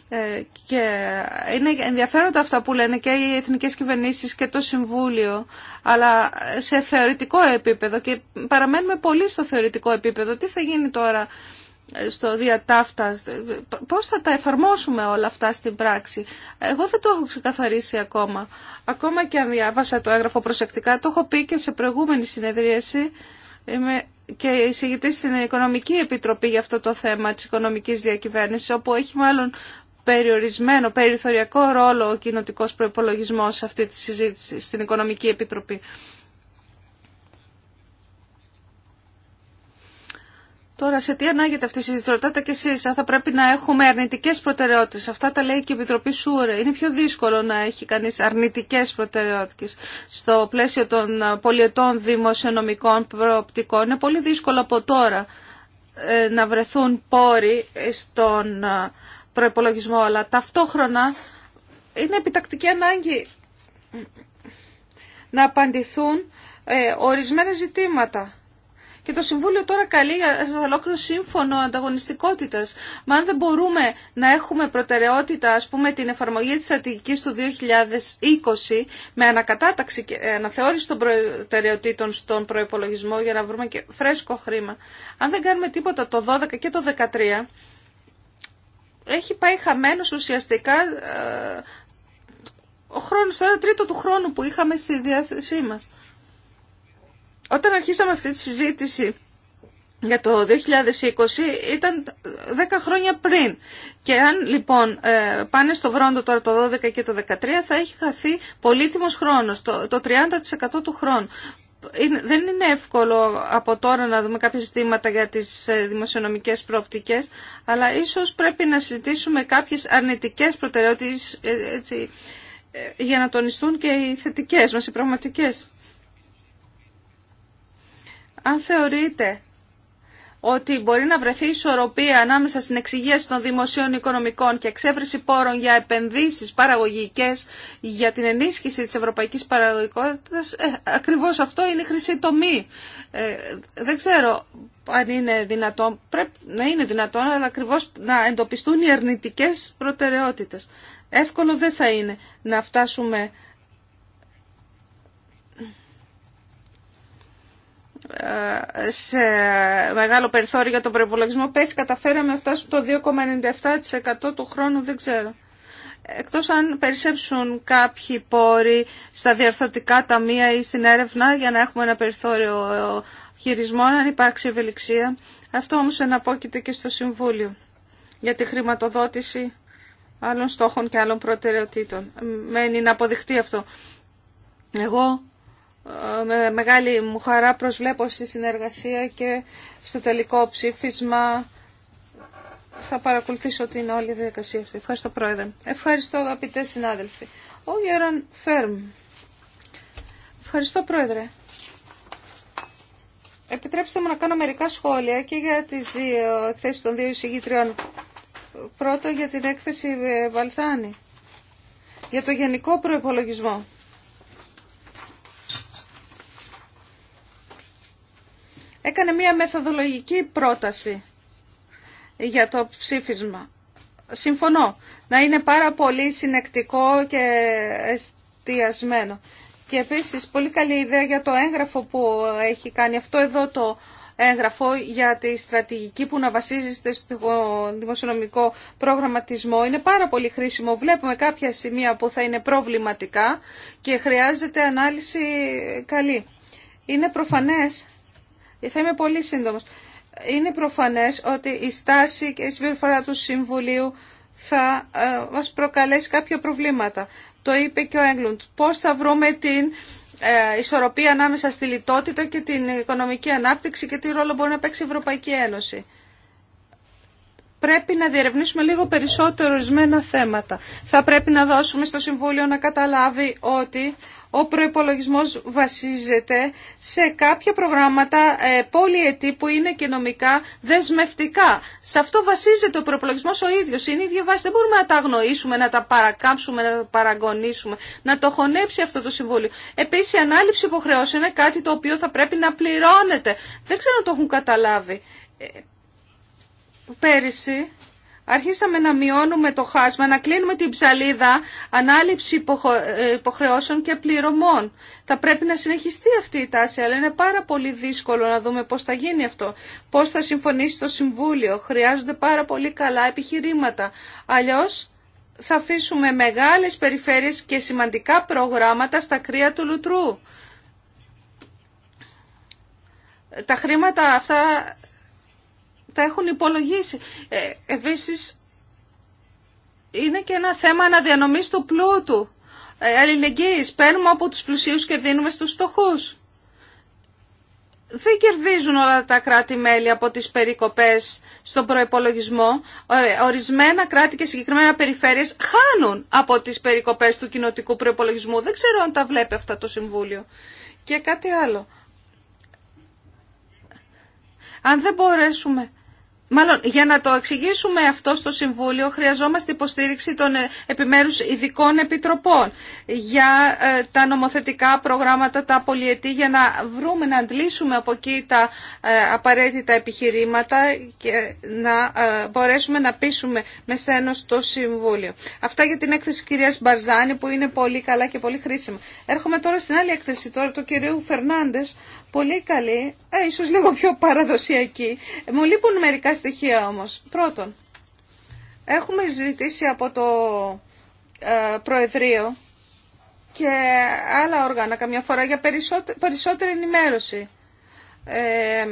Ε, και είναι ενδιαφέροντα αυτά που λένε και οι εθνικές κυβερνήσεις και το Συμβούλιο, αλλά σε θεωρητικό επίπεδο και παραμένουμε πολύ στο θεωρητικό επίπεδο. Τι θα γίνει τώρα στο διατάφτα. Πώς θα τα εφαρμόσουμε όλα αυτά στην πράξη. Εγώ δεν το έχω ξεκαθαρίσει ακόμα. Ακόμα και αν διάβασα το έγγραφο προσεκτικά, το έχω πει και σε προηγούμενη συνεδρίαση. και εισηγητή στην Οικονομική Επιτροπή για αυτό το θέμα της οικονομικής διακυβέρνησης, όπου έχει μάλλον περιορισμένο, περιθωριακό ρόλο ο κοινοτικός προϋπολογισμός σε αυτή τη συζήτηση στην Οικονομική Επιτροπή. Τώρα σε τι ανάγεται αυτή η συζήτηση, ρωτάτε κι εσείς, αν θα πρέπει να έχουμε αρνητικές προτεραιότητες. Αυτά τα λέει και η Επιτροπή Σούρε. Είναι πιο δύσκολο να έχει κανείς αρνητικές προτεραιότητες στο πλαίσιο των πολιετών δημοσιονομικών προοπτικών. Είναι πολύ δύσκολο από τώρα ε, να βρεθούν πόροι στον ε, προπολογισμό, αλλά ταυτόχρονα είναι επιτακτική ανάγκη να απαντηθούν ε, ορισμένα ζητήματα και το Συμβούλιο τώρα καλεί για ολόκληρο σύμφωνο ανταγωνιστικότητας. Μα αν δεν μπορούμε να έχουμε προτεραιότητα, α πούμε, την εφαρμογή της στρατηγική του 2020 με ανακατάταξη και αναθεώρηση των προτεραιοτήτων στον προπολογισμό για να βρούμε και φρέσκο χρήμα. Αν δεν κάνουμε τίποτα το 12 και το 13, έχει πάει χαμένο ουσιαστικά ε, ο χρόνος, το τρίτο του χρόνου που είχαμε στη διάθεσή μας. Όταν αρχίσαμε αυτή τη συζήτηση για το 2020 ήταν 10 χρόνια πριν. Και αν λοιπόν ε, πάνε στο βρόντο τώρα το 12 και το 13 θα έχει χαθεί πολύτιμος χρόνος, το, 30% του χρόνου. Δεν είναι εύκολο από τώρα να δούμε κάποια ζητήματα για τις ε, δημοσιονομικές προοπτικές, αλλά ίσως πρέπει να συζητήσουμε κάποιες αρνητικές προτεραιότητες ε, για να τονιστούν και οι θετικές μας, οι πραγματικές. Αν θεωρείτε ότι μπορεί να βρεθεί ισορροπία ανάμεσα στην εξηγίαση των δημοσίων οικονομικών και εξέβρεση πόρων για επενδύσεις παραγωγικές για την ενίσχυση της ευρωπαϊκής παραγωγικότητας, ε, ακριβώς αυτό είναι η χρυσή τομή. Ε, δεν ξέρω αν είναι δυνατόν, πρέπει να είναι δυνατόν, αλλά ακριβώς να εντοπιστούν οι αρνητικές προτεραιότητες. Εύκολο δεν θα είναι να φτάσουμε σε μεγάλο περιθώριο για τον προπολογισμό πέσει, καταφέραμε να φτάσουμε το 2,97% του χρόνου, δεν ξέρω. Εκτός αν περισσέψουν κάποιοι πόροι στα διαρθωτικά ταμεία ή στην έρευνα για να έχουμε ένα περιθώριο χειρισμών, αν υπάρξει ευελιξία. Αυτό όμως εναπόκειται και στο Συμβούλιο για τη χρηματοδότηση άλλων στόχων και άλλων προτεραιοτήτων. Μένει να αποδειχτεί αυτό. Εγώ με μεγάλη μου χαρά προσβλέπω στη συνεργασία και στο τελικό ψήφισμα θα παρακολουθήσω την όλη διαδικασία αυτή. Ευχαριστώ Πρόεδρε. Ευχαριστώ αγαπητές συνάδελφοι. Ο Γεραν Φέρμ. Ευχαριστώ Πρόεδρε. Επιτρέψτε μου να κάνω μερικά σχόλια και για τις δύο εκθέσεις των δύο εισηγητριών. Πρώτο για την έκθεση Βαλσάνη. Για το γενικό προϋπολογισμό. έκανε μία μεθοδολογική πρόταση για το ψήφισμα. Συμφωνώ. Να είναι πάρα πολύ συνεκτικό και εστιασμένο. Και επίσης πολύ καλή ιδέα για το έγγραφο που έχει κάνει αυτό εδώ το έγγραφο για τη στρατηγική που να βασίζεται στο δημοσιονομικό προγραμματισμό. Είναι πάρα πολύ χρήσιμο. Βλέπουμε κάποια σημεία που θα είναι προβληματικά και χρειάζεται ανάλυση καλή. Είναι προφανές θα είμαι πολύ σύντομος. Είναι προφανές ότι η στάση και η συμπεριφορά του Συμβουλίου θα ε, μας προκαλέσει κάποια προβλήματα. Το είπε και ο Έγκλουντ. Πώς θα βρούμε την ε, ισορροπία ανάμεσα στη λιτότητα και την οικονομική ανάπτυξη και τι ρόλο μπορεί να παίξει η Ευρωπαϊκή Ένωση πρέπει να διερευνήσουμε λίγο περισσότερο ορισμένα θέματα. Θα πρέπει να δώσουμε στο Συμβούλιο να καταλάβει ότι ο προϋπολογισμός βασίζεται σε κάποια προγράμματα ε, πολυετή που είναι και νομικά δεσμευτικά. Σε αυτό βασίζεται ο προϋπολογισμός ο ίδιος, είναι η ίδια βάση. Δεν μπορούμε να τα αγνοήσουμε, να τα παρακάμψουμε, να τα παραγωνίσουμε, να το χωνέψει αυτό το Συμβούλιο. Επίσης η ανάληψη υποχρεώσεων είναι κάτι το οποίο θα πρέπει να πληρώνεται. Δεν ξέρω αν το έχουν καταλάβει ε, πέρυσι αρχίσαμε να μειώνουμε το χάσμα, να κλείνουμε την ψαλίδα ανάληψη ε, υποχρεώσεων και πληρωμών. Θα πρέπει να συνεχιστεί αυτή η τάση, αλλά είναι πάρα πολύ δύσκολο να δούμε πώς θα γίνει αυτό, πώς θα συμφωνήσει το Συμβούλιο. Χρειάζονται πάρα πολύ καλά επιχειρήματα. Αλλιώς θα αφήσουμε μεγάλες περιφέρειες και σημαντικά προγράμματα στα κρύα του λουτρού. Τα χρήματα αυτά έχουν υπολογίσει. Ε, είναι και ένα θέμα αναδιανομής του πλούτου, ε, αλληλεγγύης. Παίρνουμε από τους πλουσίους και δίνουμε στους φτωχούς. Δεν κερδίζουν όλα τα κράτη-μέλη από τις περικοπές στον προϋπολογισμό. Ε, ορισμένα κράτη και συγκεκριμένα περιφέρειες χάνουν από τις περικοπές του κοινοτικού προϋπολογισμού. Δεν ξέρω αν τα βλέπει αυτά το Συμβούλιο. Και κάτι άλλο. Αν δεν μπορέσουμε Μάλλον, για να το εξηγήσουμε αυτό στο Συμβούλιο, χρειαζόμαστε υποστήριξη των ε, επιμέρους ειδικών επιτροπών για ε, τα νομοθετικά προγράμματα, τα πολιετή, για να βρούμε, να αντλήσουμε από εκεί τα ε, απαραίτητα επιχειρήματα και να μπορέσουμε να πείσουμε με στένος το Συμβούλιο. Αυτά για την έκθεση κυρίας Μπαρζάνη που είναι πολύ καλά και πολύ χρήσιμα. Έρχομαι τώρα στην άλλη έκθεση τώρα του κυρίου Φερνάντες, πολύ καλή, ε, ίσως λίγο πιο παραδοσιακή. Μου λείπουν μερικά στοιχεία όμως. Πρώτον, έχουμε ζητήσει από το ε, Προεδρείο και άλλα όργανα καμιά φορά για περισσότερη ενημέρωση ε,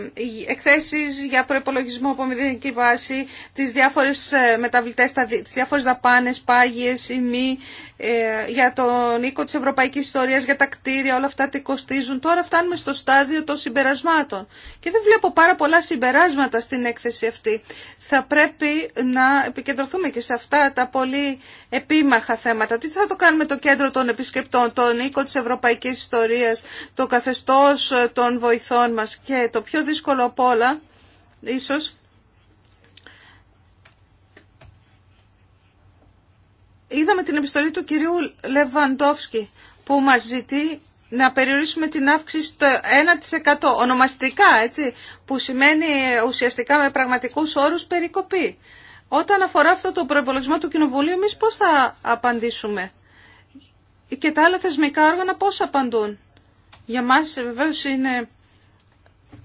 εκθέσεις για προπολογισμό από μηδενική βάση, τις διάφορες ε, μεταβλητές, τις διάφορες δαπάνες, πάγιες ή μη, ε, για τον οίκο της Ευρωπαϊκής Ιστορίας, για τα κτίρια, όλα αυτά τι κοστίζουν. Τώρα φτάνουμε στο στάδιο των συμπερασμάτων και δεν βλέπω πάρα πολλά συμπεράσματα στην έκθεση αυτή. Θα πρέπει να επικεντρωθούμε και σε αυτά τα πολύ επίμαχα θέματα. Τι θα το κάνουμε το κέντρο των επισκεπτών, τον οίκο της Ευρωπαϊκής Ιστορίας, το καθεστώ των βοηθών μας και το πιο δύσκολο από όλα, ίσως, είδαμε την επιστολή του κυρίου Λεβαντόφσκι που μας ζητεί να περιορίσουμε την αύξηση στο 1% ονομαστικά, έτσι, που σημαίνει ουσιαστικά με πραγματικούς όρους περικοπή. Όταν αφορά αυτό το προϋπολογισμό του Κοινοβουλίου, εμεί πώς θα απαντήσουμε και τα άλλα θεσμικά όργανα πώς απαντούν. Για μας βεβαίως είναι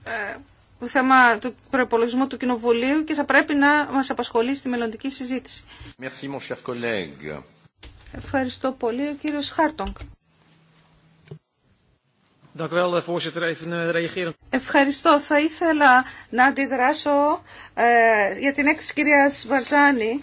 ε, θέμα του προπολογισμού του Κοινοβουλίου και θα πρέπει να μας απασχολεί στη μελλοντική συζήτηση. Ευχαριστώ πολύ. Ο κύριος Χάρτονγκ. Eh, eh, Ευχαριστώ. Θα ήθελα να αντιδράσω ε, για την έκθεση κυρίας Βαρζάνη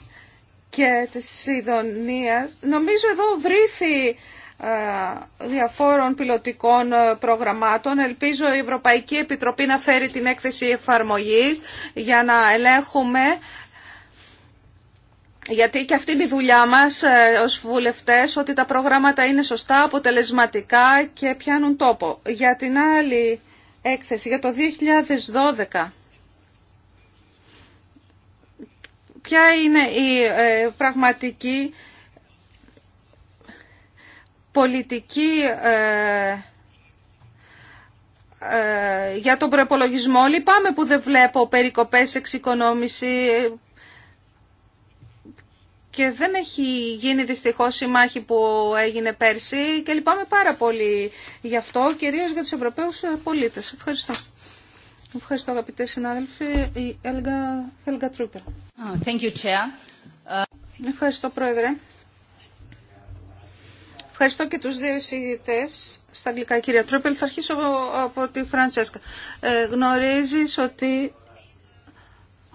και της Ιδονίας. Νομίζω εδώ βρήθη ε, διαφόρων πιλωτικών ε, προγραμμάτων. Ελπίζω η Ευρωπαϊκή Επιτροπή να φέρει την έκθεση εφαρμογής για να ελέγχουμε γιατί και αυτή είναι η δουλειά μας ε, ως βουλευτές, ότι τα προγράμματα είναι σωστά, αποτελεσματικά και πιάνουν τόπο. Για την άλλη έκθεση, για το 2012, ποια είναι η πραγματική πολιτική ε, ε, για τον προπολογισμό. Λυπάμαι που δεν βλέπω περικοπές, εξοικονόμηση και δεν έχει γίνει δυστυχώς η μάχη που έγινε πέρσι και λυπάμαι πάρα πολύ γι' αυτό, κυρίως για τους Ευρωπαίους πολίτες. Ευχαριστώ. Ευχαριστώ αγαπητέ συνάδελφοι. Η Έλγα, Τρούπερ. Ευχαριστώ Πρόεδρε. Ευχαριστώ και τους δύο εισηγητές. Στα αγγλικά, κυρία Τρούπελ, θα αρχίσω από τη Φραντσέσκα. Ε, γνωρίζεις ότι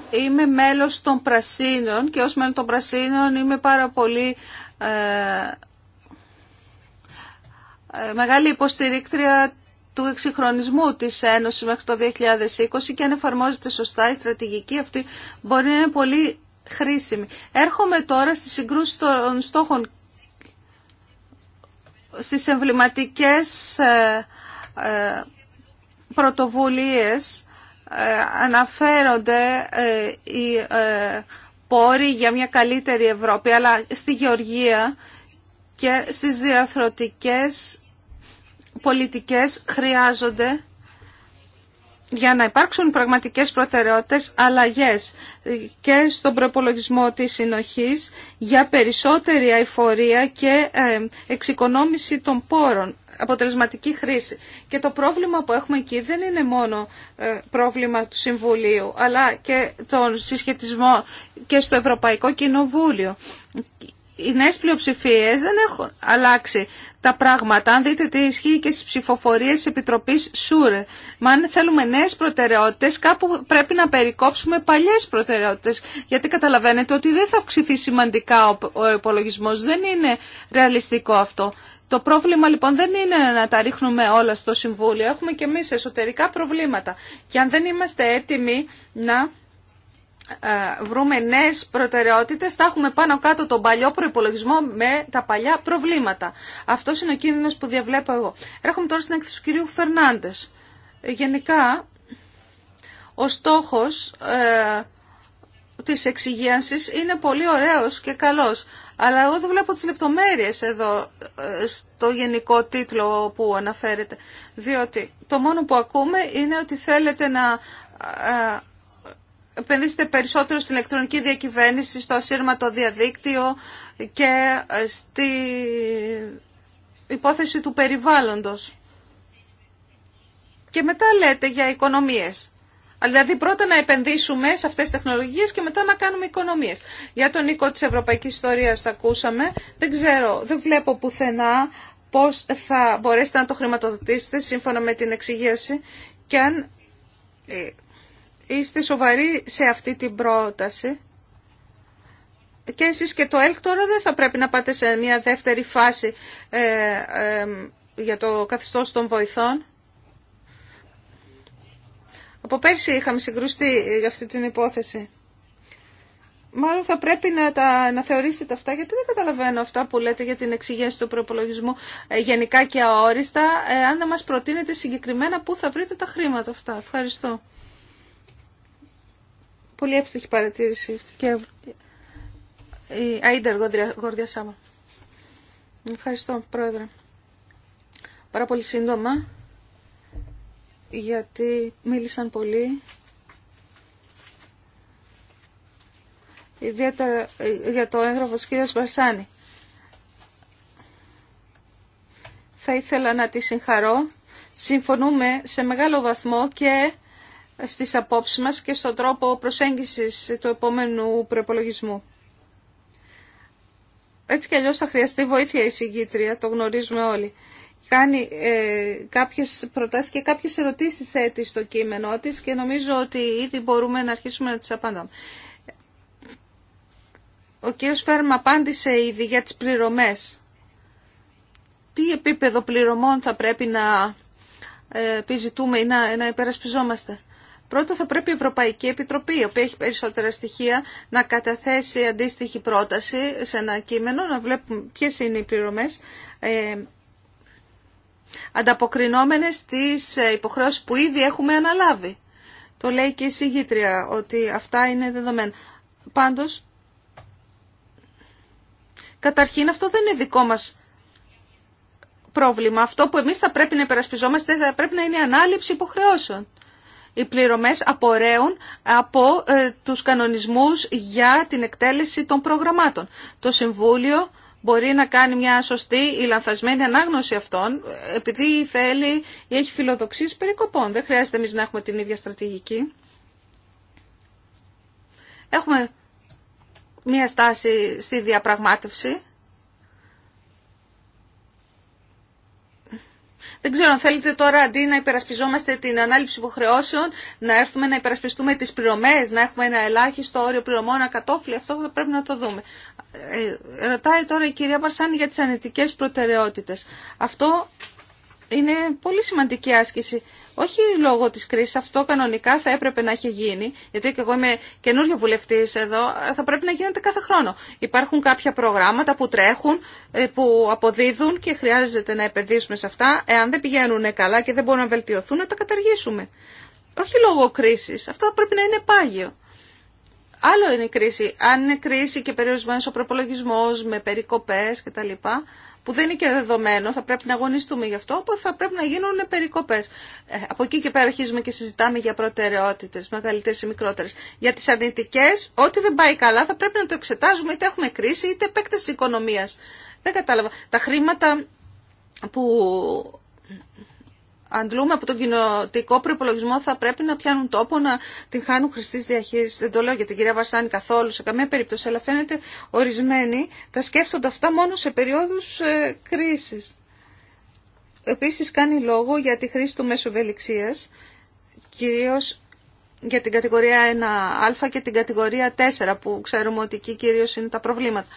είμαι μέλος των Πρασίνων και ως μέλος των Πρασίνων είμαι πάρα πολύ ε, ε, μεγάλη υποστηρίκτρια του εξυγχρονισμού της Ένωσης μέχρι το 2020 και αν εφαρμόζεται σωστά η στρατηγική αυτή μπορεί να είναι πολύ χρήσιμη. Έρχομαι τώρα στη συγκρούση των στόχων στις εμβληματικές ε, ε, πρωτοβουλίες ε, αναφέρονται οι πόροι για μια καλύτερη Ευρώπη, αλλά στη γεωργία και στις διαρθρωτικές πολιτικές χρειάζονται για να υπάρξουν πραγματικές προτεραιότητες αλλαγές και στον προπολογισμό της συνοχής για περισσότερη αηφορία και ε, εξοικονόμηση των πόρων, αποτελεσματική χρήση. Και το πρόβλημα που έχουμε εκεί δεν είναι μόνο ε, πρόβλημα του Συμβουλίου, αλλά και τον συσχετισμό και στο Ευρωπαϊκό Κοινοβούλιο οι νέε πλειοψηφίε δεν έχουν αλλάξει τα πράγματα. Αν δείτε τι ισχύει και στι ψηφοφορίε τη Επιτροπή ΣΟΥΡΕ. Μα αν θέλουμε νέε προτεραιότητε, κάπου πρέπει να περικόψουμε παλιέ προτεραιότητε. Γιατί καταλαβαίνετε ότι δεν θα αυξηθεί σημαντικά ο υπολογισμό. Δεν είναι ρεαλιστικό αυτό. Το πρόβλημα λοιπόν δεν είναι να τα ρίχνουμε όλα στο Συμβούλιο. Έχουμε και εμεί εσωτερικά προβλήματα. Και αν δεν είμαστε έτοιμοι να ε, βρούμε νέες προτεραιότητες, θα έχουμε πάνω κάτω τον παλιό προπολογισμό με τα παλιά προβλήματα. Αυτό είναι ο κίνδυνος που διαβλέπω εγώ. Έρχομαι τώρα στην έκθεση του κυρίου Φερνάντες. Γενικά, ο στόχος ε, της εξυγίανσης είναι πολύ ωραίος και καλός. Αλλά εγώ δεν βλέπω τις λεπτομέρειες εδώ ε, στο γενικό τίτλο που αναφέρεται. Διότι το μόνο που ακούμε είναι ότι θέλετε να ε, επενδύσετε περισσότερο στην ηλεκτρονική διακυβέρνηση, στο ασύρματο διαδίκτυο και ε, στη υπόθεση του περιβάλλοντος. Και μετά λέτε για οικονομίες. Δηλαδή πρώτα να επενδύσουμε σε αυτές τις τεχνολογίες και μετά να κάνουμε οικονομίες. Για τον οίκο της Ευρωπαϊκής Ιστορίας ακούσαμε. Δεν ξέρω, δεν βλέπω πουθενά πώς θα μπορέσετε να το χρηματοδοτήσετε σύμφωνα με την εξηγίαση και αν ε, είστε σοβαροί σε αυτή την πρόταση. Και εσείς και το ΕΛΚ τώρα δεν θα πρέπει να πάτε σε μια δεύτερη φάση ε, ε, για το καθεστώς των βοηθών. Από πέρσι είχαμε συγκρουστεί για αυτή την υπόθεση. Μάλλον θα πρέπει να τα να θεωρήσετε αυτά, γιατί δεν καταλαβαίνω αυτά που λέτε για την εξηγήση του προπολογισμού ε, γενικά και αόριστα, ε, αν δεν μας προτείνετε συγκεκριμένα πού θα βρείτε τα χρήματα αυτά. Ευχαριστώ. Πολύ εύστοχη παρατήρηση και η Αΐντερ Γόρδια Σάμα. Ευχαριστώ, Πρόεδρε. Πάρα πολύ σύντομα, γιατί μίλησαν πολύ. Ιδιαίτερα ε, για το έγγραφο της κυρίας Βαρσάνη. Θα ήθελα να τη συγχαρώ. Συμφωνούμε σε μεγάλο βαθμό και στις απόψεις μας και στον τρόπο προσέγγισης του επόμενου προπολογισμού. Έτσι κι αλλιώς θα χρειαστεί βοήθεια η συγκήτρια, το γνωρίζουμε όλοι. Κάνει ε, κάποιες προτάσεις και κάποιες ερωτήσεις θέτει στο κείμενό της και νομίζω ότι ήδη μπορούμε να αρχίσουμε να τις απαντάμε. Ο κύριος Φέρμα απάντησε ήδη για τις πληρωμές. Τι επίπεδο πληρωμών θα πρέπει να ε, επιζητούμε ή να, να υπερασπιζόμαστε. Πρώτα θα πρέπει η Ευρωπαϊκή Επιτροπή, η οποία έχει περισσότερα στοιχεία, να καταθέσει αντίστοιχη πρόταση σε ένα κείμενο, να βλέπουμε ποιες είναι οι πληρωμές, ε, ανταποκρινόμενες στις ε, υποχρεώσεις που ήδη έχουμε αναλάβει. Το λέει και η συγγήτρια ότι αυτά είναι δεδομένα. Πάντως, καταρχήν αυτό δεν είναι δικό μας πρόβλημα. Αυτό που εμείς θα πρέπει να υπερασπιζόμαστε θα πρέπει να είναι η ανάληψη υποχρεώσεων οι πληρωμές απορρέουν από ε, τους κανονισμούς για την εκτέλεση των προγραμμάτων. Το Συμβούλιο μπορεί να κάνει μια σωστή ή λανθασμένη ανάγνωση αυτών, ε, επειδή θέλει ή έχει φιλοδοξίες περικοπών. Δεν χρειάζεται εμεί να έχουμε την ίδια στρατηγική. Έχουμε μια στάση στη διαπραγμάτευση Δεν ξέρω αν θέλετε τώρα αντί να υπερασπιζόμαστε την ανάληψη υποχρεώσεων, να έρθουμε να υπερασπιστούμε τις πληρωμές, να έχουμε ένα ελάχιστο όριο πληρωμών, ένα αυτό θα πρέπει να το δούμε. Ε, ρωτάει τώρα η κυρία Μαρσάνη για τις ανετικές προτεραιότητες. Αυτό είναι πολύ σημαντική άσκηση. Όχι λόγω τη κρίση, αυτό κανονικά θα έπρεπε να έχει γίνει, γιατί και εγώ είμαι καινούριο βουλευτή εδώ, θα πρέπει να γίνεται κάθε χρόνο. Υπάρχουν κάποια προγράμματα που τρέχουν, ε, που αποδίδουν και χρειάζεται να επενδύσουμε σε αυτά. Εάν δεν πηγαίνουν καλά και δεν μπορούν να βελτιωθούν, να τα καταργήσουμε. Όχι λόγω κρίση. αυτό πρέπει να είναι πάγιο. Άλλο είναι η κρίση. Αν είναι κρίση και περιορισμένο ο προπολογισμό με περικοπέ κτλ που δεν είναι και δεδομένο, θα πρέπει να αγωνιστούμε γι' αυτό, που θα πρέπει να γίνουν περικοπέ. Ε, από εκεί και πέρα αρχίζουμε και συζητάμε για προτεραιότητε, μεγαλύτερε ή μικρότερε. Για τι αρνητικέ, ό,τι δεν πάει καλά θα πρέπει να το εξετάζουμε, είτε έχουμε κρίση, είτε επέκταση οικονομία. Δεν κατάλαβα. Τα χρήματα που αντλούμε από τον κοινοτικό προπολογισμό θα πρέπει να πιάνουν τόπο, να την χάνουν χρηστή διαχείριση. Δεν το λέω για την κυρία Βασάνη καθόλου σε καμία περίπτωση, αλλά φαίνεται ορισμένοι τα σκέφτονται αυτά μόνο σε περίοδου ε, κρίση. Επίση κάνει λόγο για τη χρήση του μέσου ευελιξία, κυρίω για την κατηγορία 1α και την κατηγορία 4, που ξέρουμε ότι εκεί κυρίω είναι τα προβλήματα.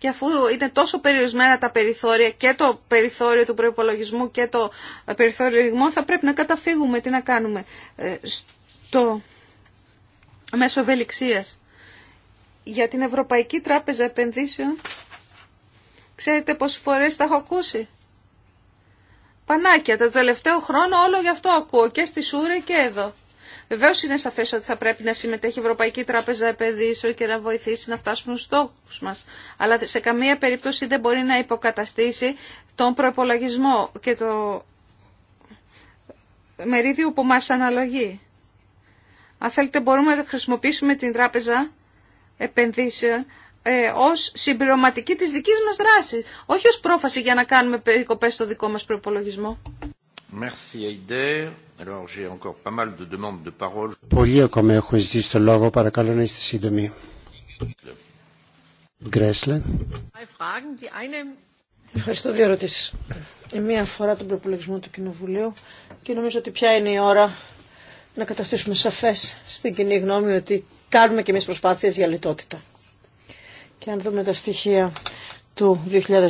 Και αφού είναι τόσο περιορισμένα τα περιθώρια και το περιθώριο του προπολογισμού και το περιθώριο ρηγμό, θα πρέπει να καταφύγουμε. Τι να κάνουμε ε, στο μέσο ευελιξίας. Για την Ευρωπαϊκή Τράπεζα Επενδύσεων, ξέρετε πόσες φορές τα έχω ακούσει. Πανάκια, το τελευταίο χρόνο όλο γι' αυτό ακούω και στη Σούρε και εδώ. Βεβαίω είναι σαφέ ότι θα πρέπει να συμμετέχει η Ευρωπαϊκή Τράπεζα Επενδύσεων και να βοηθήσει να φτάσουμε στου στόχου μα. Αλλά σε καμία περίπτωση δεν μπορεί να υποκαταστήσει τον προπολογισμό και το μερίδιο που μα αναλογεί. Αν θέλετε μπορούμε να χρησιμοποιήσουμε την Τράπεζα Επενδύσεων ε, ως συμπληρωματική τη δική μα δράση, όχι ω πρόφαση για να κάνουμε περικοπέ στο δικό μα προπολογισμό. Merci, Πολλοί ακόμα έχουν ζητήσει το λόγο. Παρακαλώ να είστε σύντομοι. Ευχαριστώ. Δύο ερωτήσει. Η μία αφορά τον προπολογισμό του Κοινοβουλίου και νομίζω ότι πια είναι η ώρα να καταστήσουμε σαφέ στην κοινή γνώμη ότι κάνουμε και εμεί προσπάθειε για λιτότητα. Και αν δούμε τα στοιχεία του 2010,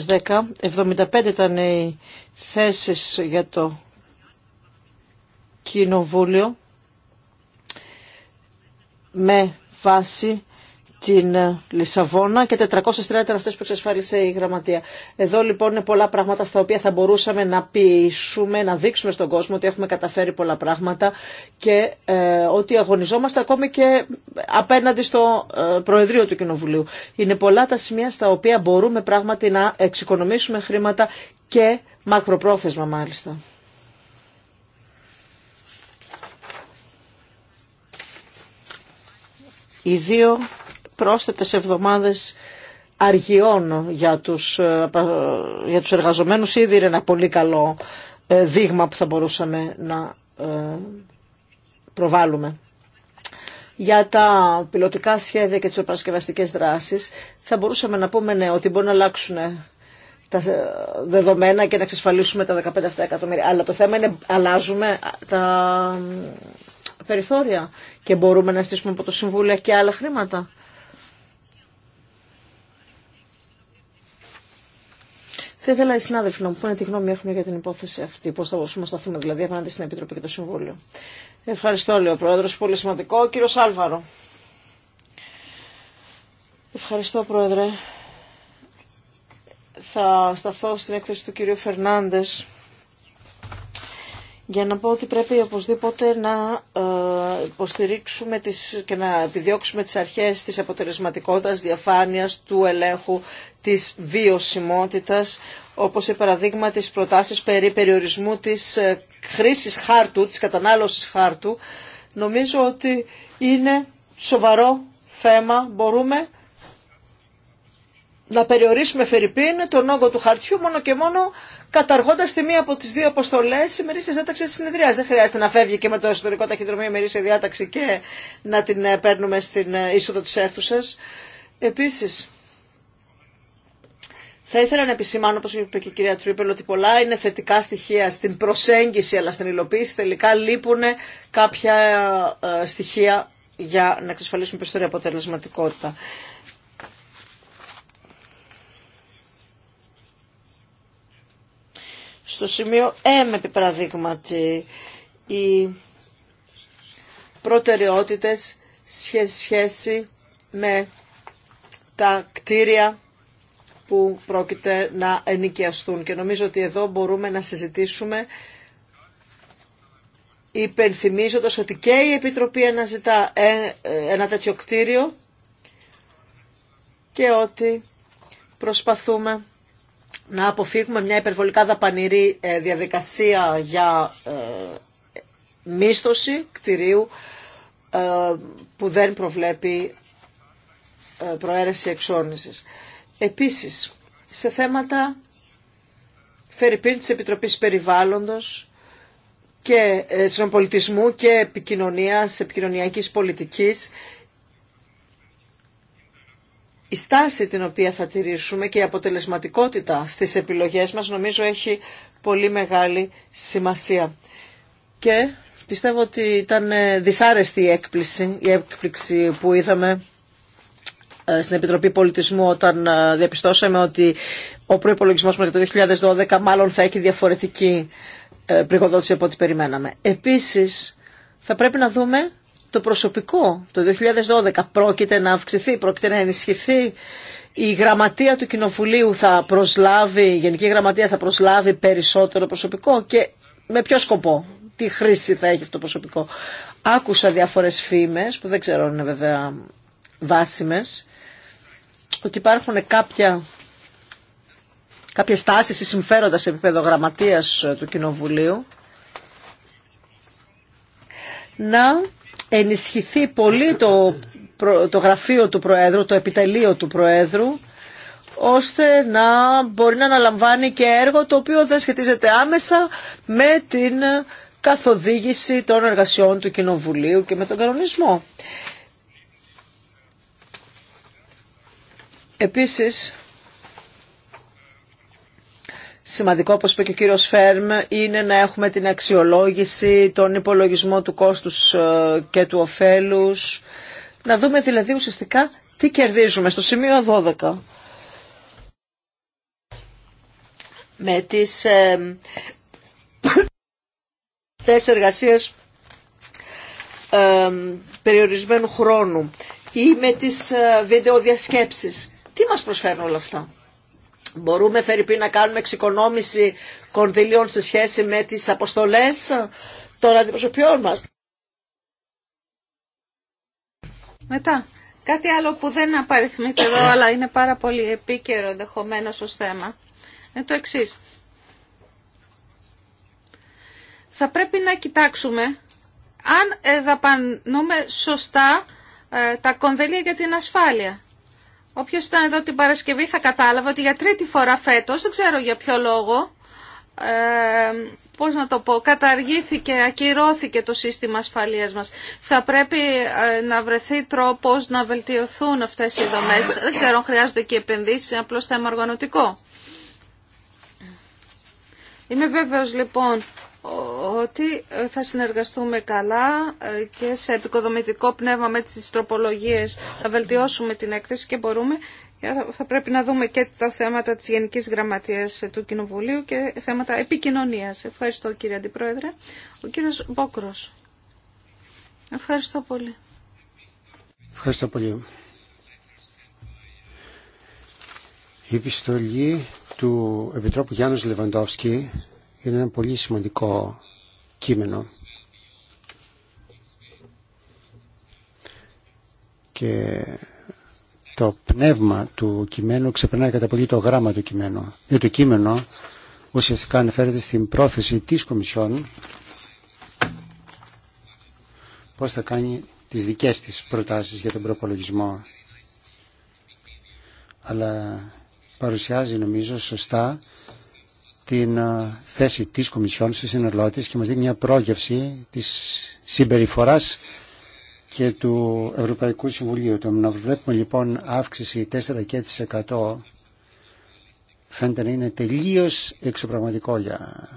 75 ήταν οι θέσει για το Κοινοβούλιο με βάση την ε, Λισαβόνα και 430 ήταν αυτές που εξασφάλισε η Γραμματεία. Εδώ λοιπόν είναι πολλά πράγματα στα οποία θα μπορούσαμε να πείσουμε, να δείξουμε στον κόσμο ότι έχουμε καταφέρει πολλά πράγματα και ε, ότι αγωνιζόμαστε ακόμη και απέναντι στο ε, Προεδρείο του Κοινοβουλίου. Είναι πολλά τα σημεία στα οποία μπορούμε πράγματι να εξοικονομήσουμε χρήματα και μακροπρόθεσμα μάλιστα. οι δύο πρόσθετες εβδομάδες αργιών για τους, ε, για τους εργαζομένους ήδη είναι ένα πολύ καλό ε, δείγμα που θα μπορούσαμε να ε, προβάλλουμε. Για τα πιλωτικά σχέδια και τις επανασκευαστικές δράσεις θα μπορούσαμε να πούμε ναι, ότι μπορούν να αλλάξουν τα δεδομένα και να εξασφαλίσουμε τα 15 εκατομμύρια. Αλλά το θέμα είναι αλλάζουμε τα περιθώρια και μπορούμε να στήσουμε από το Συμβούλιο και άλλα χρήματα. Θα ήθελα οι συνάδελφοι να μου πούνε τι γνώμη έχουν για την υπόθεση αυτή, πώ θα μπορούσαμε να σταθούμε δηλαδή απέναντι στην Επιτροπή και το Συμβούλιο. Ευχαριστώ, λέει ο Πρόεδρο. Πολύ σημαντικό. Κύριο Άλβαρο. Ευχαριστώ, Πρόεδρε. Θα σταθώ στην έκθεση του κυρίου Φερνάντε για να πω ότι πρέπει οπωσδήποτε να ε, υποστηρίξουμε τις, και να επιδιώξουμε τις αρχές της αποτελεσματικότητας, διαφάνειας, του ελέγχου, της βιωσιμότητας, όπως η παραδείγμα της προτάσεις περί περιορισμού της ε, χρήσης χάρτου, της κατανάλωσης χάρτου. Νομίζω ότι είναι σοβαρό θέμα, μπορούμε να περιορίσουμε Φερρυπίν τον όγκο του χαρτιού μόνο και μόνο καταργώντα τη μία από τι δύο αποστολέ ημερήσια διάταξη τη συνεδρία. Δεν χρειάζεται να φεύγει και με το εσωτερικό ταχυδρομείο ημερήσια διάταξη και να την ε, παίρνουμε στην ε, είσοδο τη αίθουσα. Επίση, θα ήθελα να επισημάνω, όπω είπε και η κυρία Τρίπελ, ότι πολλά είναι θετικά στοιχεία στην προσέγγιση αλλά στην υλοποίηση. Τελικά λείπουν κάποια ε, στοιχεία για να εξασφαλίσουμε περισσότερη αποτελεσματικότητα. Στο σημείο M, επί παραδείγματι, οι προτεραιότητες σε σχέση με τα κτίρια που πρόκειται να ενοικιαστούν. Και νομίζω ότι εδώ μπορούμε να συζητήσουμε υπενθυμίζοντας ότι και η Επιτροπή αναζητά ε, ένα τέτοιο κτίριο και ότι προσπαθούμε να αποφύγουμε μια υπερβολικά δαπανηρή ε, διαδικασία για ε, μίσθωση κτηρίου ε, που δεν προβλέπει προαίρεση εξώνησης. Επίσης, σε θέματα φερειπίν της Επιτροπής Περιβάλλοντος και συνοπολιτισμού και επικοινωνίας, επικοινωνιακής πολιτικής η στάση την οποία θα τηρήσουμε και η αποτελεσματικότητα στις επιλογές μας νομίζω έχει πολύ μεγάλη σημασία. Και πιστεύω ότι ήταν ε, δυσάρεστη η έκπληξη, η έκπληξη που είδαμε ε, στην Επιτροπή Πολιτισμού όταν ε, διαπιστώσαμε ότι ο προϋπολογισμός μας για το 2012 μάλλον θα έχει διαφορετική πρηγοδότηση από ό,τι περιμέναμε. Επίσης θα πρέπει να δούμε το προσωπικό. Το 2012 πρόκειται να αυξηθεί, πρόκειται να ενισχυθεί. Η γραμματεία του Κοινοβουλίου θα προσλάβει, η Γενική Γραμματεία θα προσλάβει περισσότερο προσωπικό και με ποιο σκοπό, τι χρήση θα έχει αυτό το προσωπικό. Άκουσα διάφορες φήμες, που δεν ξέρω αν είναι βέβαια βάσιμες, ότι υπάρχουν κάποια, κάποιες τάσεις ή συμφέροντα σε επίπεδο γραμματείας του Κοινοβουλίου, να ενισχυθεί πολύ το, το γραφείο του Προέδρου, το επιτελείο του Προέδρου, ώστε να μπορεί να αναλαμβάνει και έργο το οποίο δεν σχετίζεται άμεσα με την καθοδήγηση των εργασιών του Κοινοβουλίου και με τον κανονισμό. Επίσης, Σημαντικό, όπως είπε και ο κύριος Φέρμ, είναι να έχουμε την αξιολόγηση, τον υπολογισμό του κόστους ε, και του ωφέλους. Να δούμε δηλαδή ουσιαστικά τι κερδίζουμε στο σημείο 12. Με τις ε, θέσεις εργασίας ε, περιορισμένου χρόνου ή με τις ε, βίντεο διασκέψεις. Τι μας προσφέρουν όλα αυτά. Μπορούμε, Φερρυπή, να κάνουμε εξοικονόμηση κονδυλίων σε σχέση με τις αποστολές των αντιπροσωπιών μας. Μετά, κάτι άλλο που δεν απαριθμείται εδώ, αλλά είναι πάρα πολύ επίκαιρο ενδεχομένω ως θέμα, είναι το εξή. Θα πρέπει να κοιτάξουμε αν δαπανούμε σωστά ε, τα κονδύλια για την ασφάλεια. Όποιο ήταν εδώ την Παρασκευή θα κατάλαβε ότι για τρίτη φορά φέτος, δεν ξέρω για ποιο λόγο, ε, πώς να το πω, καταργήθηκε, ακυρώθηκε το σύστημα ασφαλείας μα. Θα πρέπει ε, να βρεθεί τρόπος να βελτιωθούν αυτές οι δομέ. Δεν ξέρω αν χρειάζονται και επενδύσει είναι απλώς θέμα οργανωτικό. Είμαι βέβαιος λοιπόν ότι θα συνεργαστούμε καλά και σε επικοδομητικό πνεύμα με τις τροπολογίες θα βελτιώσουμε την έκθεση και μπορούμε θα πρέπει να δούμε και τα θέματα της Γενικής Γραμματείας του Κοινοβουλίου και θέματα επικοινωνίας. Ευχαριστώ κύριε Αντιπρόεδρε. Ο κύριος Μπόκρος. Ευχαριστώ πολύ. Ευχαριστώ πολύ. Η επιστολή του Επιτρόπου Γιάννου Λεβαντόφσκη είναι ένα πολύ σημαντικό κείμενο. Και το πνεύμα του κειμένου ξεπερνάει κατά πολύ το γράμμα του κειμένου. Διότι το κείμενο ουσιαστικά αναφέρεται στην πρόθεση της Κομισιόν πώς θα κάνει τις δικές της προτάσεις για τον προπολογισμό. Αλλά παρουσιάζει νομίζω σωστά την ε, θέση της Κομισιόν στη σύνολό και μας δίνει μια πρόγευση της συμπεριφοράς και του Ευρωπαϊκού Συμβουλίου. Το να βλέπουμε λοιπόν αύξηση 4% φαίνεται να είναι τελείως εξωπραγματικό για,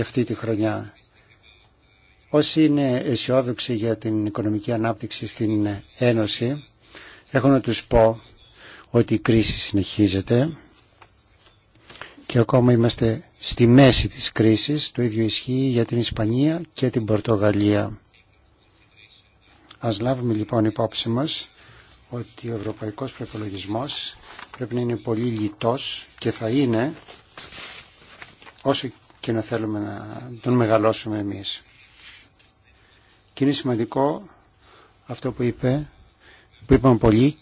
αυτή τη χρονιά. Όσοι είναι αισιόδοξοι για την οικονομική ανάπτυξη στην Ένωση, έχω να τους πω ότι η κρίση συνεχίζεται και ακόμα είμαστε στη μέση της κρίσης. Το ίδιο ισχύει για την Ισπανία και την Πορτογαλία. Ας λάβουμε λοιπόν υπόψη μας ότι ο ευρωπαϊκός προπολογισμός πρέπει να είναι πολύ λιτός και θα είναι όσο και να θέλουμε να τον μεγαλώσουμε εμείς. Και είναι σημαντικό αυτό που είπε, που είπαμε πολύ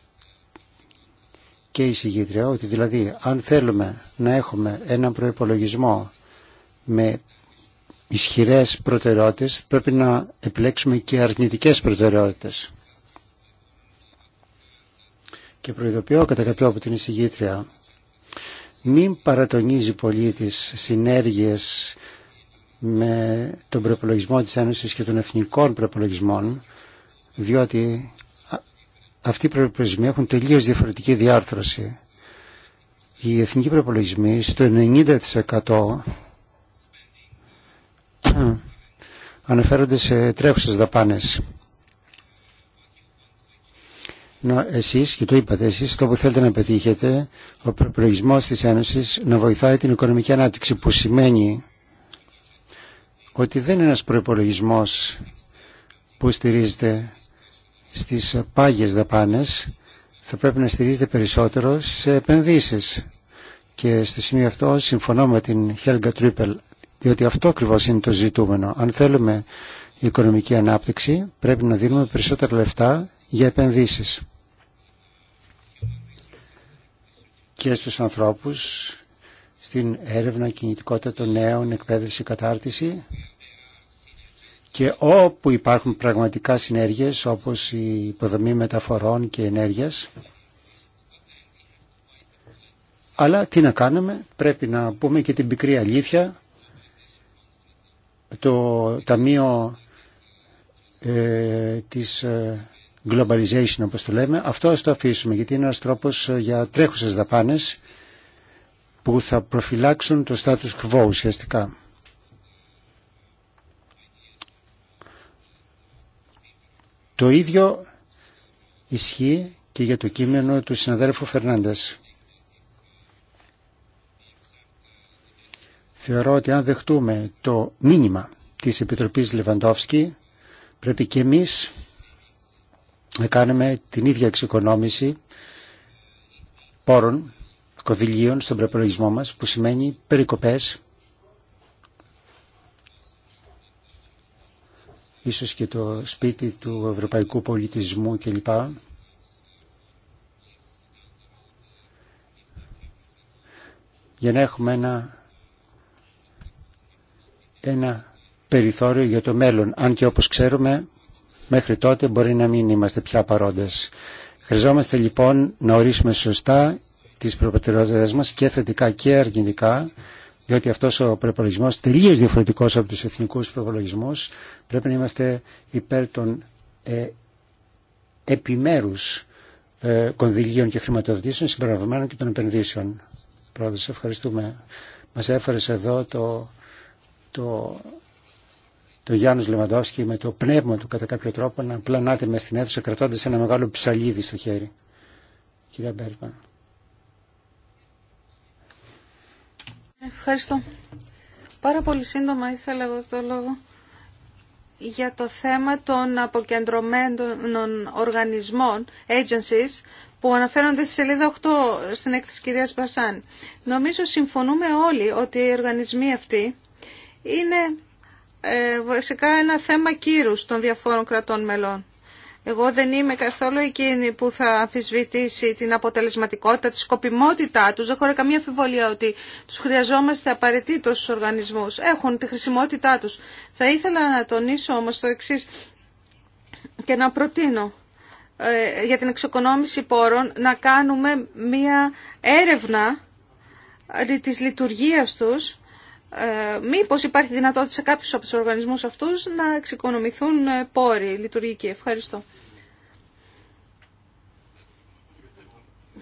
και η συγγήτρια ότι δηλαδή αν θέλουμε να έχουμε έναν προϋπολογισμό με ισχυρές προτεραιότητες πρέπει να επιλέξουμε και αρνητικές προτεραιότητες. Και προειδοποιώ κατά κάποιο από την εισηγήτρια μην παρατονίζει πολύ τις συνέργειες με τον προπολογισμό της Ένωσης και των εθνικών προπολογισμών διότι αυτοί οι προπολογισμοί έχουν τελείως διαφορετική διάρθρωση. Οι εθνικοί προπολογισμοί στο 90% αναφέρονται σε τρέχουσες δαπάνες. Να, εσείς, και το είπατε εσείς, αυτό που θέλετε να πετύχετε, ο προπολογισμό της Ένωσης να βοηθάει την οικονομική ανάπτυξη, που σημαίνει ότι δεν είναι ένας προπολογισμό που στηρίζεται στις πάγιες δαπάνες θα πρέπει να στηρίζεται περισσότερο σε επενδύσεις. Και στο σημείο αυτό συμφωνώ με την Helga Trippel, διότι αυτό ακριβώ είναι το ζητούμενο. Αν θέλουμε οικονομική ανάπτυξη, πρέπει να δίνουμε περισσότερα λεφτά για επενδύσεις. Και στους ανθρώπους, στην έρευνα, κινητικότητα των νέων, εκπαίδευση, κατάρτιση, και όπου υπάρχουν πραγματικά συνέργειες όπως η υποδομή μεταφορών και ενέργειας αλλά τι να κάνουμε πρέπει να πούμε και την πικρή αλήθεια το Ταμείο ε, της ε, globalization όπως το λέμε αυτό ας το αφήσουμε γιατί είναι ένας τρόπος ε, για τρέχουσες δαπάνες που θα προφυλάξουν το status quo ουσιαστικά. Το ίδιο ισχύει και για το κείμενο του συναδέλφου Φερνάντες. Θεωρώ ότι αν δεχτούμε το μήνυμα της Επιτροπής Λεβαντόφσκη πρέπει και εμείς να κάνουμε την ίδια εξοικονόμηση πόρων κοδηλίων στον προπολογισμό μας που σημαίνει περικοπές ίσως και το σπίτι του ευρωπαϊκού πολιτισμού κλπ. Για να έχουμε ένα, ένα περιθώριο για το μέλλον, αν και όπως ξέρουμε μέχρι τότε μπορεί να μην είμαστε πια παρόντες. Χρειαζόμαστε λοιπόν να ορίσουμε σωστά τις προπατεραιότητες μας και θετικά και αρνητικά διότι αυτός ο προπολογισμό τελείως διαφορετικός από τους εθνικούς προπολογισμού, πρέπει να είμαστε υπέρ των ε, επιμέρους ε, κονδυλίων και χρηματοδοτήσεων συμπεριλαμβανομένων και των επενδύσεων. Πρόεδρε, ευχαριστούμε. Μας έφερε εδώ το, το, το Γιάννος με το πνεύμα του κατά κάποιο τρόπο να πλανάται με στην αίθουσα κρατώντας ένα μεγάλο ψαλίδι στο χέρι. Κυρία Μπέρμαν. Ευχαριστώ. Πάρα πολύ σύντομα ήθελα εγώ το λόγο για το θέμα των αποκεντρωμένων οργανισμών, agencies, που αναφέρονται στη σελίδα 8 στην έκθεση κυρίας Μπασάν. Νομίζω συμφωνούμε όλοι ότι οι οργανισμοί αυτοί είναι ε, βασικά ένα θέμα κύρους των διαφόρων κρατών μελών. Εγώ δεν είμαι καθόλου εκείνη που θα αμφισβητήσει την αποτελεσματικότητα, τη σκοπιμότητά του. Δεν χωράει καμία αμφιβολία ότι του χρειαζόμαστε απαραίτητο στου οργανισμού, Έχουν τη χρησιμότητά του. Θα ήθελα να τονίσω όμω το εξή και να προτείνω ε, για την εξοικονόμηση πόρων να κάνουμε μία έρευνα ε, της λειτουργίας τους ε, μήπως υπάρχει δυνατότητα σε κάποιους από τους οργανισμούς αυτούς να εξοικονομηθούν ε, πόροι λειτουργικοί. Ευχαριστώ.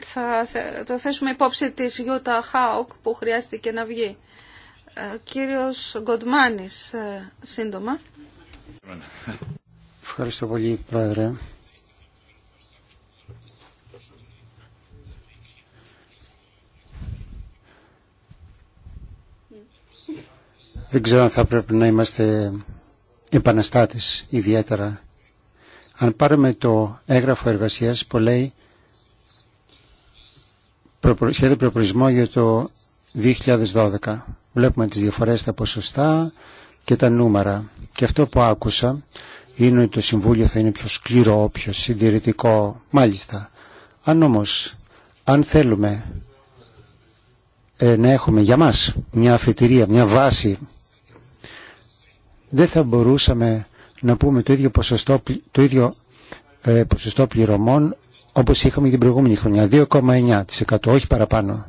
θα το θέσουμε υπόψη της Γιούτα Χάουκ που χρειάστηκε να βγει. Ε, κύριος Γκοντμάνης, ε, σύντομα. Ευχαριστώ πολύ, Πρόεδρε. Δεν ξέρω αν θα πρέπει να είμαστε επαναστάτες ιδιαίτερα. Αν πάρουμε το έγγραφο εργασίας που λέει σχέδιο προπολογισμό για το 2012. Βλέπουμε τις διαφορές στα ποσοστά και τα νούμερα. Και αυτό που άκουσα είναι ότι το Συμβούλιο θα είναι πιο σκληρό, πιο συντηρητικό, μάλιστα. Αν όμως, αν θέλουμε ε, να έχουμε για μας μια αφετηρία, μια βάση, δεν θα μπορούσαμε να πούμε το ίδιο ποσοστό, το ίδιο, ε, ποσοστό πληρωμών όπως είχαμε την προηγούμενη χρονιά, 2,9%, όχι παραπάνω.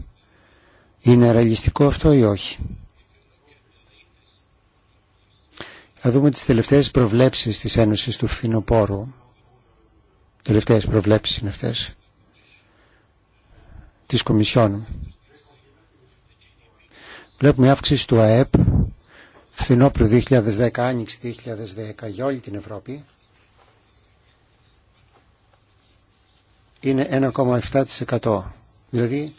Είναι ρεαλιστικό αυτό ή όχι. Θα δούμε τις τελευταίες προβλέψεις της Ένωσης του Φθινοπόρου. Τελευταίες προβλέψεις είναι αυτές. Της Κομισιόν. Βλέπουμε αύξηση του ΑΕΠ φθινόπλου 2010, άνοιξη 2010 για όλη την Ευρώπη. είναι 1,7%. Δηλαδή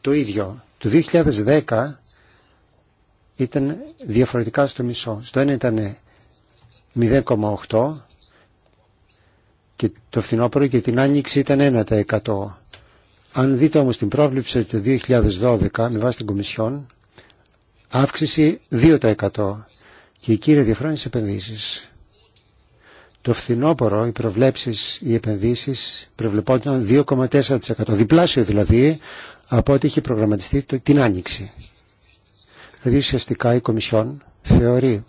το ίδιο. Το 2010 ήταν διαφορετικά στο μισό. Στο 1 ήταν 0,8% και το φθινόπωρο και την άνοιξη ήταν 1%. Αν δείτε όμως την πρόβληψη του 2012 με βάση την Κομισιόν, αύξηση 2% και η κύρια διαφορά είναι στις επενδύσεις. Το φθινόπωρο οι προβλέψεις, οι επενδύσεις προβλεπόταν 2,4%, διπλάσιο δηλαδή από ό,τι είχε προγραμματιστεί την Άνοιξη. Δηλαδή ουσιαστικά η Κομισιόν θεωρεί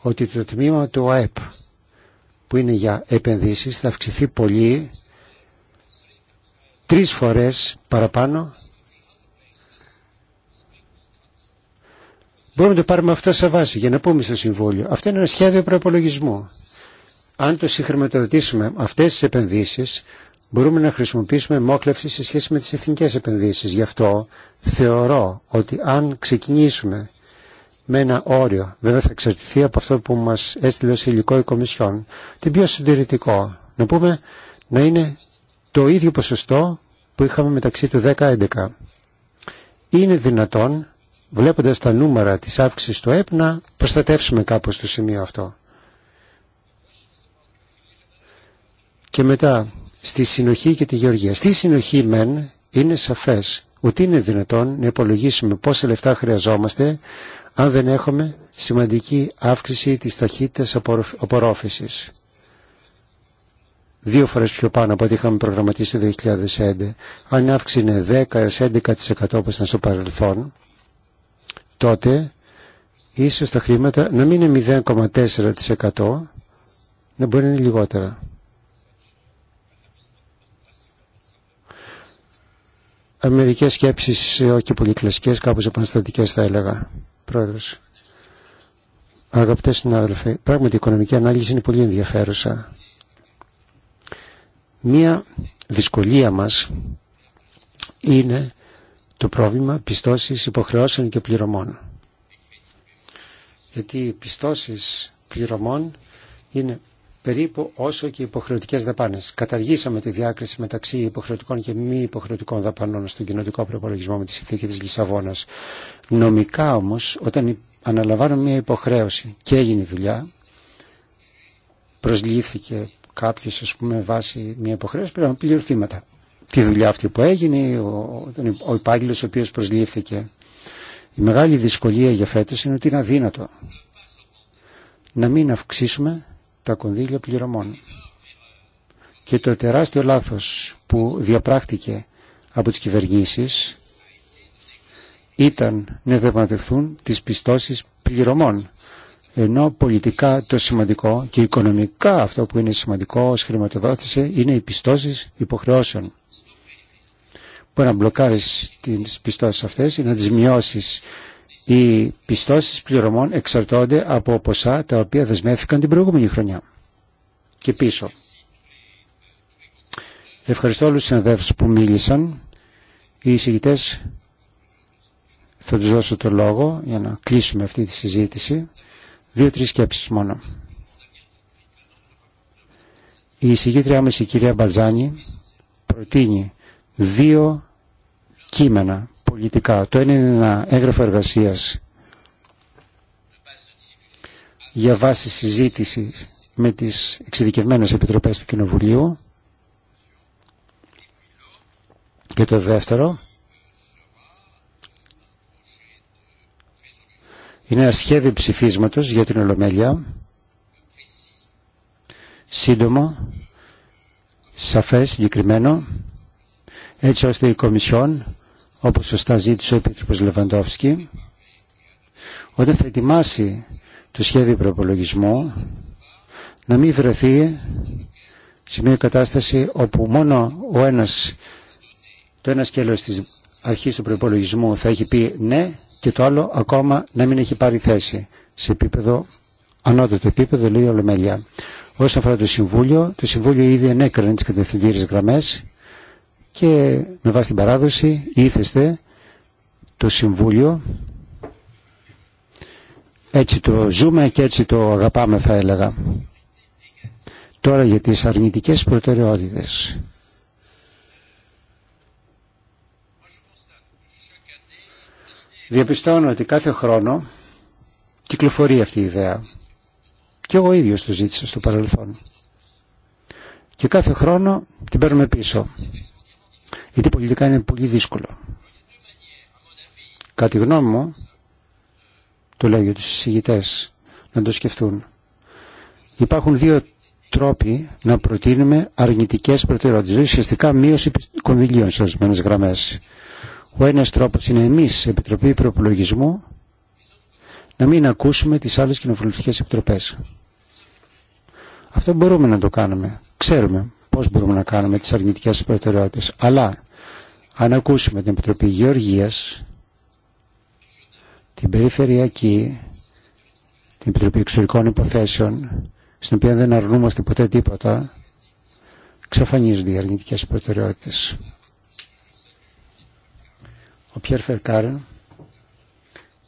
ότι το τμήμα του ΑΕΠ που είναι για επενδύσεις θα αυξηθεί πολύ τρεις φορές παραπάνω Μπορούμε να το πάρουμε αυτό σε βάση για να πούμε στο Συμβούλιο. Αυτό είναι ένα σχέδιο προεπολογισμού αν το συγχρηματοδοτήσουμε αυτές τις επενδύσεις μπορούμε να χρησιμοποιήσουμε μόχλευση σε σχέση με τις εθνικές επενδύσεις. Γι' αυτό θεωρώ ότι αν ξεκινήσουμε με ένα όριο, βέβαια θα εξαρτηθεί από αυτό που μας έστειλε ως υλικό η Κομισιόν, την πιο συντηρητικό, να πούμε να είναι το ίδιο ποσοστό που είχαμε μεταξύ του 10-11. Είναι δυνατόν, βλέποντας τα νούμερα της αύξησης του έπνα, να προστατεύσουμε κάπως το σημείο αυτό. Και μετά, στη συνοχή και τη γεωργία. Στη συνοχή μεν είναι σαφές ότι είναι δυνατόν να υπολογίσουμε πόσα λεφτά χρειαζόμαστε αν δεν έχουμε σημαντική αύξηση της ταχύτητας απορρόφησης. Δύο φορές πιο πάνω από ό,τι είχαμε προγραμματίσει το 2011. Αν η αύξηση είναι 10 11% όπως ήταν στο παρελθόν, τότε ίσως τα χρήματα να μην είναι 0,4% να μπορεί να είναι λιγότερα. μερικές σκέψεις όχι πολύ κλασικές, κάπως επαναστατικές θα έλεγα, πρόεδρος. Αγαπητέ συνάδελφοι, πράγματι η οικονομική ανάλυση είναι πολύ ενδιαφέρουσα. Μία δυσκολία μας είναι το πρόβλημα πιστώσεις υποχρεώσεων και πληρωμών. Γιατί οι πιστώσεις πληρωμών είναι περίπου όσο και υποχρεωτικέ δαπάνε. Καταργήσαμε τη διάκριση μεταξύ υποχρεωτικών και μη υποχρεωτικών δαπανών στον κοινοτικό προπολογισμό με τη συνθήκη τη Λισαβόνα. Νομικά όμω, όταν αναλαμβάνουμε μια υποχρέωση και έγινε η δουλειά, προσλήφθηκε κάποιο, α πούμε, βάσει μια υποχρέωση, πρέπει να πληρωθεί μετά. Τη δουλειά αυτή που έγινε, ο, ο ο οποίο προσλήφθηκε. Η μεγάλη δυσκολία για φέτο είναι ότι είναι αδύνατο να μην αυξήσουμε τα κονδύλια πληρωμών. Και το τεράστιο λάθος που διαπράχτηκε από τις κυβερνήσεις ήταν να δευματευθούν τις πιστώσεις πληρωμών. Ενώ πολιτικά το σημαντικό και οικονομικά αυτό που είναι σημαντικό ως χρηματοδότηση είναι οι πιστώσεις υποχρεώσεων. Μπορεί να μπλοκάρεις τις πιστώσεις αυτές ή να τις μειώσεις οι πιστώσεις πληρωμών εξαρτώνται από ποσά τα οποία δεσμεύθηκαν την προηγούμενη χρονιά και πίσω. Ευχαριστώ όλους τους που μίλησαν. Οι εισηγητές θα τους δώσω το λόγο για να κλείσουμε αυτή τη συζήτηση. Δύο-τρεις σκέψεις μόνο. Η εισηγήτριά μας κυρία Μπαλζάνη προτείνει δύο κείμενα πολιτικά. Το ένα είναι ένα έγγραφο εργασίας για βάση συζήτηση με τις εξειδικευμένες επιτροπές του Κοινοβουλίου και το δεύτερο είναι ένα σχέδιο ψηφίσματος για την Ολομέλεια σύντομο σαφές, συγκεκριμένο έτσι ώστε η Κομισιόν όπως σωστά ζήτησε ο Επίτροπος Λεβαντόφσκι, όταν θα ετοιμάσει το σχέδιο προπολογισμού, να μην βρεθεί σε μια κατάσταση όπου μόνο ο ένας, το ένα σκέλος της αρχής του προπολογισμού θα έχει πει ναι και το άλλο ακόμα να μην έχει πάρει θέση σε επίπεδο, ανώτατο επίπεδο λέει ολομέλεια. Όσον αφορά το Συμβούλιο, το Συμβούλιο ήδη ενέκρινε τις κατευθυντήριες γραμμές και με βάση την παράδοση ήθεστε το Συμβούλιο έτσι το ζούμε και έτσι το αγαπάμε θα έλεγα. Τώρα για τις αρνητικές προτεραιότητες. Διαπιστώνω ότι κάθε χρόνο κυκλοφορεί αυτή η ιδέα. Και εγώ ίδιος το ζήτησα στο παρελθόν. Και κάθε χρόνο την παίρνουμε πίσω γιατί πολιτικά είναι πολύ δύσκολο. Κατά γνώμη μου, το λέω για τους συζητητές να το σκεφτούν. Υπάρχουν δύο τρόποι να προτείνουμε αρνητικές προτεραιότητες, δηλαδή ουσιαστικά μείωση κονδυλίων σε ορισμένε γραμμές. Ο ένας τρόπος είναι εμείς, Επιτροπή Προπολογισμού, να μην ακούσουμε τις άλλες κοινοβουλευτικές επιτροπές. Αυτό μπορούμε να το κάνουμε. Ξέρουμε πώς μπορούμε να κάνουμε τις αρνητικές προτεραιότητες. Αλλά αν ακούσουμε την Επιτροπή Γεωργίας, την Περιφερειακή, την Επιτροπή Εξωτερικών Υποθέσεων, στην οποία δεν αρνούμαστε ποτέ τίποτα, ξαφανίζονται οι αρνητικές προτεραιότητες. Ο Πιέρ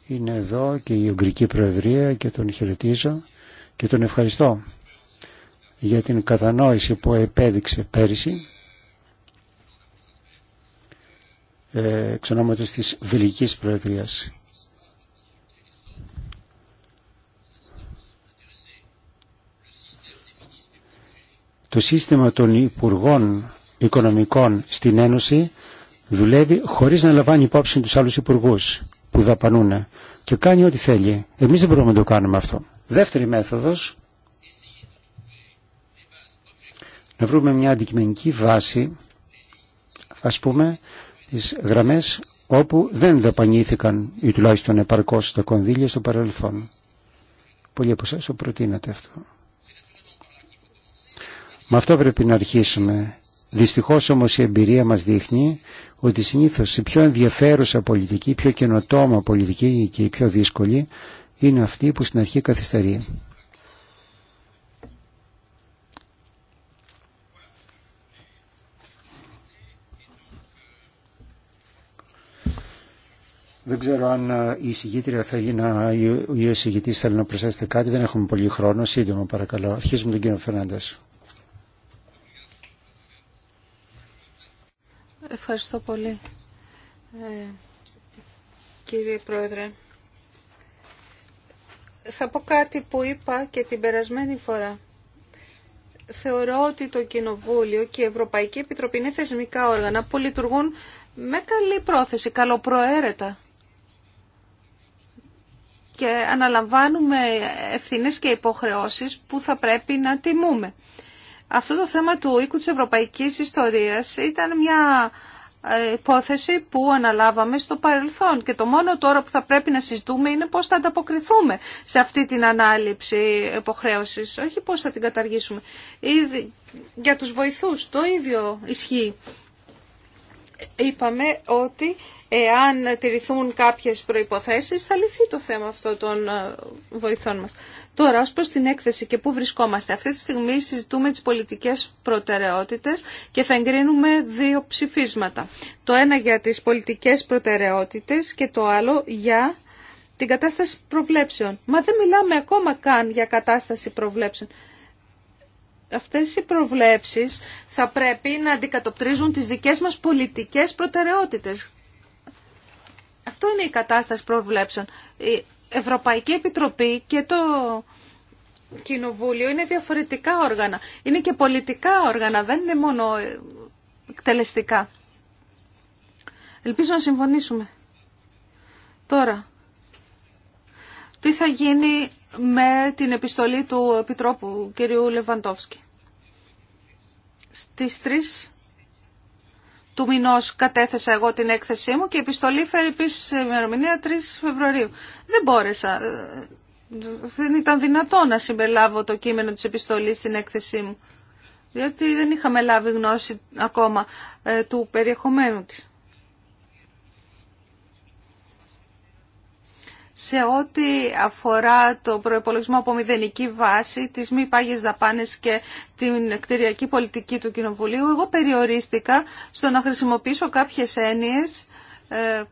είναι εδώ και η Ουγγρική Προεδρία και τον χαιρετίζω και τον ευχαριστώ για την κατανόηση που επέδειξε πέρυσι ε, εξ ονόματος της Βελικής Προεδρίας. Το σύστημα των Υπουργών Οικονομικών στην Ένωση δουλεύει χωρίς να λαμβάνει υπόψη τους άλλους υπουργούς που δαπανούν και κάνει ό,τι θέλει. Εμείς δεν μπορούμε να το κάνουμε αυτό. Δεύτερη μέθοδος να βρούμε μια αντικειμενική βάση, ας πούμε, τις γραμμές όπου δεν δαπανήθηκαν ή τουλάχιστον επαρκώς τα κονδύλια στο παρελθόν. Πολλοί από εσάς το προτείνατε αυτό. Με αυτό πρέπει να αρχίσουμε. Δυστυχώς όμως η εμπειρία μας δείχνει ότι συνήθως η πιο ενδιαφέρουσα πολιτική, η πιο καινοτόμα πολιτική και η πιο δύσκολη είναι αυτή που στην αρχή καθυστερεί. Δεν ξέρω αν ε, η εισηγήτρια θα να, ή ο εισηγητή θέλει να προσθέσετε κάτι. Δεν έχουμε πολύ χρόνο. Σύντομα, παρακαλώ. Αρχίζουμε τον κύριο Φερνάντε. Ευχαριστώ πολύ, ε, κύριε Πρόεδρε. Θα πω κάτι που είπα και την περασμένη φορά. Θεωρώ ότι το Κοινοβούλιο και η Ευρωπαϊκή Επιτροπή είναι θεσμικά όργανα που λειτουργούν με καλή πρόθεση, καλοπροαίρετα και αναλαμβάνουμε ευθύνες και υποχρεώσεις που θα πρέπει να τιμούμε. Αυτό το θέμα του οίκου της ευρωπαϊκής ιστορίας ήταν μια ε, υπόθεση που αναλάβαμε στο παρελθόν και το μόνο τώρα που θα πρέπει να συζητούμε είναι πώς θα ανταποκριθούμε σε αυτή την ανάληψη υποχρέωση. όχι πώς θα την καταργήσουμε. για τους βοηθούς το ίδιο ισχύει. Είπαμε ότι εάν τηρηθούν κάποιες προϋποθέσεις θα λυθεί το θέμα αυτό των ε, βοηθών μας. Τώρα, ως προς την έκθεση και πού βρισκόμαστε. Αυτή τη στιγμή συζητούμε τις πολιτικές προτεραιότητες και θα εγκρίνουμε δύο ψηφίσματα. Το ένα για τις πολιτικές προτεραιότητες και το άλλο για την κατάσταση προβλέψεων. Μα δεν μιλάμε ακόμα καν για κατάσταση προβλέψεων. Αυτές οι προβλέψεις θα πρέπει να αντικατοπτρίζουν τις δικές μας πολιτικές προτεραιότητες αυτό είναι η κατάσταση προβλέψεων. Η Ευρωπαϊκή Επιτροπή και το Κοινοβούλιο είναι διαφορετικά όργανα. Είναι και πολιτικά όργανα, δεν είναι μόνο ε, εκτελεστικά. Ελπίζω να συμφωνήσουμε. Τώρα, τι θα γίνει με την επιστολή του Επιτρόπου κ. Λεβαντόφσκη. Στις του μηνό κατέθεσα εγώ την έκθεσή μου και η επιστολή φέρει επίση ημερομηνία 3 Φεβρουαρίου. Δεν μπόρεσα. Δεν ήταν δυνατό να συμπεριλάβω το κείμενο της επιστολής στην έκθεσή μου, διότι δεν είχαμε λάβει γνώση ακόμα ε, του περιεχομένου της. σε ό,τι αφορά το προπολογισμό από μηδενική βάση, τις μη πάγιες δαπάνε και την κτηριακή πολιτική του Κοινοβουλίου, εγώ περιορίστηκα στο να χρησιμοποιήσω κάποιες έννοιες ε,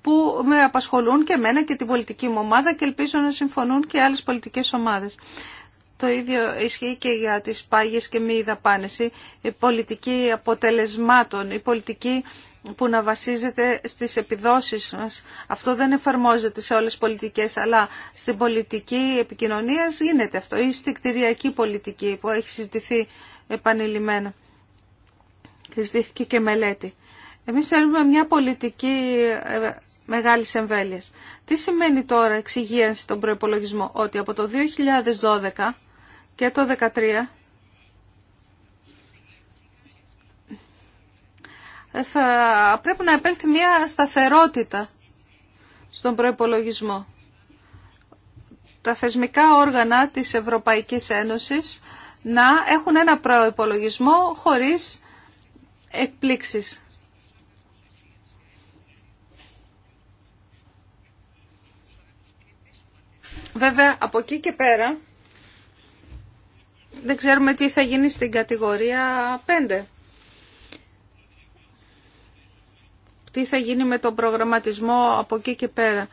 που με απασχολούν και εμένα και την πολιτική μου ομάδα και ελπίζω να συμφωνούν και άλλες πολιτικές ομάδες. Το ίδιο ισχύει και για τις πάγιες και μη δαπάνεση, η πολιτική αποτελεσμάτων, η πολιτική που να βασίζεται στις επιδόσεις μας. Αυτό δεν εφαρμόζεται σε όλες τις πολιτικές, αλλά στην πολιτική επικοινωνίας γίνεται αυτό ή στην κτηριακή πολιτική που έχει συζητηθεί επανειλημμένα. Και και μελέτη. Εμείς θέλουμε μια πολιτική ε, μεγάλης εμβέλειας. Τι σημαίνει τώρα εξυγίανση των προϋπολογισμών. ότι από το 2012 και το 13 ε, θα πρέπει να επέλθει μια σταθερότητα στον προϋπολογισμό. Τα θεσμικά όργανα της Ευρωπαϊκής Ένωσης να έχουν ένα προϋπολογισμό χωρίς εκπλήξεις. Βέβαια, από εκεί και πέρα δεν ξέρουμε τι θα γίνει στην κατηγορία 5. Τι θα γίνει με τον προγραμματισμό από εκεί και πέρα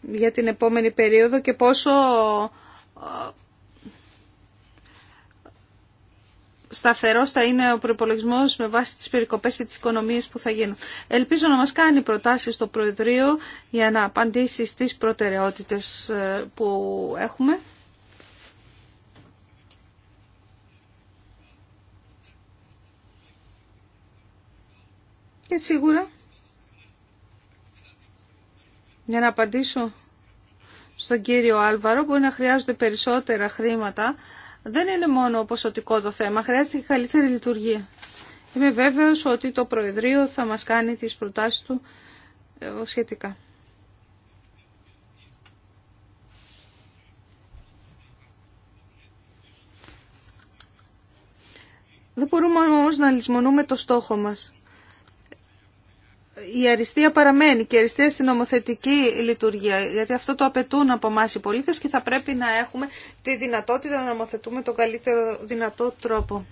για την επόμενη περίοδο και πόσο σταθερό θα είναι ο προπολογισμό με βάση τις περικοπές και τις οικονομίες που θα γίνουν. Ελπίζω να μας κάνει προτάσεις στο Προεδρείο για να απαντήσει στις προτεραιότητες ε, που έχουμε. Και σίγουρα, για να απαντήσω στον κύριο Άλβαρο, μπορεί να χρειάζονται περισσότερα χρήματα, δεν είναι μόνο ποσοτικό το θέμα, χρειάζεται και καλύτερη λειτουργία. Είμαι βέβαιος ότι το Προεδρείο θα μας κάνει τις προτάσεις του ε, σχετικά. Δεν μπορούμε όμως να λησμονούμε το στόχο μας η αριστεία παραμένει και η αριστεία στην νομοθετική λειτουργία, γιατί αυτό το απαιτούν από εμά οι πολίτες και θα πρέπει να έχουμε τη δυνατότητα να νομοθετούμε τον καλύτερο δυνατό τρόπο.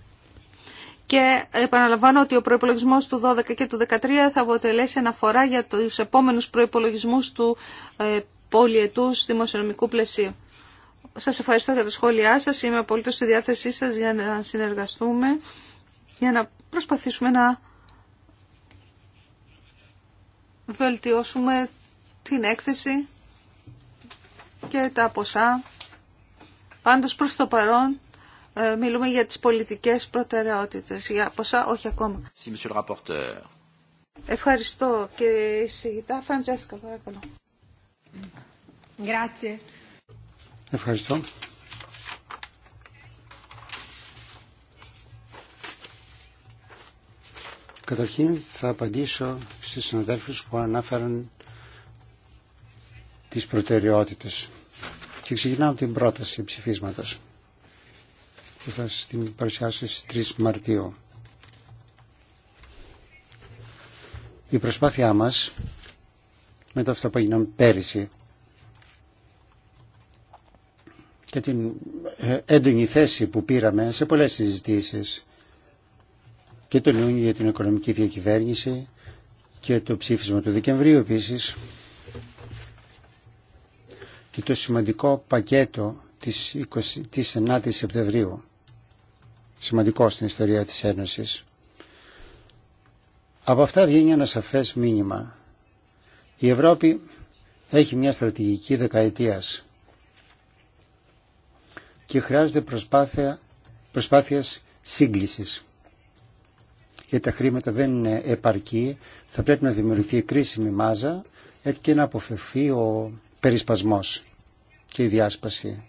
Και επαναλαμβάνω ότι ο προπολογισμό του 12 και του 13 θα αποτελέσει αναφορά για του επόμενου προπολογισμού του ε, πολιετού δημοσιονομικού πλαισίου. Σα ευχαριστώ για τα σχόλιά σα. Είμαι απολύτω στη διάθεσή σα για να συνεργαστούμε, για να προσπαθήσουμε να βελτιώσουμε την έκθεση και τα ποσά. Πάντως προς το παρόν ε, μιλούμε για τις πολιτικές προτεραιότητες. Για ποσά όχι ακόμα. Ευχαριστώ κύριε Σιγητά. Φραντζέσκα παρακαλώ. Ευχαριστώ. Καταρχήν θα απαντήσω στις συναδέλφους που ανάφεραν τις προτεραιότητες και ξεκινάω την πρόταση ψηφίσματος που θα την παρουσιάσω στις 3 Μαρτίου. Η προσπάθειά μας μετά αυτό που έγιναν πέρυσι και την ε, έντονη θέση που πήραμε σε πολλές συζητήσεις και τον Ιούνιο για την οικονομική διακυβέρνηση και το ψήφισμα του Δεκεμβρίου επίσης και το σημαντικό πακέτο της, 20, της 9ης Σεπτεμβρίου σημαντικό στην ιστορία της Ένωσης από αυτά βγαίνει ένα σαφές μήνυμα η Ευρώπη έχει μια στρατηγική δεκαετίας και χρειάζονται προσπάθεια, προσπάθειας σύγκλησης γιατί τα χρήματα δεν είναι επαρκή, θα πρέπει να δημιουργηθεί κρίσιμη μάζα έτσι και να αποφευθεί ο περισπασμός και η διάσπαση.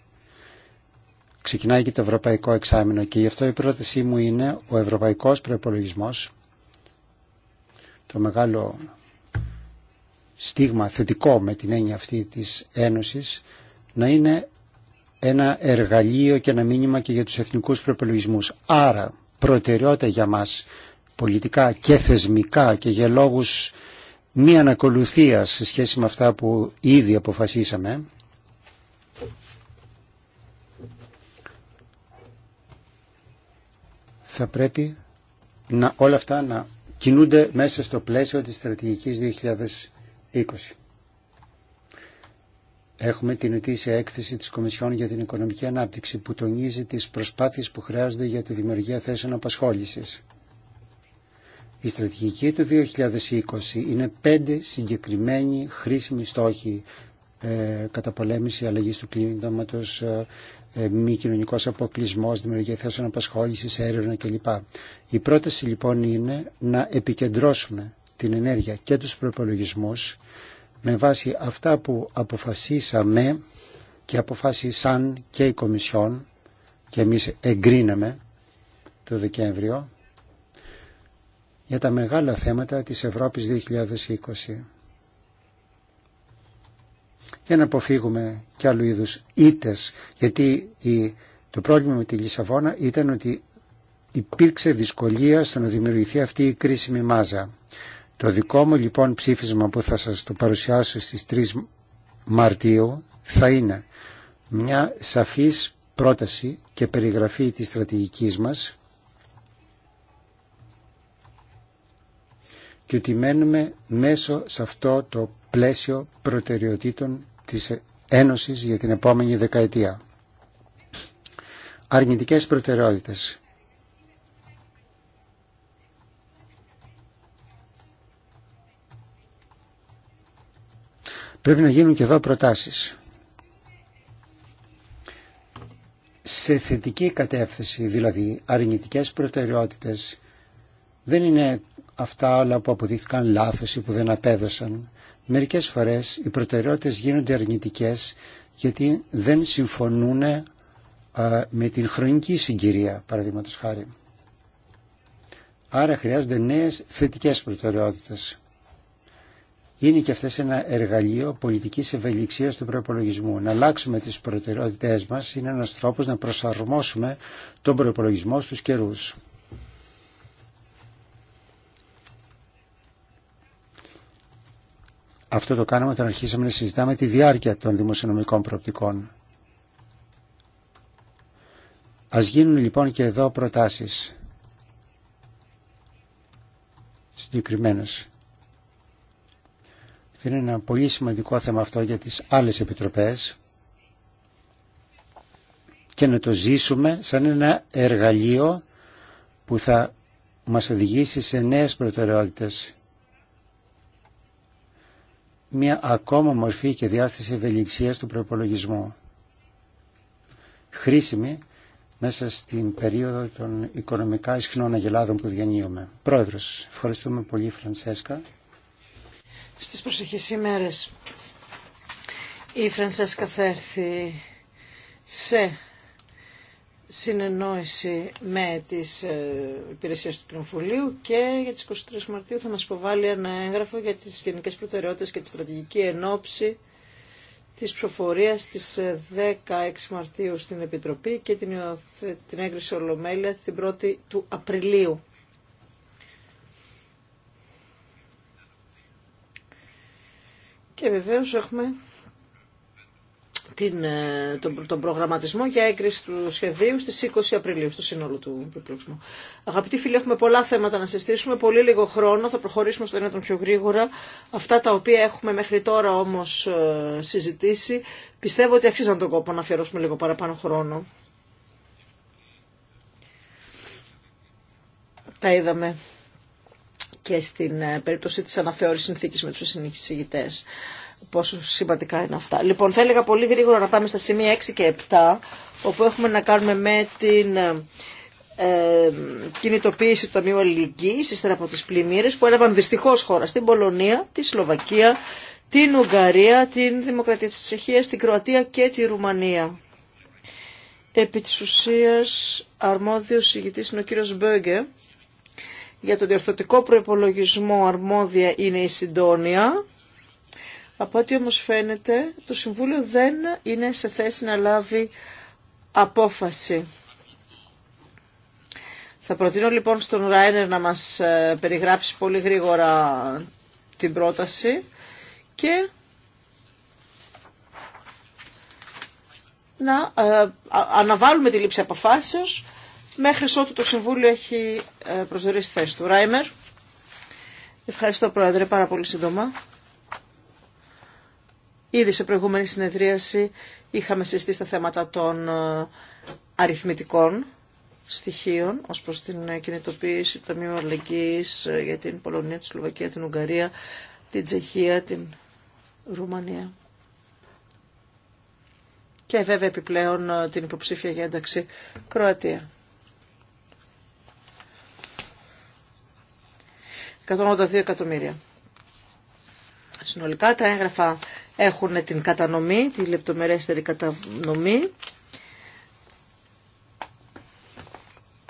Ξεκινάει και το ευρωπαϊκό εξάμεινο και γι' αυτό η πρότασή μου είναι ο ευρωπαϊκός προϋπολογισμός, το μεγάλο στίγμα θετικό με την έννοια αυτή της Ένωσης, να είναι ένα εργαλείο και ένα μήνυμα και για τους εθνικούς προπολογισμού. Άρα, προτεραιότητα για μας πολιτικά και θεσμικά και για λόγους μη ανακολουθίας σε σχέση με αυτά που ήδη αποφασίσαμε θα πρέπει να, όλα αυτά να κινούνται μέσα στο πλαίσιο της στρατηγικής 2020. Έχουμε την ετήσια έκθεση της Κομισιόν για την Οικονομική Ανάπτυξη που τονίζει τις προσπάθειες που χρειάζονται για τη δημιουργία θέσεων απασχόλησης. Η στρατηγική του 2020 είναι πέντε συγκεκριμένοι χρήσιμοι στόχοι ε, πολέμηση αλλαγής του κλίματος, ε, ε μη κοινωνικό αποκλεισμό, δημιουργία θέσεων απασχόληση, έρευνα κλπ. Η πρόταση λοιπόν είναι να επικεντρώσουμε την ενέργεια και τους προπολογισμού με βάση αυτά που αποφασίσαμε και αποφάσισαν και οι Κομισιόν και εμείς εγκρίναμε το Δεκέμβριο για τα μεγάλα θέματα της Ευρώπης 2020 για να αποφύγουμε κι άλλου είδους ήτες γιατί η, το πρόβλημα με τη Λισαβόνα ήταν ότι υπήρξε δυσκολία στο να δημιουργηθεί αυτή η κρίσιμη μάζα. Το δικό μου λοιπόν ψήφισμα που θα σας το παρουσιάσω στις 3 Μαρτίου θα είναι μια σαφής πρόταση και περιγραφή της στρατηγικής μας και ότι μένουμε μέσω σε αυτό το πλαίσιο προτεραιοτήτων της Ένωσης για την επόμενη δεκαετία. Αρνητικές προτεραιότητες. Πρέπει να γίνουν και εδώ προτάσεις. Σε θετική κατεύθυνση, δηλαδή αρνητικές προτεραιότητες, δεν είναι αυτά όλα που αποδείχθηκαν λάθος ή που δεν απέδωσαν. Μερικές φορές οι προτεραιότητες γίνονται αρνητικές γιατί δεν συμφωνούν ε, με την χρονική συγκυρία, παραδείγματος χάρη. Άρα χρειάζονται νέες θετικές προτεραιότητες. Είναι και αυτές ένα εργαλείο πολιτικής ευελιξίας του προπολογισμού. Να αλλάξουμε τις προτεραιότητές μας είναι ένας τρόπος να προσαρμόσουμε τον προπολογισμό στους καιρούς. Αυτό το κάναμε όταν αρχίσαμε να συζητάμε τη διάρκεια των δημοσιονομικών προοπτικών. Ας γίνουν λοιπόν και εδώ προτάσεις Συγκεκριμένε, Θα είναι ένα πολύ σημαντικό θέμα αυτό για τις άλλες επιτροπές και να το ζήσουμε σαν ένα εργαλείο που θα μας οδηγήσει σε νέες προτεραιότητες μια ακόμα μορφή και διάσταση ευελιξίας του προπολογισμού. Χρήσιμη μέσα στην περίοδο των οικονομικά ισχυνών αγελάδων που διανύουμε. Πρόεδρος, ευχαριστούμε πολύ Φρανσέσκα. Στις προσεχείς ημέρες η Φρανσέσκα θα έρθει σε συνεννόηση με τις ε, υπηρεσίες του Κοινοβουλίου και για τις 23 Μαρτίου θα μας υποβάλει ένα έγγραφο για τις γενικές προτεραιότητες και τη στρατηγική ενόψη της ψηφοφορίας στις 16 ε, Μαρτίου στην Επιτροπή και την, την έγκριση Ολομέλεια την 1η του Απριλίου. Και βεβαίως έχουμε την, ε, τον, προγραμματισμό για έγκριση του σχεδίου στις 20 Απριλίου, στο σύνολο του επιπλήξμου. Αγαπητοί φίλοι, έχουμε πολλά θέματα να συστήσουμε, πολύ λίγο χρόνο, θα προχωρήσουμε στο δυνατόν πιο γρήγορα. Αυτά τα οποία έχουμε μέχρι τώρα όμως ε, συζητήσει, πιστεύω ότι αξίζαν τον κόπο να αφιερώσουμε λίγο παραπάνω χρόνο. Τα είδαμε και στην ε, περίπτωση της αναθεώρησης συνθήκης με τους συνεχισηγητές πόσο σημαντικά είναι αυτά. Λοιπόν, θα έλεγα πολύ γρήγορα να πάμε στα σημεία 6 και 7, όπου έχουμε να κάνουμε με την ε, κινητοποίηση του Ταμείου Αλληλεγγύης, ύστερα από τις πλημμύρες, που έλαβαν δυστυχώς χώρα στην Πολωνία, τη Σλοβακία, την Ουγγαρία, την Δημοκρατία της Τσεχίας, την Κροατία και τη Ρουμανία. Επί της ουσίας, αρμόδιος ηγητής είναι ο κύριος Μπέγκε. Για τον διορθωτικό προϋπολογισμό αρμόδια είναι η Συντόνια από ό,τι όμως φαίνεται, το Συμβούλιο δεν είναι σε θέση να λάβει απόφαση. Θα προτείνω λοιπόν στον Ράινερ να μας ε, περιγράψει πολύ γρήγορα την πρόταση και να ε, αναβάλουμε τη λήψη αποφάσεως μέχρι ότου το Συμβούλιο έχει ε, προσδορίσει θέση του. Ράιμερ. Ευχαριστώ Πρόεδρε πάρα πολύ σύντομα. Ήδη σε προηγούμενη συνεδρίαση είχαμε συστήσει τα θέματα των ε, αριθμητικών στοιχείων ως προς την ε, κινητοποίηση του Ταμείου Αλληλεγγύης ε, για την Πολωνία, τη Σλοβακία, την Ουγγαρία, την Τσεχία, την Ρουμανία. Και βέβαια επιπλέον την υποψήφια για ένταξη Κροατία. 182 εκατομμύρια. Συνολικά τα έγγραφα έχουν την κατανομή, τη λεπτομερέστερη κατανομή.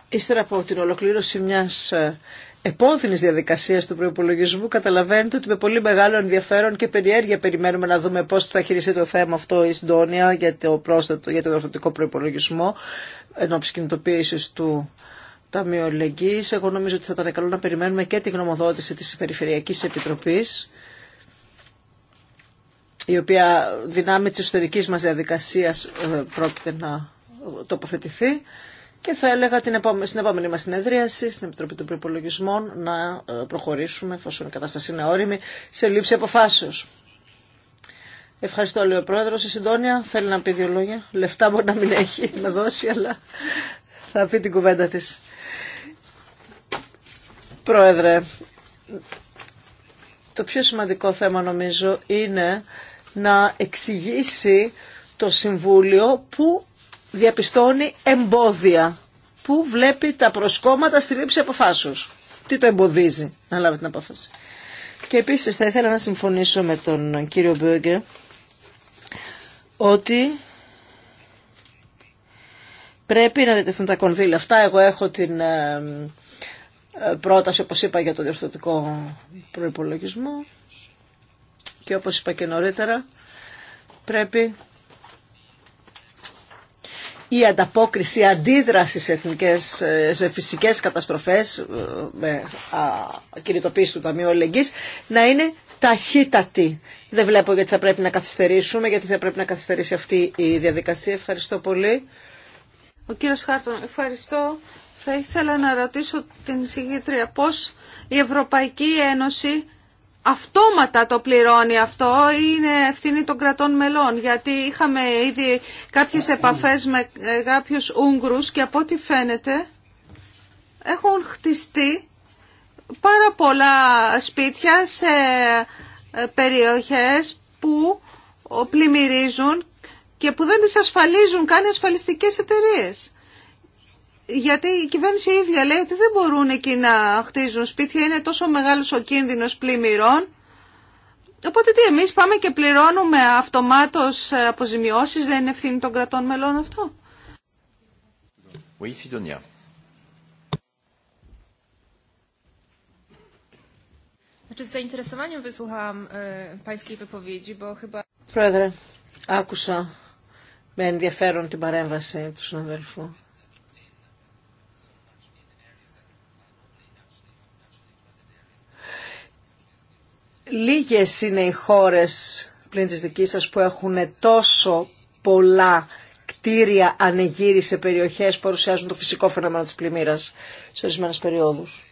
Ύστερα από την ολοκλήρωση μιας ε, επόδυνη διαδικασίας του προϋπολογισμού, καταλαβαίνετε ότι με πολύ μεγάλο ενδιαφέρον και περιέργεια περιμένουμε να δούμε πώς θα χειριστεί το θέμα αυτό η Συντόνια για το πρόσθετο, για το δορθωτικό προπολογισμό ενώ κινητοποίηση του Ταμείου Ελεγγύης. Εγώ νομίζω ότι θα ήταν καλό να περιμένουμε και τη γνωμοδότηση της Περιφερειακής Επιτροπής η οποία δυνάμει της εσωτερικής μας διαδικασίας ε, πρόκειται να τοποθετηθεί και θα έλεγα την στην επόμενη μας συνεδρίαση, στην Επιτροπή των Προπολογισμών, να ε, προχωρήσουμε, εφόσον η κατάσταση είναι όρημη, σε λήψη αποφάσεως. Ευχαριστώ, λέει ο Πρόεδρος. Η Συντόνια θέλει να πει δύο λόγια. Λεφτά μπορεί να μην έχει να δώσει, αλλά θα πει την κουβέντα της. Πρόεδρε, το πιο σημαντικό θέμα νομίζω είναι να εξηγήσει το Συμβούλιο που διαπιστώνει εμπόδια, που βλέπει τα προσκόμματα στη λήψη αποφάσεως. Τι το εμποδίζει να λάβει την απόφαση. Και επίσης θα ήθελα να συμφωνήσω με τον κύριο Μπέγκε ότι πρέπει να διατεθούν τα κονδύλια αυτά. Εγώ έχω την ε, ε, πρόταση, όπως είπα, για το διορθωτικό προϋπολογισμό και όπως είπα και νωρίτερα πρέπει η ανταπόκριση, η αντίδραση σε, εθνικές, σε φυσικές καταστροφές ε, με κινητοποίηση του Ταμείου Ελεγγύης να είναι ταχύτατη. Δεν βλέπω γιατί θα πρέπει να καθυστερήσουμε, γιατί θα πρέπει να καθυστερήσει αυτή η διαδικασία. Ευχαριστώ πολύ. Ο κύριος Χάρτον, ευχαριστώ. Θα ήθελα να ρωτήσω την συγκήτρια πώς η Ευρωπαϊκή Ένωση αυτόματα το πληρώνει αυτό, είναι ευθύνη των κρατών μελών, γιατί είχαμε ήδη κάποιες επαφές με ε, κάποιους Ούγγρους και από ό,τι φαίνεται έχουν χτιστεί πάρα πολλά σπίτια σε ε, περιοχές που ε, πλημμυρίζουν και που δεν τις ασφαλίζουν καν ασφαλιστικές εταιρείες γιατί η κυβέρνηση ίδια λέει ότι δεν μπορούν εκεί να χτίζουν σπίτια, είναι τόσο μεγάλος ο κίνδυνος πλημμυρών. Οπότε τι εμείς πάμε και πληρώνουμε αυτομάτως αποζημιώσεις, δεν είναι ευθύνη των κρατών μελών αυτό. Oui, Sidonia. E, Πρόεδρε, άκουσα με ενδιαφέρον την παρέμβαση του συναδέλφου. Λίγες είναι οι χώρες πλην της δικής σας που έχουν τόσο πολλά κτίρια ανεγύρι σε περιοχές που παρουσιάζουν το φυσικό φαινόμενο της πλημμύρας σε ορισμένε περιόδους.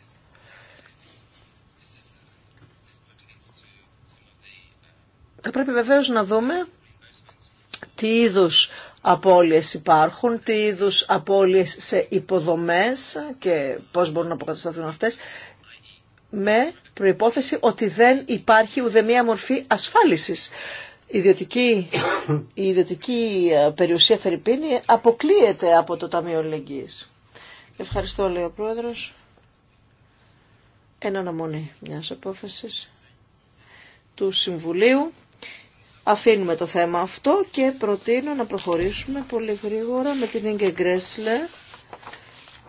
Θα πρέπει βεβαίως να δούμε τι είδους απώλειες υπάρχουν, τι είδους απώλειες σε υποδομές και πώς μπορούν να αποκατασταθούν αυτές με προϋπόθεση ότι δεν υπάρχει ουδεμία μορφή ασφάλισης. Η ιδιωτική, η ιδιωτική ε, περιουσία Φερρυπίνη αποκλείεται από το Ταμείο Αλληλεγγύης. Ευχαριστώ, λέει ο Πρόεδρος. Ένα αναμονή μιας απόφασης του Συμβουλίου. Αφήνουμε το θέμα αυτό και προτείνω να προχωρήσουμε πολύ γρήγορα με την Ίγκε Γκρέσλε,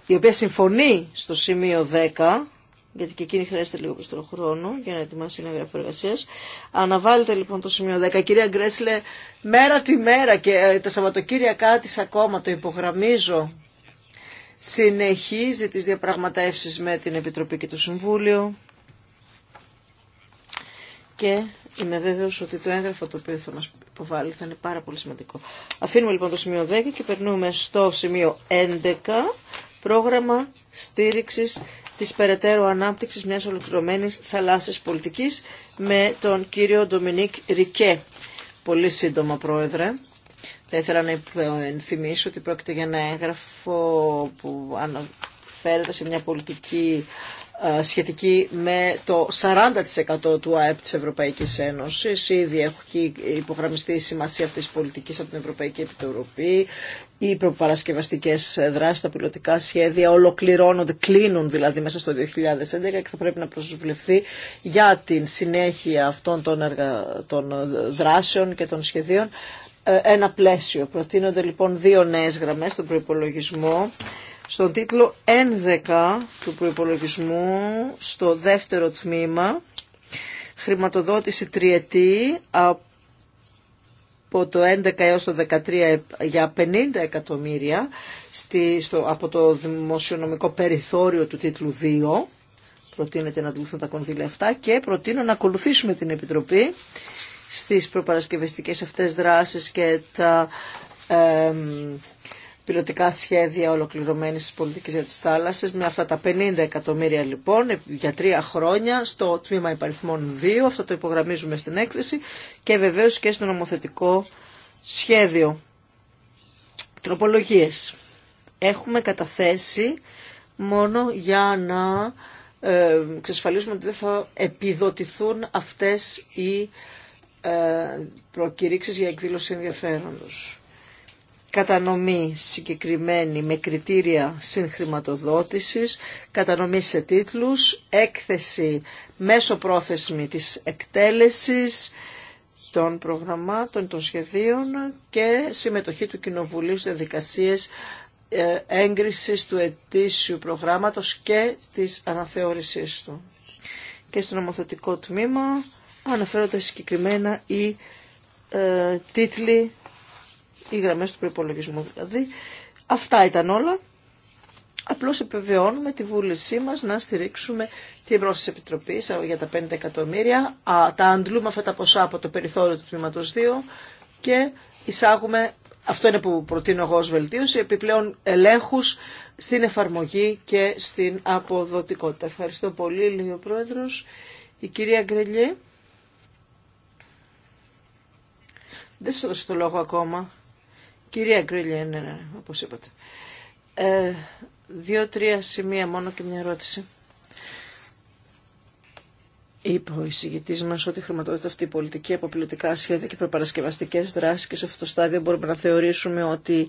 η οποία συμφωνεί στο σημείο 10 γιατί και εκείνη χρειάζεται λίγο περισσότερο χρόνο για να ετοιμάσει ένα γραφείο εργασία. Αναβάλλεται λοιπόν το σημείο 10. Κυρία Γκρέσλε, μέρα τη μέρα και ε, τα Σαββατοκύριακά τη ακόμα το υπογραμμίζω. Συνεχίζει τις διαπραγματεύσεις με την Επιτροπή και το Συμβούλιο και είμαι βέβαιος ότι το έγγραφο το οποίο θα μας υποβάλει θα είναι πάρα πολύ σημαντικό. Αφήνουμε λοιπόν το σημείο 10 και περνούμε στο σημείο 11, πρόγραμμα στήριξης της περαιτέρω ανάπτυξης μιας ολοκληρωμένης θαλάσσης πολιτικής με τον κύριο Ντομινίκ Ρικέ. Πολύ σύντομα, Πρόεδρε. Θα ήθελα να ενθυμίσω ότι πρόκειται για ένα έγγραφο που αναφέρεται σε μια πολιτική ε, σχετική με το 40% του ΑΕΠ της Ευρωπαϊκής Ένωσης. Ήδη έχουν υπογραμμιστεί η σημασία αυτής της πολιτικής από την Ευρωπαϊκή Επιτροπή. Οι προπαρασκευαστικές δράσεις, τα πιλωτικά σχέδια ολοκληρώνονται, κλείνουν δηλαδή μέσα στο 2011 και θα πρέπει να προσβληθεί για την συνέχεια αυτών των, εργα... των δράσεων και των σχεδίων ε, ένα πλαίσιο. Προτείνονται λοιπόν δύο νέες γραμμές στον προπολογισμό στον τίτλο 11 του προϋπολογισμού, στο δεύτερο τμήμα, χρηματοδότηση τριετή από το 11 έως το 13 για 50 εκατομμύρια στη, στο, από το δημοσιονομικό περιθώριο του τίτλου 2. Προτείνεται να αντιληφθούν τα κονδύλια αυτά και προτείνω να ακολουθήσουμε την Επιτροπή στις προπαρασκευαστικές αυτές δράσεις και τα πιλωτικά σχέδια ολοκληρωμένης της πολιτικής για τις θάλασσες με αυτά τα 50 εκατομμύρια λοιπόν για τρία χρόνια στο τμήμα υπαριθμών 2, αυτό το υπογραμμίζουμε στην έκθεση και βεβαίως και στο νομοθετικό σχέδιο. Τροπολογίες. Έχουμε καταθέσει μόνο για να ε, ξεσφαλίσουμε ότι δεν θα επιδοτηθούν αυτές οι ε, προκηρύξεις για εκδήλωση ενδιαφέροντος κατανομή συγκεκριμένη με κριτήρια συγχρηματοδότησης, κατανομή σε τίτλους, έκθεση μέσω πρόθεσμη της εκτέλεσης των προγραμμάτων, των σχεδίων και συμμετοχή του Κοινοβουλίου στις διαδικασίες ε, έγκρισης του ετήσιου προγράμματος και της αναθεώρησής του. Και στο νομοθετικό τμήμα αναφέρονται συγκεκριμένα οι ε, τίτλοι οι γραμμές του προϋπολογισμού δηλαδή. Αυτά ήταν όλα. Απλώς επιβεβαιώνουμε τη βούλησή μας να στηρίξουμε την πρόσθεση επιτροπή για τα 5 εκατομμύρια. Α, τα αντλούμε αυτά τα ποσά από το περιθώριο του τμήματος 2 και εισάγουμε, αυτό είναι που προτείνω εγώ ως βελτίωση, επιπλέον ελέγχους στην εφαρμογή και στην αποδοτικότητα. Ευχαριστώ πολύ, λέει ο Πρόεδρος. Η κυρία Γκρελιέ. Δεν σας δώσω το λόγο ακόμα. Κυρία Γκρίλια, ναι, ναι, όπως είπατε. Ε, Δύο-τρία σημεία μόνο και μια ερώτηση. Είπε ο εισηγητή μα ότι χρηματοδοτείται αυτή η πολιτική από πιλωτικά σχέδια και προπαρασκευαστικέ δράσει και σε αυτό το στάδιο μπορούμε να θεωρήσουμε ότι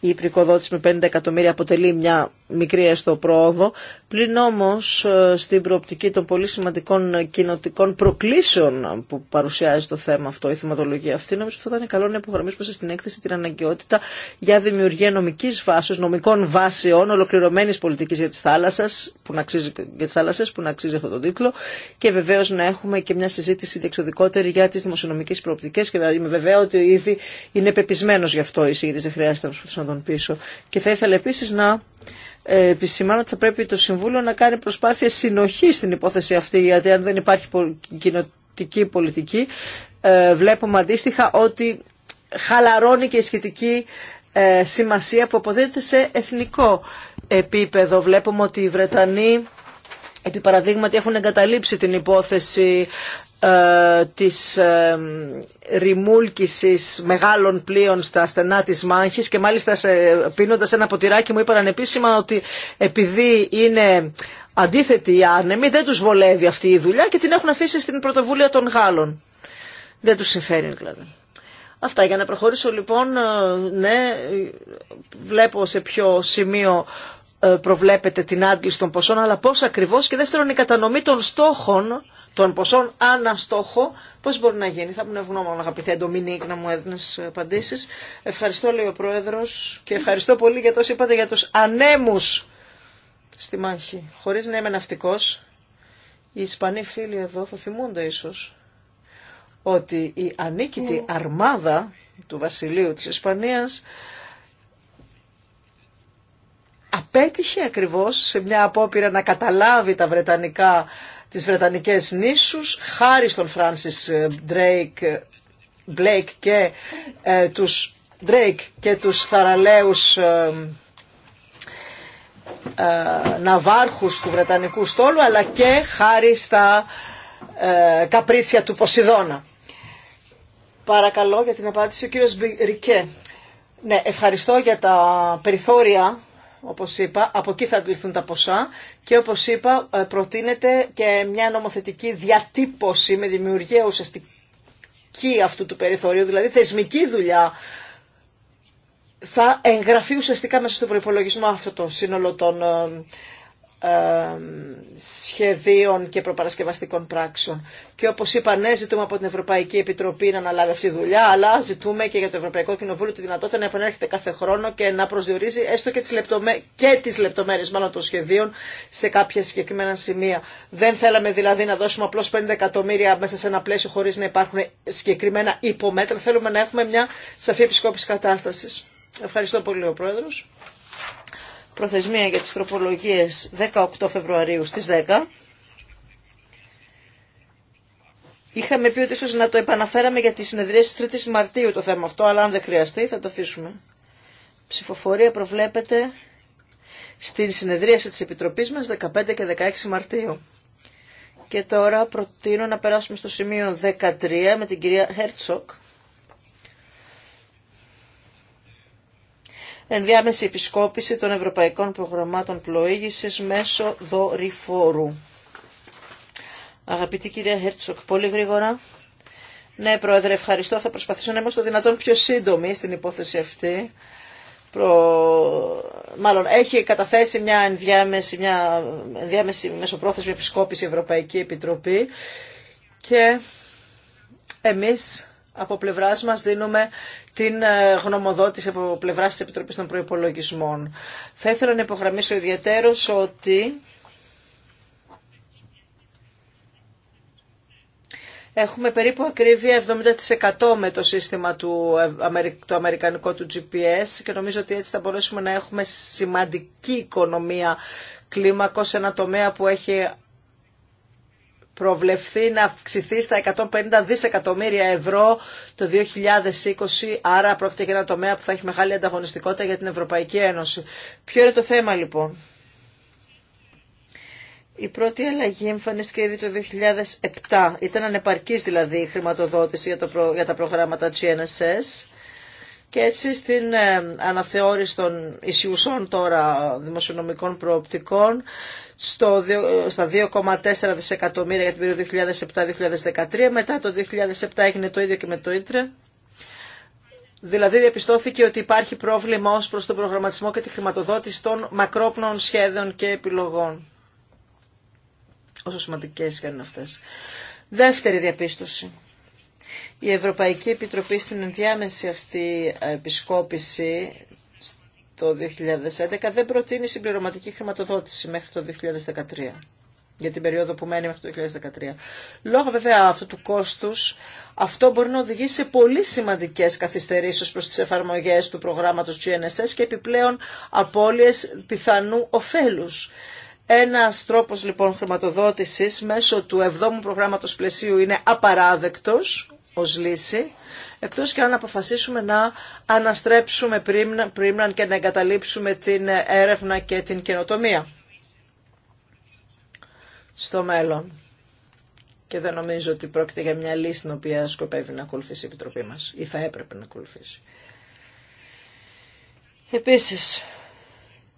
η υπηκοδότηση με 50 εκατομμύρια αποτελεί μια μικρή έστω πρόοδο. Πλην όμως ε, στην προοπτική των πολύ σημαντικών κοινοτικών προκλήσεων που παρουσιάζει το θέμα αυτό, η θεματολογία αυτή, νομίζω ότι θα ήταν καλό να υπογραμμίσουμε στην έκθεση την αναγκαιότητα για δημιουργία νομική βάση, νομικών βάσεων, ολοκληρωμένη πολιτική για τι θάλασσε, που να αξίζει, για τις θάλασσες, που να αξίζει αυτό τον τίτλο, και βεβαίω να έχουμε και μια συζήτηση διεξοδικότερη για τι δημοσιονομικέ προοπτικέ. Και είμαι ότι ήδη είναι πεπισμένο γι' αυτό η δεν χρειάζεται να και θα ήθελα επίση να ε, επισημάνω ότι θα πρέπει το Συμβούλιο να κάνει προσπάθεια συνοχή στην υπόθεση αυτή, γιατί αν δεν υπάρχει κοινοτική πολιτική, ε, βλέπουμε αντίστοιχα ότι χαλαρώνει και η σχετική ε, σημασία που αποδίδεται σε εθνικό επίπεδο. Βλέπουμε ότι οι Βρετανοί επί παραδείγματι έχουν εγκαταλείψει την υπόθεση ε, της ε, ρημούλκησης μεγάλων πλοίων στα στενά της Μάνχης και μάλιστα σε, πίνοντας ένα ποτηράκι μου είπαν ανεπίσημα ότι επειδή είναι αντίθετοι οι άνεμοι δεν τους βολεύει αυτή η δουλειά και την έχουν αφήσει στην πρωτοβουλία των Γάλλων. Δεν τους συμφέρει δηλαδή. Αυτά για να προχωρήσω λοιπόν, ε, ναι, βλέπω σε ποιο σημείο ε, προβλέπετε την άντληση των ποσών, αλλά πώς ακριβώς και δεύτερον η κατανομή των στόχων, των ποσών στόχο, πώς μπορεί να γίνει. Θα μου ευγνώμων αγαπητέ Ντομινίκ να μου έδινε απαντήσεις. Ευχαριστώ λέει ο Πρόεδρος και ευχαριστώ πολύ για το είπατε για τους ανέμους στη μάχη. Χωρίς να είμαι ναυτικός, οι Ισπανοί φίλοι εδώ θα θυμούνται ίσως ότι η ανίκητη ναι. αρμάδα του βασιλείου της Ισπανίας απέτυχε ακριβώς σε μια απόπειρα να καταλάβει τα βρετανικά, τις βρετανικές νήσους χάρη στον Φράνσις ε, Drake, ε, Blake και ε, τους Drake και τους θαραλέους ε, ε ναυάρχους του Βρετανικού στόλου αλλά και χάρη στα καπρίτσια του Ποσειδώνα. Παρακαλώ για την απάντηση ο κύριος Ρικέ. Ναι, ευχαριστώ για τα περιθώρια όπως είπα, από εκεί θα αντιληφθούν τα ποσά και όπως είπα ε, προτείνεται και μια νομοθετική διατύπωση με δημιουργία ουσιαστική αυτού του περιθωρίου, δηλαδή θεσμική δουλειά θα εγγραφεί ουσιαστικά μέσα στο προπολογισμό αυτό το σύνολο των ε, σχεδίων και προπαρασκευαστικών πράξεων. Και όπως είπα, ναι, ζητούμε από την Ευρωπαϊκή Επιτροπή να αναλάβει αυτή τη δουλειά, αλλά ζητούμε και για το Ευρωπαϊκό Κοινοβούλιο τη δυνατότητα να επανέρχεται κάθε χρόνο και να προσδιορίζει έστω και τις, λεπτομέ... και τις λεπτομέρειες μάλλον των σχεδίων σε κάποια συγκεκριμένα σημεία. Δεν θέλαμε δηλαδή να δώσουμε απλώς 50 εκατομμύρια μέσα σε ένα πλαίσιο χωρίς να υπάρχουν συγκεκριμένα υπομέτρα. Θέλουμε να έχουμε μια σαφή επισκόπηση κατάστασης. Ευχαριστώ πολύ ο Πρόεδρος προθεσμία για τις τροπολογίες 18 Φεβρουαρίου στις 10. Είχαμε πει ότι ίσως να το επαναφέραμε για τη συνεδρία στις 3 Μαρτίου το θέμα αυτό, αλλά αν δεν χρειαστεί θα το αφήσουμε. Ψηφοφορία προβλέπεται στην συνεδρίαση της Επιτροπής μας 15 και 16 Μαρτίου. Και τώρα προτείνω να περάσουμε στο σημείο 13 με την κυρία Χέρτσοκ ενδιάμεση επισκόπηση των ευρωπαϊκών προγραμμάτων πλοήγησης μέσω δορυφόρου. Αγαπητή κυρία Χέρτσοκ, πολύ γρήγορα. Ναι, Πρόεδρε, ευχαριστώ. Θα προσπαθήσω να είμαι στο δυνατόν πιο σύντομη στην υπόθεση αυτή. Προ... Μάλλον έχει καταθέσει μια ενδιάμεση, μια ενδιάμεση μεσοπρόθεσμη επισκόπηση Ευρωπαϊκή Επιτροπή και εμείς από πλευράς μας δίνουμε την ε, γνωμοδότηση από πλευρά τη Επιτροπή των Προπολογισμών. Θα ήθελα να υπογραμμίσω ιδιαίτερω ότι. Έχουμε περίπου ακρίβεια 70% με το σύστημα του, ε, το αμερικανικό του GPS και νομίζω ότι έτσι θα μπορέσουμε να έχουμε σημαντική οικονομία κλίμακο σε ένα τομέα που έχει προβλεφθεί να αυξηθεί στα 150 δισεκατομμύρια ευρώ το 2020, άρα πρόκειται για ένα τομέα που θα έχει μεγάλη ανταγωνιστικότητα για την Ευρωπαϊκή Ένωση. Ποιο είναι το θέμα λοιπόν. Η πρώτη αλλαγή εμφανίστηκε ήδη το 2007. Ήταν ανεπαρκής δηλαδή η χρηματοδότηση για, το, για τα προγράμματα GNSS και έτσι στην ε, αναθεώρηση των ισιουσών τώρα δημοσιονομικών προοπτικών στο, ε, στα 2,4 δισεκατομμύρια για την περίοδο 2007-2013. Μετά το 2007 έγινε το ίδιο και με το Ίτρε. Δηλαδή διαπιστώθηκε ότι υπάρχει πρόβλημα ως προς τον προγραμματισμό και τη χρηματοδότηση των μακρόπνων σχέδων και επιλογών. Όσο σημαντικές και είναι αυτές. Δεύτερη διαπίστωση. Η Ευρωπαϊκή Επιτροπή στην ενδιάμεση αυτή επισκόπηση το 2011 δεν προτείνει συμπληρωματική χρηματοδότηση μέχρι το 2013 για την περίοδο που μένει μέχρι το 2013. Λόγω βέβαια αυτού του κόστους, αυτό μπορεί να οδηγήσει σε πολύ σημαντικές καθυστερήσεις προς τις εφαρμογές του προγράμματος GNSS και επιπλέον απώλειες πιθανού ωφέλους. Ένα τρόπος λοιπόν χρηματοδότησης μέσω του 7ου προγράμματος πλαισίου είναι απαράδεκτος ως λύση, εκτός και αν αποφασίσουμε να αναστρέψουμε πρίμναν και να εγκαταλείψουμε την έρευνα και την καινοτομία στο μέλλον. Και δεν νομίζω ότι πρόκειται για μια λύση την οποία σκοπεύει να ακολουθήσει η Επιτροπή μας ή θα έπρεπε να ακολουθήσει. Επίσης,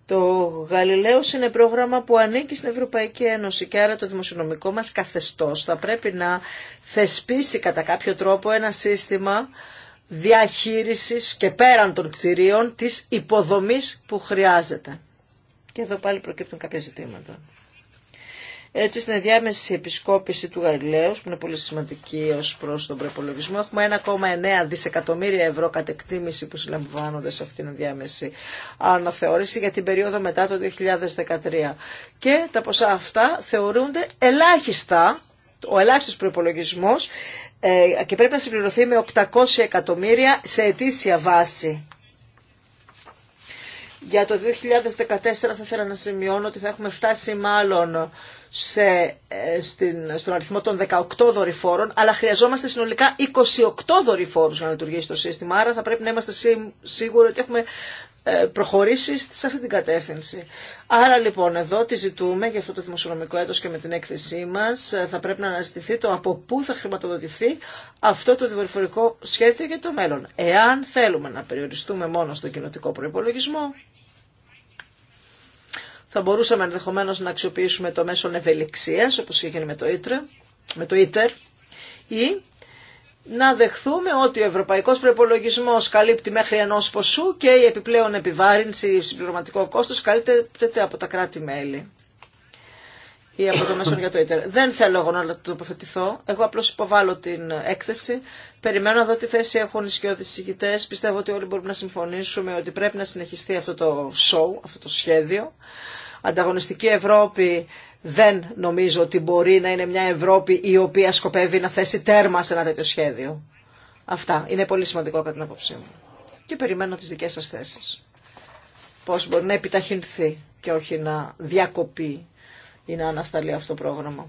το Γαλιλαίο είναι πρόγραμμα που ανήκει στην Ευρωπαϊκή Ένωση και άρα το δημοσιονομικό μας καθεστώς θα πρέπει να θεσπίσει κατά κάποιο τρόπο ένα σύστημα διαχείρισης και πέραν των κτηρίων της υποδομής που χρειάζεται. Και εδώ πάλι προκύπτουν κάποια ζητήματα. Έτσι, στην ενδιάμεση επισκόπηση του Γαλιλαίου, που είναι πολύ σημαντική ω προ τον προπολογισμό, έχουμε 1,9 δισεκατομμύρια ευρώ κατεκτήμηση που συλλαμβάνονται σε αυτήν την διάμεση αναθεώρηση για την περίοδο μετά το 2013. Και τα ποσά αυτά θεωρούνται ελάχιστα, ο ελάχιστος προπολογισμό ε, και πρέπει να συμπληρωθεί με 800 εκατομμύρια σε ετήσια βάση. Για το 2014 θα ήθελα να σημειώνω ότι θα έχουμε φτάσει μάλλον σε, ε, στην, στον αριθμό των 18 δορυφόρων, αλλά χρειαζόμαστε συνολικά 28 δορυφόρους για να λειτουργήσει το σύστημα, άρα θα πρέπει να είμαστε σίγουροι ότι έχουμε ε, προχωρήσει σε αυτή την κατεύθυνση. Άρα λοιπόν εδώ τη ζητούμε για αυτό το δημοσιονομικό έτος και με την έκθεσή μας ε, θα πρέπει να αναζητηθεί το από πού θα χρηματοδοτηθεί αυτό το δημοσιονομικό σχέδιο για το μέλλον. Εάν θέλουμε να περιοριστούμε μόνο στο κοινοτικό προϋπολογισμό θα μπορούσαμε ενδεχομένω να αξιοποιήσουμε το μέσο ευελιξία, όπως είχε με το, ΊΤΡ ή να δεχθούμε ότι ο Ευρωπαϊκό προπολογισμό καλύπτει μέχρι ενό ποσού και η επιπλέον επιβάρυνση, η συμπληρωματικό κόστο καλύπτεται από τα κράτη-μέλη ή από το μέσο για το ίτερ. Δεν θέλω εγώ να το τοποθετηθώ. Εγώ απλώ υποβάλλω την έκθεση. Περιμένω να δω τι θέση έχουν οι σκιώδει συγκητέ. Πιστεύω ότι όλοι μπορούμε να συμφωνήσουμε ότι πρέπει να συνεχιστεί αυτό το σοου, αυτό το σχέδιο. Ανταγωνιστική Ευρώπη δεν νομίζω ότι μπορεί να είναι μια Ευρώπη η οποία σκοπεύει να θέσει τέρμα σε ένα τέτοιο σχέδιο. Αυτά. Είναι πολύ σημαντικό κατά την άποψή μου. Και περιμένω τις δικές σας θέσεις. Πώς μπορεί να επιταχυνθεί και όχι να διακοπεί ή να ανασταλεί αυτό το πρόγραμμα.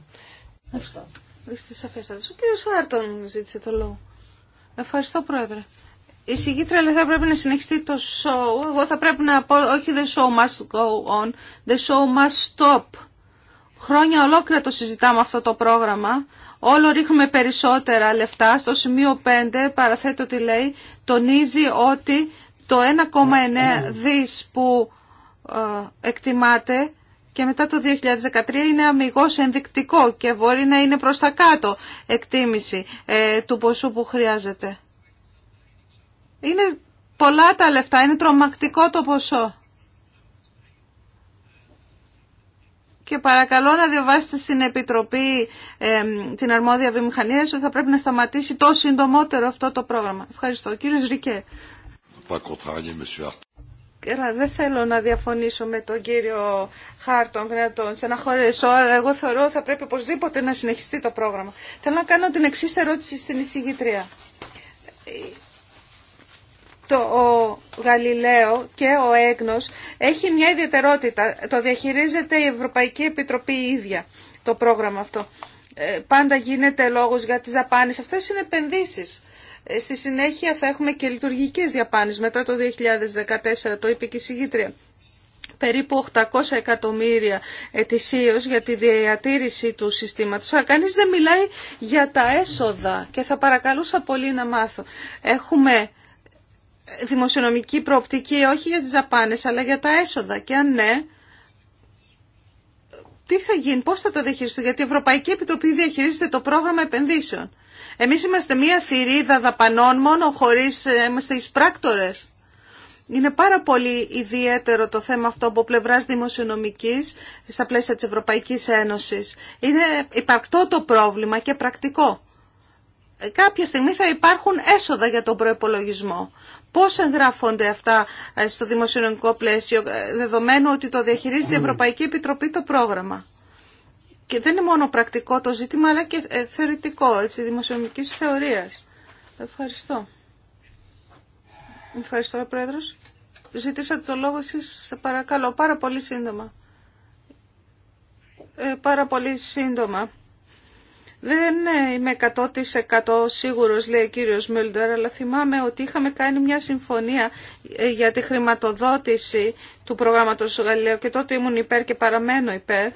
Ευχαριστώ. Είστε σαφέστατος. Ο κύριος Άρτον ζήτησε το λόγο. Ευχαριστώ πρόεδρε. Η συγκήτρια λέει θα πρέπει να ανασταλει αυτο το προγραμμα ευχαριστω ειστε ο κυριος αρτον ζητησε το λογο ευχαριστω προεδρε η συγκιτρια λεει θα πρεπει να συνεχιστει το show. Εγώ θα πρέπει να πω όχι the show must go on, the show must stop. Χρόνια ολόκληρα το συζητάμε αυτό το πρόγραμμα. Όλο ρίχνουμε περισσότερα λεφτά. Στο σημείο 5, παραθέτω τι λέει, τονίζει ότι το 1,9 δις που ε, εκτιμάται και μετά το 2013 είναι αμυγός ενδεικτικό και μπορεί να είναι προς τα κάτω εκτίμηση ε, του ποσού που χρειάζεται. Είναι πολλά τα λεφτά, είναι τρομακτικό το ποσό. και παρακαλώ να διαβάσετε στην Επιτροπή την αρμόδια βιομηχανία ότι θα πρέπει να σταματήσει το συντομότερο αυτό το πρόγραμμα. Ευχαριστώ. Κύριε Ρικέ. Καλά, δεν θέλω να διαφωνήσω με τον κύριο Χάρτον να τον στεναχωρήσω, αλλά εγώ θεωρώ ότι θα πρέπει οπωσδήποτε να συνεχιστεί το πρόγραμμα. Θέλω να κάνω την εξή ερώτηση στην εισηγητρία το Γαλιλαίο και ο Έγνος έχει μια ιδιαιτερότητα. Το διαχειρίζεται η Ευρωπαϊκή Επιτροπή ίδια το πρόγραμμα αυτό. Ε, πάντα γίνεται λόγος για τις δαπάνες. Αυτές είναι επενδύσεις. Ε, στη συνέχεια θα έχουμε και λειτουργικές διαπάνες μετά το 2014, το είπε και η συγκήτρια. Περίπου 800 εκατομμύρια ετησίως για τη διατήρηση του συστήματος. Αλλά κανείς δεν μιλάει για τα έσοδα και θα παρακαλούσα πολύ να μάθω. Έχουμε δημοσιονομική προοπτική όχι για τις δαπάνε αλλά για τα έσοδα και αν ναι, τι θα γίνει, πώς θα τα διαχειριστούν, γιατί η Ευρωπαϊκή Επιτροπή διαχειρίζεται το πρόγραμμα επενδύσεων. Εμείς είμαστε μία θηρίδα δαπανών μόνο χωρίς, ε, είμαστε πράκτορες Είναι πάρα πολύ ιδιαίτερο το θέμα αυτό από πλευρά δημοσιονομική στα πλαίσια τη Ευρωπαϊκή Ένωση. Είναι υπαρκτό το πρόβλημα και πρακτικό. Ε, κάποια στιγμή θα υπάρχουν έσοδα για τον προπολογισμό. Πώς εγγράφονται αυτά ε, στο δημοσιονομικό πλαίσιο, ε, δεδομένου ότι το διαχειρίζεται η Ευρωπαϊκή Επιτροπή το πρόγραμμα. Και δεν είναι μόνο πρακτικό το ζήτημα, αλλά και ε, θεωρητικό, έτσι, δημοσιονομικής θεωρίας. Ευχαριστώ. Ευχαριστώ, Πρόεδρος. Ζητήσατε το λόγο εσείς, παρακαλώ, πάρα πολύ σύντομα. πάρα πολύ σύντομα. Δεν ναι, είμαι 100% σίγουρος, λέει ο κύριος Μιλντερ, αλλά θυμάμαι ότι είχαμε κάνει μια συμφωνία ε, για τη χρηματοδότηση του προγράμματος Γαλλία και τότε ήμουν υπέρ και παραμένω υπέρ.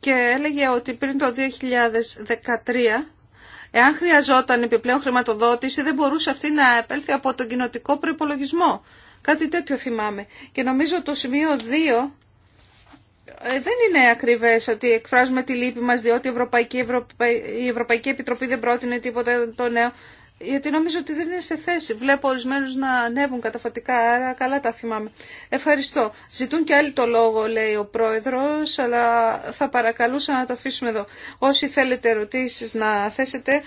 Και έλεγε ότι πριν το 2013 Εάν χρειαζόταν επιπλέον χρηματοδότηση, δεν μπορούσε αυτή να επέλθει από τον κοινοτικό προπολογισμό. Κάτι τέτοιο θυμάμαι. Και νομίζω το σημείο 2 ε, δεν είναι ακριβές ότι εκφράζουμε τη λύπη μας διότι η Ευρωπαϊκή, η Ευρωπαϊκή Επιτροπή δεν πρότεινε τίποτα το νέο. Γιατί νομίζω ότι δεν είναι σε θέση. Βλέπω ορισμένου να ανέβουν καταφατικά, άρα καλά τα θυμάμαι. Ευχαριστώ. Ζητούν και άλλοι το λόγο, λέει ο πρόεδρο, αλλά θα παρακαλούσα να το αφήσουμε εδώ. Όσοι θέλετε ερωτήσει να θέσετε,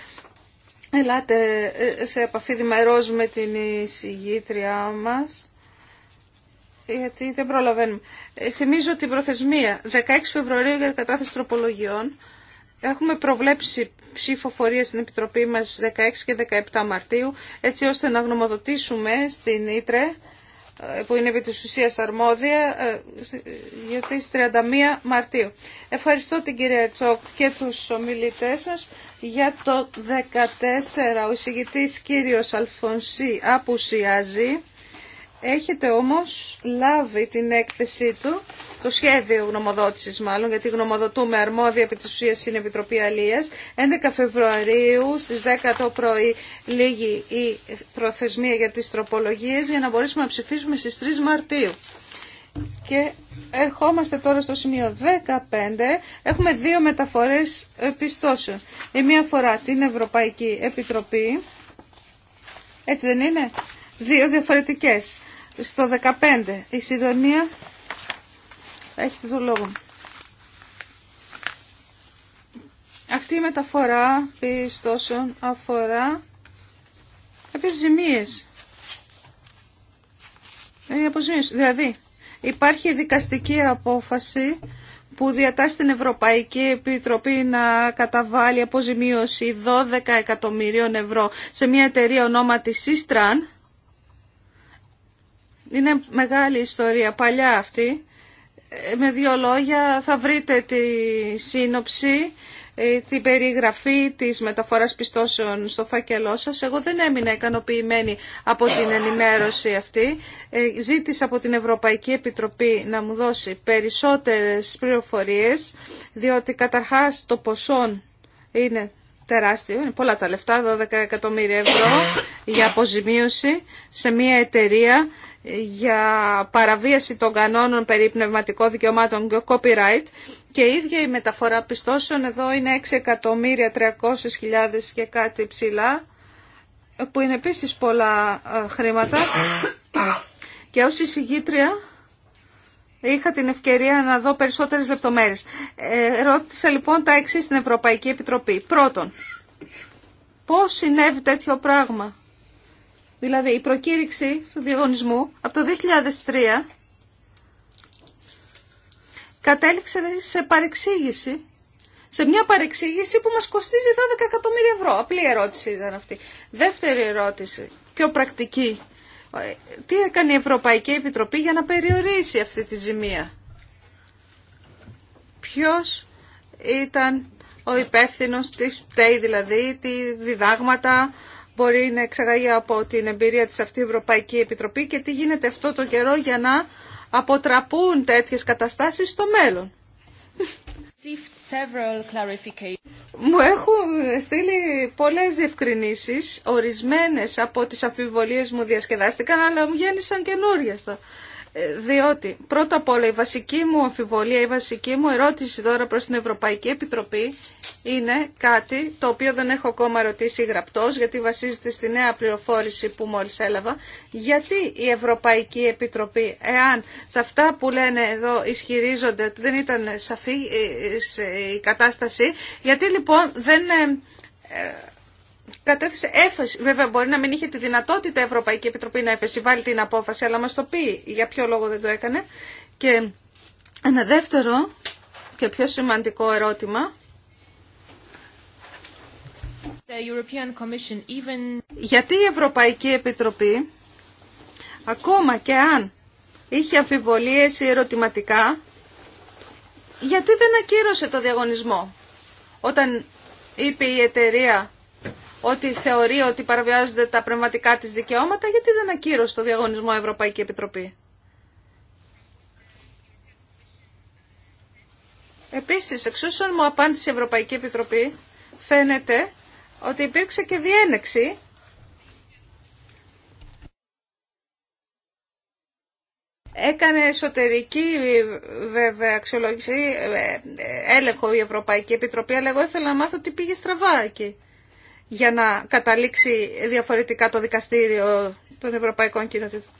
ελάτε ε, σε επαφή διμερό με την εισηγήτριά μας γιατί δεν προλαβαίνουμε. Ε, θυμίζω την προθεσμία 16 Φεβρουαρίου για κατάθεση τροπολογιών. Έχουμε προβλέψει ψηφοφορία στην Επιτροπή μας 16 και 17 Μαρτίου, έτσι ώστε να γνωμοδοτήσουμε στην Ήτρε, ε, που είναι επί της ουσίας αρμόδια, ε, για τις 31 Μαρτίου. Ευχαριστώ την κυρία Ερτσόκ και τους ομιλητές σας για το 14. Ο εισηγητής κύριος Αλφονσί απουσιάζει. Έχετε όμως λάβει την έκθεσή του, το σχέδιο γνωμοδότησης μάλλον, γιατί γνωμοδοτούμε αρμόδια επί της ουσίας στην Επιτροπή Αλίας. 11 Φεβρουαρίου στις 10 το πρωί λίγη η προθεσμία για τις τροπολογίες για να μπορέσουμε να ψηφίσουμε στις 3 Μαρτίου. Και ερχόμαστε τώρα στο σημείο 15. Έχουμε δύο μεταφορές πιστώσεων. Η μία φορά την Ευρωπαϊκή Επιτροπή. Έτσι δεν είναι. Δύο διαφορετικές. Στο 15 η Σιδωνία έχετε το λόγο. Αυτή η μεταφορά πιστώσεων αφορά κάποιες ζημίες. Είναι αποζημίωση. Δηλαδή υπάρχει δικαστική απόφαση που διατάσσει την Ευρωπαϊκή Επιτροπή να καταβάλει αποζημίωση 12 εκατομμυρίων ευρώ σε μια εταιρεία ονόματι Sistran είναι μεγάλη ιστορία, παλιά αυτή. Ε, με δύο λόγια θα βρείτε τη σύνοψη, ε, την περιγραφή της μεταφοράς πιστώσεων στο φάκελό σας. Εγώ δεν έμεινα ικανοποιημένη από την ενημέρωση αυτή. Ε, ζήτησα από την Ευρωπαϊκή Επιτροπή να μου δώσει περισσότερες πληροφορίες, διότι καταρχάς το ποσό είναι τεράστιο, είναι πολλά τα λεφτά, 12 εκατομμύρια ευρώ για αποζημίωση σε μια εταιρεία για παραβίαση των κανόνων περί πνευματικών δικαιωμάτων και copyright και η ίδια η μεταφορά πιστώσεων εδώ είναι 6.300.000 και κάτι ψηλά που είναι επίσης πολλά ε, χρήματα και ως εισηγήτρια είχα την ευκαιρία να δω περισσότερες λεπτομέρειες. Ε, ρώτησα λοιπόν τα εξής στην Ευρωπαϊκή Επιτροπή. Πρώτον, πώς συνέβη τέτοιο πράγμα Δηλαδή η προκήρυξη του διαγωνισμού από το 2003 κατέληξε σε παρεξήγηση σε μια παρεξήγηση που μας κοστίζει 12 εκατομμύρια ευρώ. Απλή ερώτηση ήταν αυτή. Δεύτερη ερώτηση, πιο πρακτική. Ε, τι έκανε η Ευρωπαϊκή Επιτροπή για να περιορίσει αυτή τη ζημία. Ποιος ήταν ο υπεύθυνος, τι φταίει δηλαδή, τι διδάγματα μπορεί να εξαγαγεί από την εμπειρία της αυτή η Ευρωπαϊκή Επιτροπή και τι γίνεται αυτό το καιρό για να αποτραπούν τέτοιες καταστάσεις στο μέλλον. Μου έχουν στείλει πολλές διευκρινήσεις, ορισμένες από τις αμφιβολίες μου διασκεδάστηκαν, αλλά μου γέννησαν καινούριε. Ε, διότι πρώτα απ' όλα η βασική μου αμφιβολία, η βασική μου ερώτηση τώρα προς την Ευρωπαϊκή Επιτροπή είναι κάτι το οποίο δεν έχω ακόμα ρωτήσει γραπτός γιατί βασίζεται στη νέα πληροφόρηση που μόλις έλαβα. Γιατί η Ευρωπαϊκή Επιτροπή, εάν σε αυτά που λένε εδώ ισχυρίζονται ότι δεν ήταν σαφή ε, ε, η κατάσταση, γιατί λοιπόν δεν κατέθεσε έφεση. Βέβαια, μπορεί να μην είχε τη δυνατότητα η Ευρωπαϊκή Επιτροπή να βάλει την απόφαση, αλλά μα το πει για ποιο λόγο δεν το έκανε. Και ένα δεύτερο και πιο σημαντικό ερώτημα. Γιατί η Ευρωπαϊκή Επιτροπή, ακόμα και αν είχε αμφιβολίες ή ερωτηματικά, γιατί δεν ακύρωσε το διαγωνισμό όταν είπε η εταιρεία ότι θεωρεί ότι παραβιάζονται τα πνευματικά της δικαιώματα, γιατί δεν ακύρωσε το διαγωνισμό Ευρωπαϊκή Επιτροπή. Επίσης, εξ όσων μου απάντησε η Ευρωπαϊκή Επιτροπή, φαίνεται ότι υπήρξε και διένεξη Έκανε εσωτερική βέβαια αξιολόγηση, ε, ε, έλεγχο η Ευρωπαϊκή Επιτροπή, αλλά εγώ ήθελα να μάθω τι πήγε στραβά εκεί για να καταλήξει διαφορετικά το δικαστήριο των Ευρωπαϊκών Κοινοτήτων.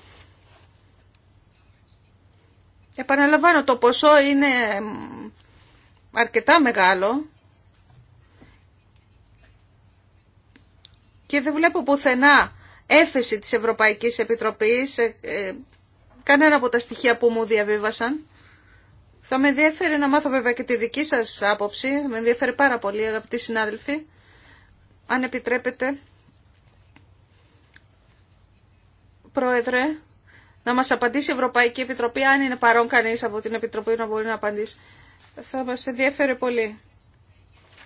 Επαναλαμβάνω, το ποσό είναι αρκετά μεγάλο και δεν βλέπω πουθενά έφεση της Ευρωπαϊκής Επιτροπής, ε, κανένα από τα στοιχεία που μου διαβίβασαν. Θα με ενδιαφέρει να μάθω βέβαια και τη δική σας άποψη, θα με ενδιαφέρει πάρα πολύ αγαπητοί συνάδελφοι αν επιτρέπετε, Πρόεδρε, να μας απαντήσει η Ευρωπαϊκή Επιτροπή, αν είναι παρόν κανείς από την Επιτροπή να μπορεί να απαντήσει. Θα μας ενδιαφέρει πολύ.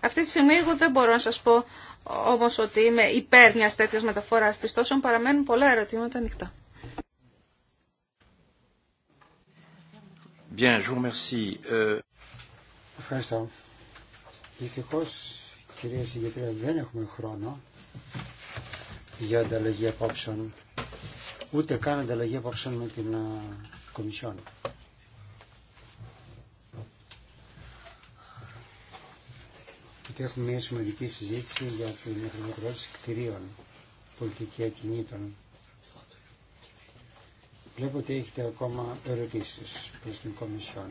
Αυτή τη στιγμή εγώ δεν μπορώ να σας πω όμως ότι είμαι υπέρ μιας τέτοιας μεταφοράς πιστώσεων. Παραμένουν πολλά ερωτήματα ανοιχτά. Euh, Κυρία Συγγετρία, δεν έχουμε χρόνο για ανταλλαγή απόψεων, ούτε καν ανταλλαγή απόψεων με την Κομισιόν. Γιατί έχουμε μια σημαντική συζήτηση για την χρηματοδότηση κτηρίων, πολιτική ακινήτων. Βλέπω ότι έχετε ακόμα ερωτήσεις προς την Κομισιόν.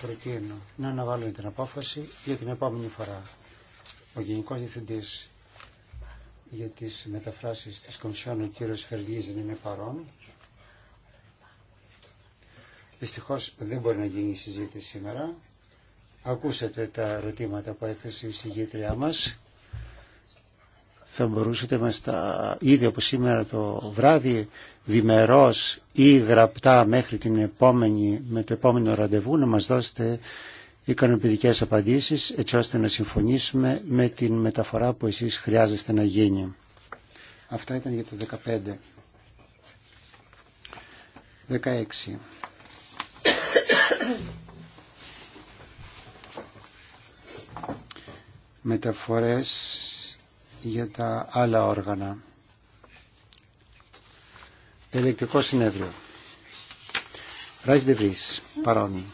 Προτείνω να αναβάλω την απόφαση για την επόμενη φορά. Ο Γενικός Διευθυντής για τις μεταφράσεις της Κομισιόν, ο κύριος Χεργής, δεν είναι παρόν. Δυστυχώ δεν μπορεί να γίνει η συζήτηση σήμερα. Ακούσατε τα ερωτήματα που έθεσε η συγγήτριά μας. Θα μπορούσατε μας τα ήδη από σήμερα το βράδυ διμερός ή γραπτά μέχρι την επόμενη, με το επόμενο ραντεβού να μας δώσετε ικανοποιητικές απαντήσεις έτσι ώστε να συμφωνήσουμε με την μεταφορά που εσείς χρειάζεστε να γίνει. Αυτά ήταν για το 15. 16. Μεταφορές για τα άλλα όργανα. Ελεκτικό συνέδριο. Ράις Δεβρίς, παρόν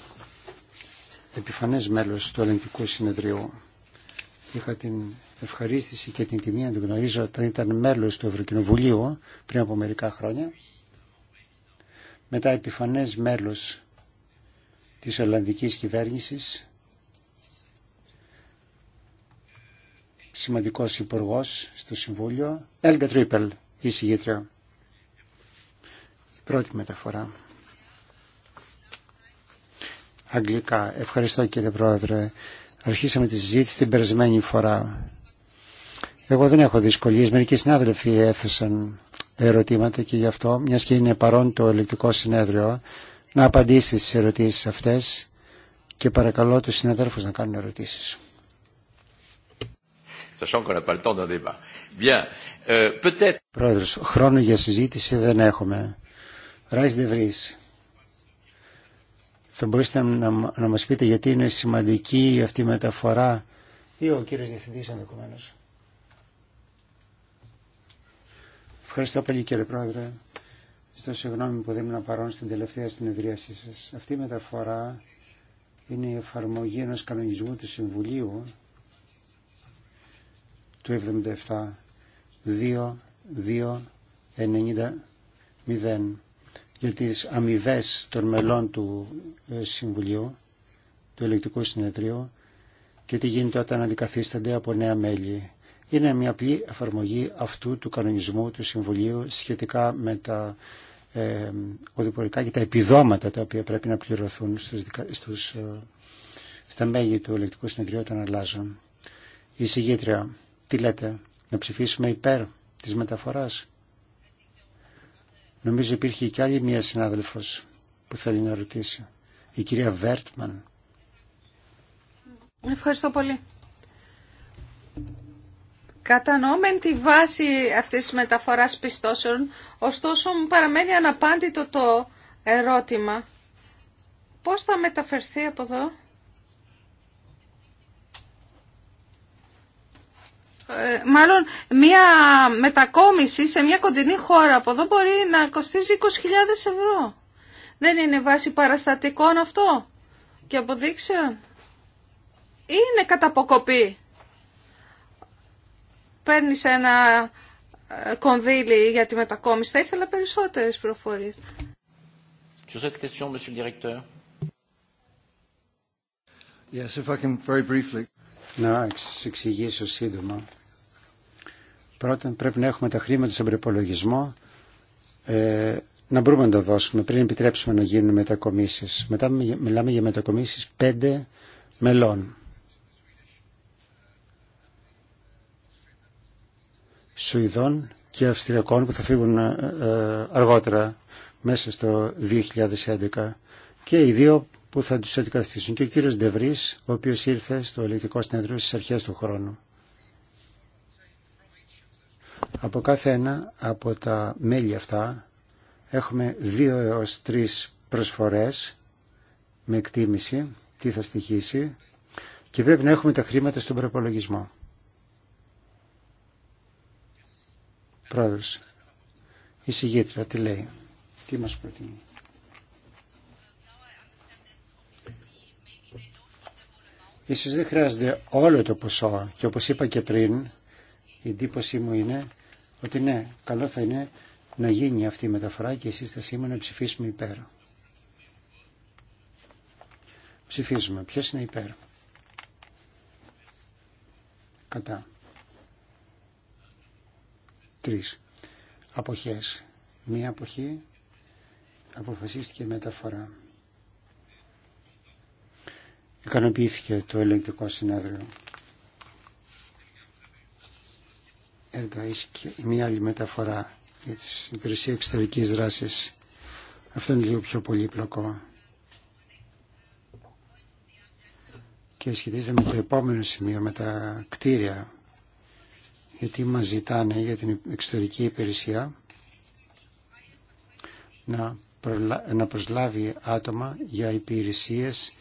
επιφανές μέλος του Ελληνικού Συνεδρίου. Είχα την ευχαρίστηση και την τιμή να τον γνωρίζω όταν ήταν μέλος του Ευρωκοινοβουλίου πριν από μερικά χρόνια. Μετά επιφανές μέλος της Ολλανδικής Κυβέρνησης, σημαντικός υπουργός στο Συμβούλιο, Έλγα Τρίπελ, η Η πρώτη μεταφορά αγγλικά. Ευχαριστώ κύριε Πρόεδρε. Αρχίσαμε τη συζήτηση την περασμένη φορά. Εγώ δεν έχω δυσκολίες. Μερικοί συνάδελφοι έθεσαν ερωτήματα και γι' αυτό, μια και είναι παρόν το ελεκτικό συνέδριο, να απαντήσει στις ερωτήσεις αυτές και παρακαλώ τους συναδέλφους να κάνουν ερωτήσεις. Euh, Πρόεδρος, χρόνο για συζήτηση δεν έχουμε. Ράις θα μπορούσατε να, να μας πείτε γιατί είναι σημαντική αυτή η μεταφορά ή ο κύριος Διευθυντής ενδεχομένω. Ευχαριστώ πολύ κύριε Πρόεδρε. Στο συγγνώμη που δεν να παρόν στην τελευταία συνεδρίασή σας. Αυτή η μεταφορά είναι η εφαρμογή ενός κανονισμού του Συμβουλίου του 77 2 2 90 0 για τις αμοιβέ των μελών του ε, Συμβουλίου, του Ελεκτικού Συνεδρίου και τι γίνεται όταν αντικαθίστανται από νέα μέλη. Είναι μια απλή εφαρμογή αυτού του κανονισμού του Συμβουλίου σχετικά με τα ε, οδηπορικά και τα επιδόματα τα οποία πρέπει να πληρωθούν στους, στους, ε, στα μέλη του Ελεκτικού Συνεδρίου όταν αλλάζουν. Η συγγήτρια, τι λέτε, να ψηφίσουμε υπέρ της μεταφοράς. Νομίζω υπήρχε και άλλη μία συνάδελφος που θέλει να ρωτήσει. Η κυρία Βέρτμαν. Ευχαριστώ πολύ. Κατανοούμεν τη βάση αυτής της μεταφοράς πιστώσεων, ωστόσο μου παραμένει αναπάντητο το ερώτημα. Πώς θα μεταφερθεί από εδώ Ε, μάλλον μια μετακόμιση σε μια κοντινή χώρα από εδώ μπορεί να κοστίζει 20.000 ευρώ. Δεν είναι βάση παραστατικών αυτό και αποδείξεων. Είναι κατά αποκοπή. Παίρνεις ένα ε, κονδύλι για τη μετακόμιση. Θα ήθελα περισσότερες προφορίες. Να question, Monsieur Yes, if I can very briefly. εξηγήσω σύντομα Πρώτα πρέπει να έχουμε τα χρήματα στον προπολογισμό, ε, να μπορούμε να τα δώσουμε πριν επιτρέψουμε να γίνουν μετακομίσει. Μετά μιλάμε για μετακομίσει πέντε μελών. Σουηδών και Αυστριακών που θα φύγουν ε, ε, αργότερα μέσα στο 2011 και οι δύο που θα τους αντικαθίσουν. και ο κύριος Ντεβρής, ο οποίος ήρθε στο ελεκτικό συνέδριο στις αρχές του χρόνου. Από κάθε ένα από τα μέλη αυτά έχουμε δύο έως τρεις προσφορές με εκτίμηση τι θα στοιχήσει και πρέπει να έχουμε τα χρήματα στον προπολογισμό. Πρόεδρος, η συγγήτρια τι λέει, τι μας προτείνει. Ίσως δεν χρειάζεται όλο το ποσό και όπως είπα και πριν, η εντύπωσή μου είναι ότι ναι, καλό θα είναι να γίνει αυτή η μεταφορά και εσείς θα σήμερα να ψηφίσουμε υπέρ. Ψηφίζουμε. Ποιος είναι υπέρ. Κατά. Τρεις. Αποχές. Μία αποχή αποφασίστηκε μεταφορά. Ικανοποιήθηκε το ελεγκτικό συνέδριο. έργα. ή και μια άλλη μεταφορά για τις υπηρεσίες εξωτερικής δράσης. Αυτό είναι λίγο πιο πολύπλοκο. Και σχετίζεται με το επόμενο σημείο, με τα κτίρια. Γιατί μας ζητάνε για την εξωτερική υπηρεσία να, να προσλάβει άτομα για υπηρεσίες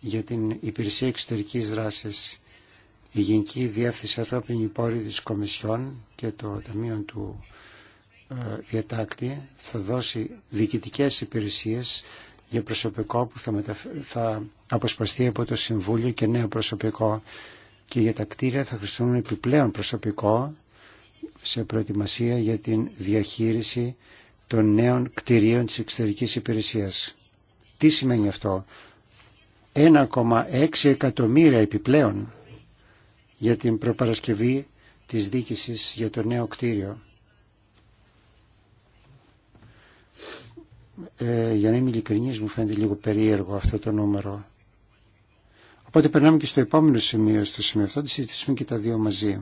για την υπηρεσία εξωτερικής δράσης η Γενική Διεύθυνση Ανθρώπινη Πόρη της Κομισιόν και το Ταμείο του ε, Διατάκτη θα δώσει διοικητικές υπηρεσίες για προσωπικό που θα, θα αποσπαστεί από το Συμβούλιο και νέο προσωπικό και για τα κτίρια θα χρησιμοποιούν επιπλέον προσωπικό σε προετοιμασία για την διαχείριση των νέων κτηρίων της εξωτερικής υπηρεσίας. Τι σημαίνει αυτό. 1,6 εκατομμύρια επιπλέον για την προπαρασκευή της δίκησης για το νέο κτίριο. Ε, για να είμαι ειλικρινής μου φαίνεται λίγο περίεργο αυτό το νούμερο. Οπότε περνάμε και στο επόμενο σημείο, στο σημείο αυτό, τη συζητήσουμε και τα δύο μαζί.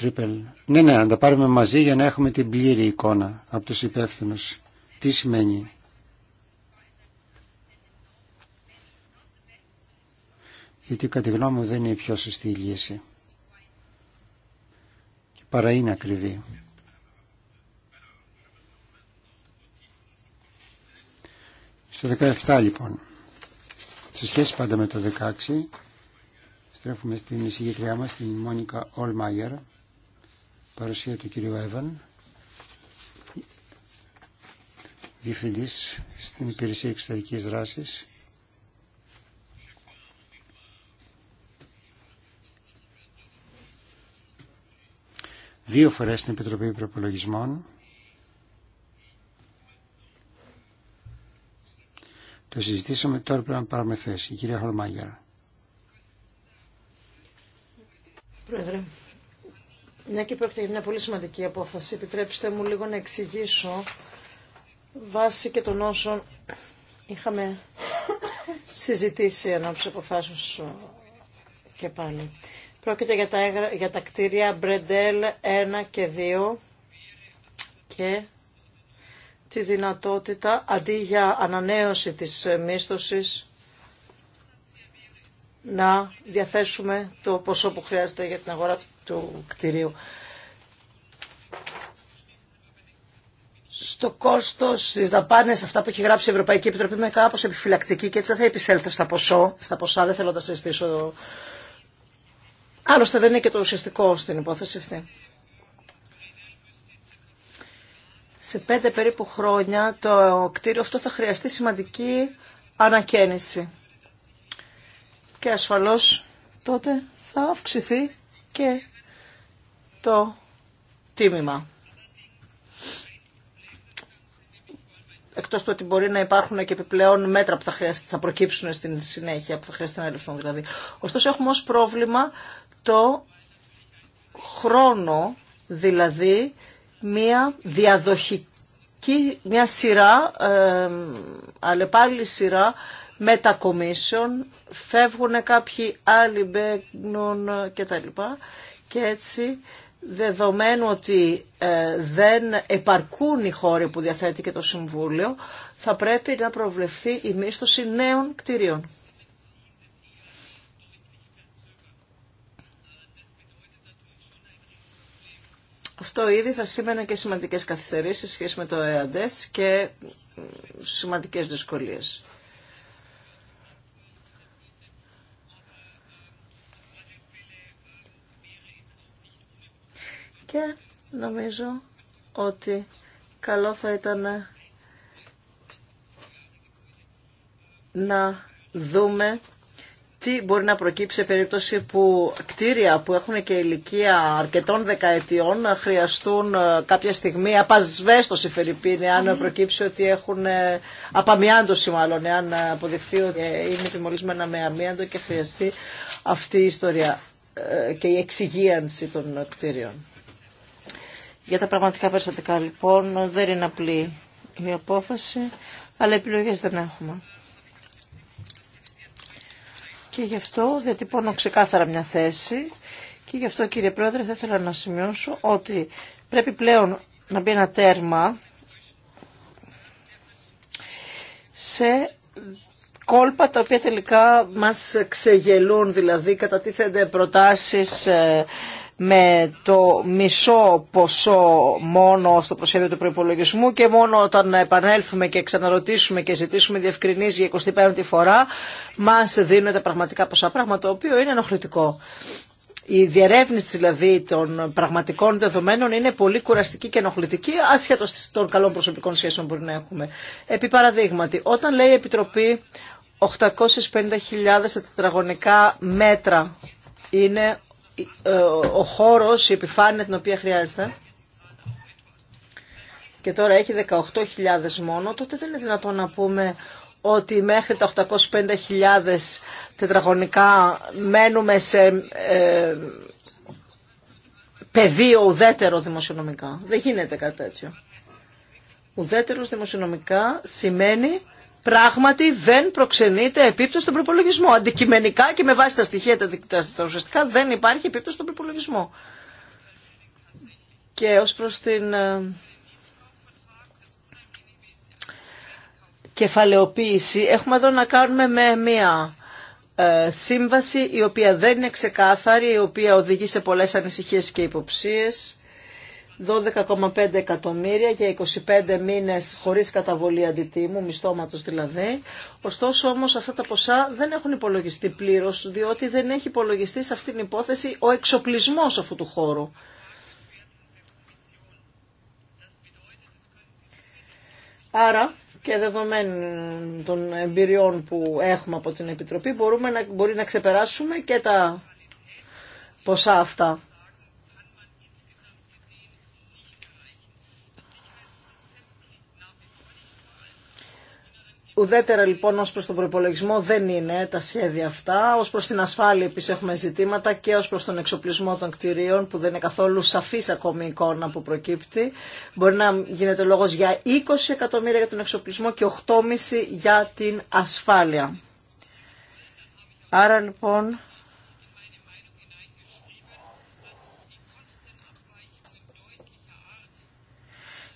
Triple. Ναι, ναι, Αν τα πάρουμε μαζί για να έχουμε την πλήρη εικόνα από τους υπεύθυνους. Τι σημαίνει γιατί κατά τη γνώμη μου δεν είναι η πιο σωστή λύση. Και παρά είναι ακριβή. Στο 17 λοιπόν, σε σχέση πάντα με το 16, στρέφουμε στην εισηγήτριά μας, την Μόνικα Ολμάγερ, παρουσία του κυρίου Εύαν, διευθυντής στην Υπηρεσία Εξωτερικής Δράσης δύο φορές στην Επιτροπή Προπολογισμών. Το συζητήσαμε τώρα πρέπει να πάρουμε θέση. Η κυρία Χολμάγερ. Πρόεδρε, μια και πρόκειται μια πολύ σημαντική απόφαση, επιτρέψτε μου λίγο να εξηγήσω βάσει και των όσων είχαμε συζητήσει ανάμεσα αποφάσεως και πάλι. Πρόκειται για τα, για τα κτίρια Μπρεντέλ 1 και 2 και τη δυνατότητα αντί για ανανέωση της μίσθωσης να διαθέσουμε το ποσό που χρειάζεται για την αγορά του κτίριου. Στο κόστο, στι δαπάνε, αυτά που έχει γράψει η Ευρωπαϊκή Επιτροπή, είμαι κάπω επιφυλακτική και έτσι δεν θα επισέλθω στα, ποσό, στα ποσά. Δεν θέλω να συζητήσω Άλλωστε δεν είναι και το ουσιαστικό στην υπόθεση αυτή. Σε πέντε περίπου χρόνια το κτίριο αυτό θα χρειαστεί σημαντική ανακαίνιση. Και ασφαλώς τότε θα αυξηθεί και το τίμημα. εκτός του ότι μπορεί να υπάρχουν και επιπλέον μέτρα που θα, θα προκύψουν στην συνέχεια, που θα χρειαστεί να ληφθούν δηλαδή. Ωστόσο έχουμε ω πρόβλημα το χρόνο, δηλαδή μία διαδοχική, μία σειρά, ε, αλλά σειρά μετακομίσεων, φεύγουν κάποιοι άλλοι μπαίνουν κτλ. Και, και έτσι δεδομένου ότι ε, δεν επαρκούν οι χώροι που διαθέτει και το Συμβούλιο, θα πρέπει να προβλεφθεί η μίσθωση νέων κτηρίων. Αυτό ήδη θα σήμαινε και σημαντικές καθυστερήσεις σε με το ΕΑΝΤΕΣ και σημαντικές δυσκολίες. και νομίζω ότι καλό θα ήταν να δούμε τι μπορεί να προκύψει σε περίπτωση που κτίρια που έχουν και ηλικία αρκετών δεκαετιών χρειαστούν ε, κάποια στιγμή απασβέστοση Φερρυπίνη αν προκύψει ότι έχουν ε, απαμιάντωση μάλλον αν ε, αποδειχθεί ότι είναι επιμολυσμένα με αμίαντο και χρειαστεί αυτή η ιστορία και η εξυγίανση των κτίριων. Για τα πραγματικά περιστατικά λοιπόν δεν είναι απλή η απόφαση, αλλά επιλογές δεν έχουμε. Και γι' αυτό διατυπώνω ξεκάθαρα μια θέση και γι' αυτό κύριε Πρόεδρε θα ήθελα να σημειώσω ότι πρέπει πλέον να μπει ένα τέρμα σε κόλπα τα οποία τελικά μας ξεγελούν, δηλαδή κατατίθενται προτάσεις ε, με το μισό ποσό μόνο στο προσχέδιο του προϋπολογισμού και μόνο όταν επανέλθουμε και ξαναρωτήσουμε και ζητήσουμε διευκρινής για 25η φορά μας δίνουν τα πραγματικά ποσά πράγμα το οποίο είναι ενοχλητικό. Η διερεύνηση δηλαδή των πραγματικών δεδομένων είναι πολύ κουραστική και ενοχλητική, άσχετο των των καλών σχέσεων που μπορεί να έχουμε. Επί παραδείγματι, όταν λέει η Επιτροπή 850.000 τετραγωνικά μέτρα είναι ε, ο χώρος, η επιφάνεια την οποία χρειάζεται και τώρα έχει 18.000 μόνο, τότε δεν είναι δυνατόν να πούμε ότι μέχρι τα 850.000 τετραγωνικά μένουμε σε ε, πεδίο ουδέτερο δημοσιονομικά. Δεν γίνεται κάτι τέτοιο. Ουδέτερος δημοσιονομικά σημαίνει πράγματι δεν προξενείται επίπτωση στον προπολογισμό. Αντικειμενικά και με βάση τα στοιχεία τα ουσιαστικά δεν υπάρχει επίπτωση στον προπολογισμό. Και ως προς την ε, κεφαλαιοποίηση έχουμε εδώ να κάνουμε με μία ε, σύμβαση η οποία δεν είναι ξεκάθαρη, η οποία οδηγεί σε πολλές ανησυχίες και υποψίες 12,5 εκατομμύρια για 25 μήνες χωρίς καταβολή αντιτίμου, μισθώματος δηλαδή. Ωστόσο όμως αυτά τα ποσά δεν έχουν υπολογιστεί πλήρως, διότι δεν έχει υπολογιστεί σε αυτήν την υπόθεση ο εξοπλισμός αυτού του χώρου. Άρα, και δεδομένων των εμπειριών που έχουμε από την Επιτροπή, μπορούμε να, μπορεί να ξεπεράσουμε και τα ποσά αυτά. Ουδέτερα λοιπόν ως προς τον προπολογισμό δεν είναι τα σχέδια αυτά. Ως προς την ασφάλεια επίσης έχουμε ζητήματα και ως προς τον εξοπλισμό των κτηρίων που δεν είναι καθόλου σαφής ακόμη η εικόνα που προκύπτει. Μπορεί να γίνεται λόγος για 20 εκατομμύρια για τον εξοπλισμό και 8,5 για την ασφάλεια. Άρα λοιπόν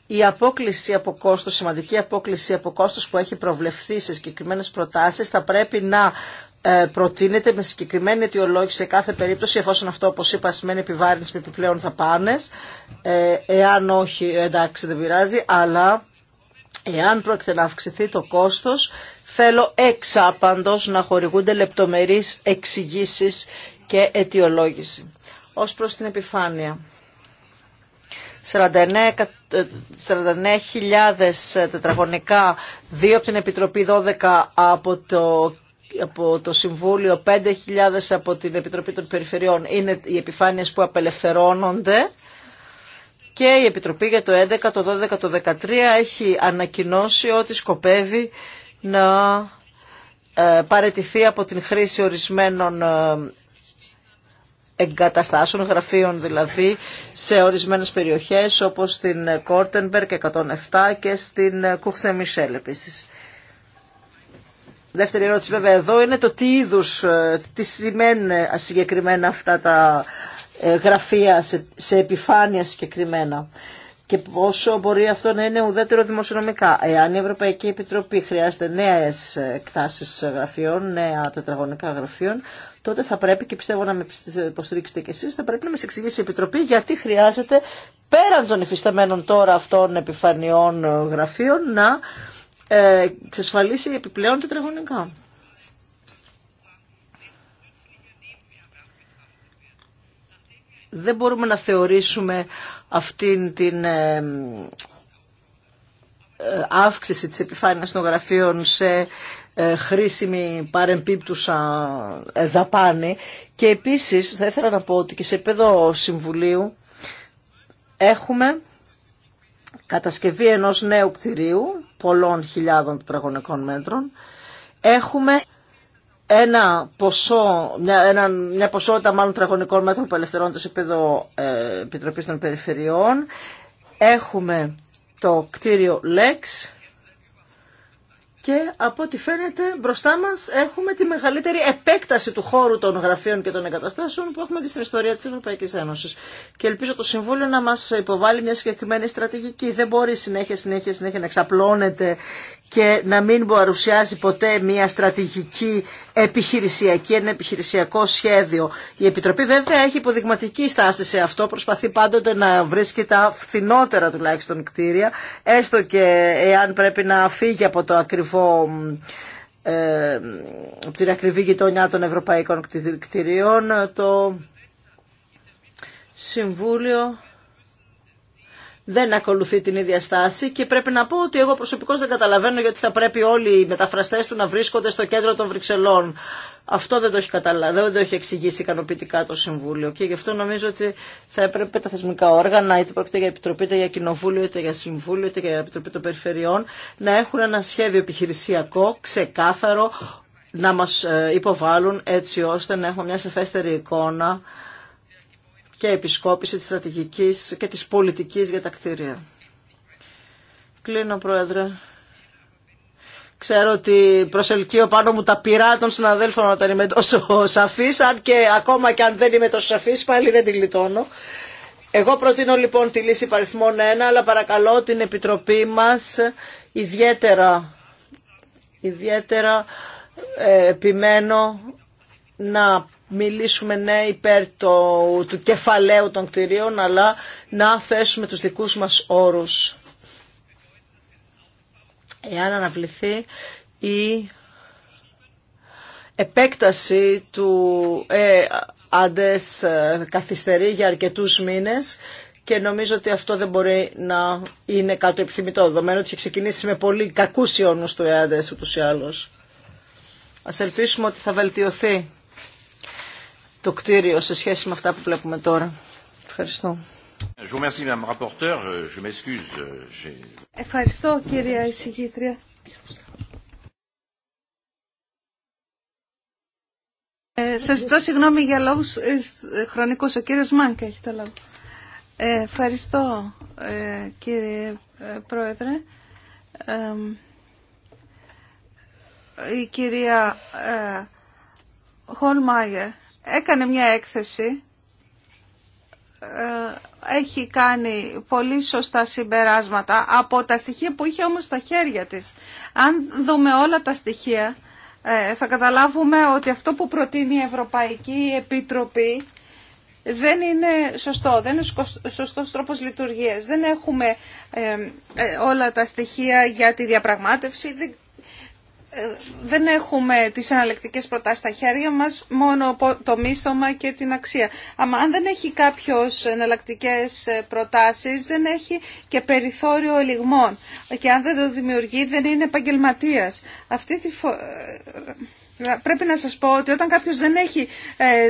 η απόκληση από κόστο, σημαντική απόκληση από κόστο που έχει προβλεφθεί σε συγκεκριμένε προτάσει, θα πρέπει να ε, προτείνεται με συγκεκριμένη αιτιολόγηση σε κάθε περίπτωση, εφόσον αυτό, όπως είπα, σημαίνει επιβάρυνση με επιπλέον θαπάνες. Ε, εάν όχι, εντάξει, δεν πειράζει, αλλά εάν πρόκειται να αυξηθεί το κόστο, θέλω εξάπαντο να χορηγούνται λεπτομερεί εξηγήσει και αιτιολόγηση. Ω προ την επιφάνεια. 49 49.000 τετραγωνικά, δύο από την Επιτροπή, 12 από το από το Συμβούλιο, 5.000 από την Επιτροπή των Περιφερειών είναι οι επιφάνειες που απελευθερώνονται και η Επιτροπή για το 11, το 12, το 13 έχει ανακοινώσει ότι σκοπεύει να ε, παρετηθεί από την χρήση ορισμένων ε, εγκαταστάσεων, γραφείων δηλαδή, σε ορισμένες περιοχές όπως στην Κόρτενμπερκ 107 και στην Κούχθε Μισελ επίσης. Δεύτερη ερώτηση βέβαια εδώ είναι το τι είδους, ε, τι σημαίνουν ε, συγκεκριμένα αυτά τα ε, γραφεία σε, επιφάνεια συγκεκριμένα και πόσο μπορεί αυτό να είναι ουδέτερο δημοσιονομικά. Εάν η Ευρωπαϊκή Επιτροπή χρειάζεται νέες εκτάσεις γραφείων, νέα τετραγωνικά γραφείων, τότε θα πρέπει, και πιστεύω να με υποστηρίξετε κι εσείς, θα πρέπει να με εξηγήσει η Επιτροπή γιατί χρειάζεται πέραν των υφισταμένων τώρα αυτών επιφανειών γραφείων να ε, εξασφαλίσει επιπλέον τετραγωνικά. Δεν μπορούμε να θεωρήσουμε αυτήν την ε, ε, αύξηση της επιφάνειας των γραφείων σε ε, χρήσιμη παρεμπίπτουσα δαπάνη και επίσης θα ήθελα να πω ότι και σε επίπεδο Συμβουλίου έχουμε κατασκευή ενός νέου κτηρίου πολλών χιλιάδων τετραγωνικών μέτρων έχουμε ένα ποσό, μια, ένα, μια ποσότητα μάλλον τραγωνικών μέτρων που ελευθερώνται σε επίπεδο ε, Επιτροπής των Περιφερειών. Έχουμε το κτίριο Lex και από ό,τι φαίνεται μπροστά μας έχουμε τη μεγαλύτερη επέκταση του χώρου των γραφείων και των εγκαταστάσεων που έχουμε στην ιστορία της Ευρωπαϊκής Ένωσης. Και ελπίζω το Συμβούλιο να μας υποβάλει μια συγκεκριμένη στρατηγική. Δεν μπορεί συνέχεια, συνέχεια, συνέχεια να εξαπλώνεται και να μην παρουσιάζει ποτέ μια στρατηγική επιχειρησιακή, ένα επιχειρησιακό σχέδιο. Η Επιτροπή βέβαια έχει υποδειγματική στάση σε αυτό, προσπαθεί πάντοτε να βρίσκει τα φθηνότερα τουλάχιστον κτίρια, έστω και εάν πρέπει να φύγει από το ακριβό ε, την ακριβή γειτονιά των ευρωπαϊκών κτιριών, το Συμβούλιο δεν ακολουθεί την ίδια στάση και πρέπει να πω ότι εγώ προσωπικώς δεν καταλαβαίνω γιατί θα πρέπει όλοι οι μεταφραστές του να βρίσκονται στο κέντρο των Βρυξελών. Αυτό δεν το έχει, καταλα... δεν το έχει εξηγήσει ικανοποιητικά το Συμβούλιο και γι' αυτό νομίζω ότι θα έπρεπε τα θεσμικά όργανα, είτε πρόκειται για Επιτροπή, είτε για Κοινοβούλιο, είτε για Συμβούλιο, είτε για Επιτροπή των Περιφερειών, να έχουν ένα σχέδιο επιχειρησιακό, ξεκάθαρο, να μας ε, υποβάλουν έτσι ώστε να έχουμε μια σεφέστερη εικόνα και επισκόπηση της στρατηγικής και της πολιτικής για τα κτίρια. Κλείνω, Πρόεδρε. Ξέρω ότι προσελκύω πάνω μου τα πειρά των συναδέλφων όταν είμαι τόσο σαφής, αν και ακόμα και αν δεν είμαι τόσο σαφής πάλι δεν τη λιτώνω. Εγώ προτείνω λοιπόν τη λύση παριθμών 1, αλλά παρακαλώ την Επιτροπή μας ιδιαίτερα, ιδιαίτερα ε, επιμένω να μιλήσουμε ναι υπέρ το, του κεφαλαίου των κτηρίων, αλλά να θέσουμε τους δικούς μας όρους. Εάν αναβληθεί η επέκταση του ε, άντες ε, καθυστερεί για αρκετούς μήνες και νομίζω ότι αυτό δεν μπορεί να είναι κάτι επιθυμητό, δεδομένου ότι έχει ξεκινήσει με πολύ κακούς ιόνους του ΕΑΝΤΕΣ ούτως ή άλλως. Ας ελπίσουμε ότι θα βελτιωθεί το κτίριο σε σχέση με αυτά που βλέπουμε τώρα. Ευχαριστώ. Ευχαριστώ κυρία εισηγήτρια. Ε, σας ζητώ συγγνώμη για λόγους ε, ε, χρονικού Ο κύριος Μάνκα έχει το λόγο. Ε, ευχαριστώ κύριε Πρόεδρε. η κυρία Χολμάγερ έκανε μια έκθεση ε, έχει κάνει πολύ σωστά συμπεράσματα από τα στοιχεία που είχε όμως στα χέρια της. Αν δούμε όλα τα στοιχεία ε, θα καταλάβουμε ότι αυτό που προτείνει η Ευρωπαϊκή Επιτροπή δεν είναι σωστό, δεν είναι σωστός τρόπος λειτουργίας. Δεν έχουμε ε, όλα τα στοιχεία για τη διαπραγμάτευση, ε, δεν έχουμε τις αναλεκτικές προτάσεις στα χέρια μας, μόνο το μίσθωμα και την αξία. Αλλά αν δεν έχει κάποιος εναλλακτικές ε, προτάσεις, δεν έχει και περιθώριο ελιγμών. Και αν δεν το δημιουργεί, δεν είναι επαγγελματία. Αυτή τη φο... Ε, πρέπει να σας πω ότι όταν κάποιος δεν έχει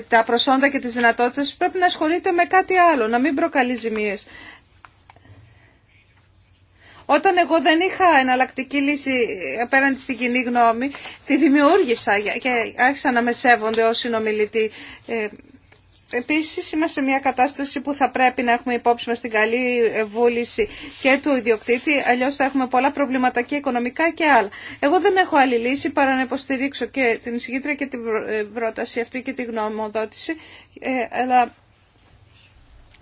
τα προσόντα και τις δυνατότητες, πρέπει να ασχολείται με κάτι άλλο, να μην προκαλεί ζημίες. Όταν εγώ δεν είχα εναλλακτική λύση απέναντι στην κοινή γνώμη, τη δημιούργησα και άρχισα να με σέβονται ως συνομιλητή. Ε, επίσης είμαστε σε μια κατάσταση που θα πρέπει να έχουμε υπόψη μας την καλή βούληση και του ιδιοκτήτη, αλλιώς θα έχουμε πολλά προβλήματα και οικονομικά και άλλα. Εγώ δεν έχω άλλη λύση παρά να υποστηρίξω και την εισηγήτρια και την ε, πρόταση αυτή και τη γνωμοδότηση, ε, αλλά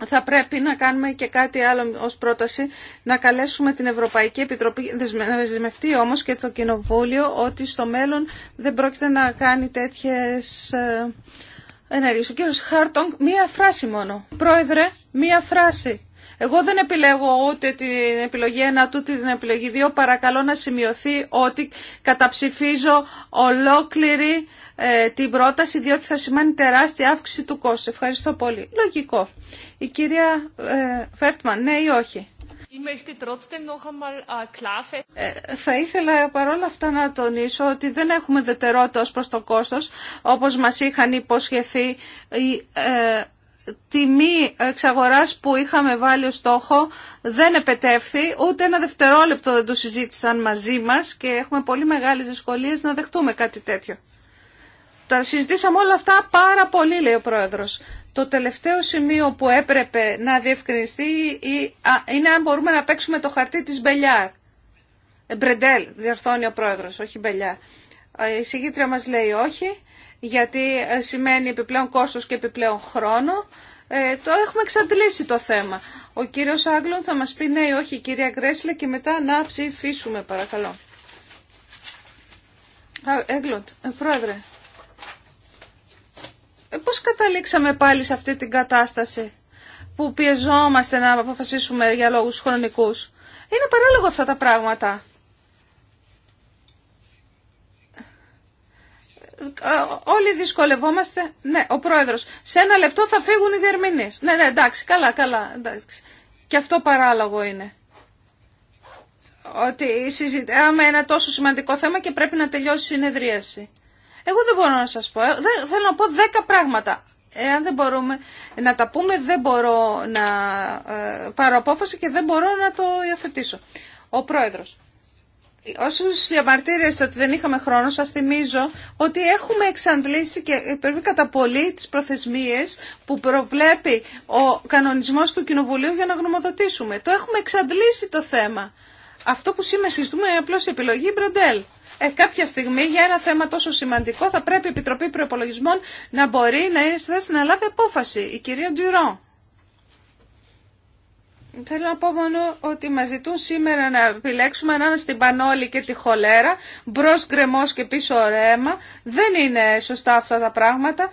θα πρέπει να κάνουμε και κάτι άλλο ως πρόταση, να καλέσουμε την Ευρωπαϊκή Επιτροπή, να δεσμευτεί όμως και το Κοινοβούλιο ότι στο μέλλον δεν πρόκειται να κάνει τέτοιες ε, ενέργειες. Ο κύριος Χάρτονγκ, μία φράση μόνο. Πρόεδρε, μία φράση. Εγώ δεν επιλέγω ούτε την επιλογή 1 ούτε την επιλογή 2. Παρακαλώ να σημειωθεί ότι καταψηφίζω ολόκληρη ε, την πρόταση διότι θα σημαίνει τεράστια αύξηση του κόστου. Ευχαριστώ πολύ. Λογικό. Η κυρία ε, Φέρτμαν, ναι ή όχι. Äh, ε, θα ήθελα παρόλα αυτά να τονίσω ότι δεν έχουμε δετερότητα ως προς το κόστος όπως μας είχαν υποσχεθεί ε, τιμή εξαγοράς που είχαμε βάλει ως στόχο δεν επετεύθη, ούτε ένα δευτερόλεπτο δεν το συζήτησαν μαζί μας και έχουμε πολύ μεγάλες δυσκολίες να δεχτούμε κάτι τέτοιο. Τα συζητήσαμε όλα αυτά πάρα πολύ, λέει ο Πρόεδρος. Το τελευταίο σημείο που έπρεπε να διευκρινιστεί είναι αν μπορούμε να παίξουμε το χαρτί της Μπελιάρ. Ε, Μπρεντέλ, διορθώνει ο Πρόεδρος, όχι Μπελιάρ. Ε, η συγγήτρια μας λέει όχι γιατί ε, σημαίνει επιπλέον κόστος και επιπλέον χρόνο. Ε, το έχουμε εξαντλήσει το θέμα. Ο κύριος Άγγλων θα μας πει ναι ή όχι η κυρία Γκρέσλε και μετά να ψηφίσουμε παρακαλώ. Έγκλοντ, ε, πρόεδρε, ε, πώς καταλήξαμε πάλι σε αυτή την κατάσταση που πιεζόμαστε να αποφασίσουμε για λόγους χρονικούς. Είναι παράλογο αυτά τα πράγματα. όλοι δυσκολευόμαστε. Ναι, ο πρόεδρος. Σε ένα λεπτό θα φύγουν οι διερμηνείς. Ναι, ναι, εντάξει, καλά, καλά. Και αυτό παράλογο είναι. Ότι συζητάμε ένα τόσο σημαντικό θέμα και πρέπει να τελειώσει η συνεδρίαση. Εγώ δεν μπορώ να σας πω. Ε, δεν, θέλω να πω δέκα πράγματα. Εάν δεν μπορούμε να τα πούμε, δεν μπορώ να ε, πάρω απόφαση και δεν μπορώ να το υιοθετήσω. Ο πρόεδρος. Όσου διαμαρτύρεστε ότι δεν είχαμε χρόνο, σα θυμίζω ότι έχουμε εξαντλήσει και υπερβεί κατά πολύ τι προθεσμίε που προβλέπει ο κανονισμό του Κοινοβουλίου για να γνωμοδοτήσουμε. Το έχουμε εξαντλήσει το θέμα. Αυτό που σήμερα συζητούμε είναι απλώ η επιλογή Μπραντέλ. Ε, κάποια στιγμή για ένα θέμα τόσο σημαντικό θα πρέπει η Επιτροπή Προπολογισμών να μπορεί να είναι σε θέση να λάβει απόφαση. Η κυρία Ντουρόν. Θέλω να πω μόνο ότι μα ζητούν σήμερα να επιλέξουμε ανάμεσα στην πανόλη και τη χολέρα, μπρο γκρεμό και πίσω ρέμα. Δεν είναι σωστά αυτά τα πράγματα.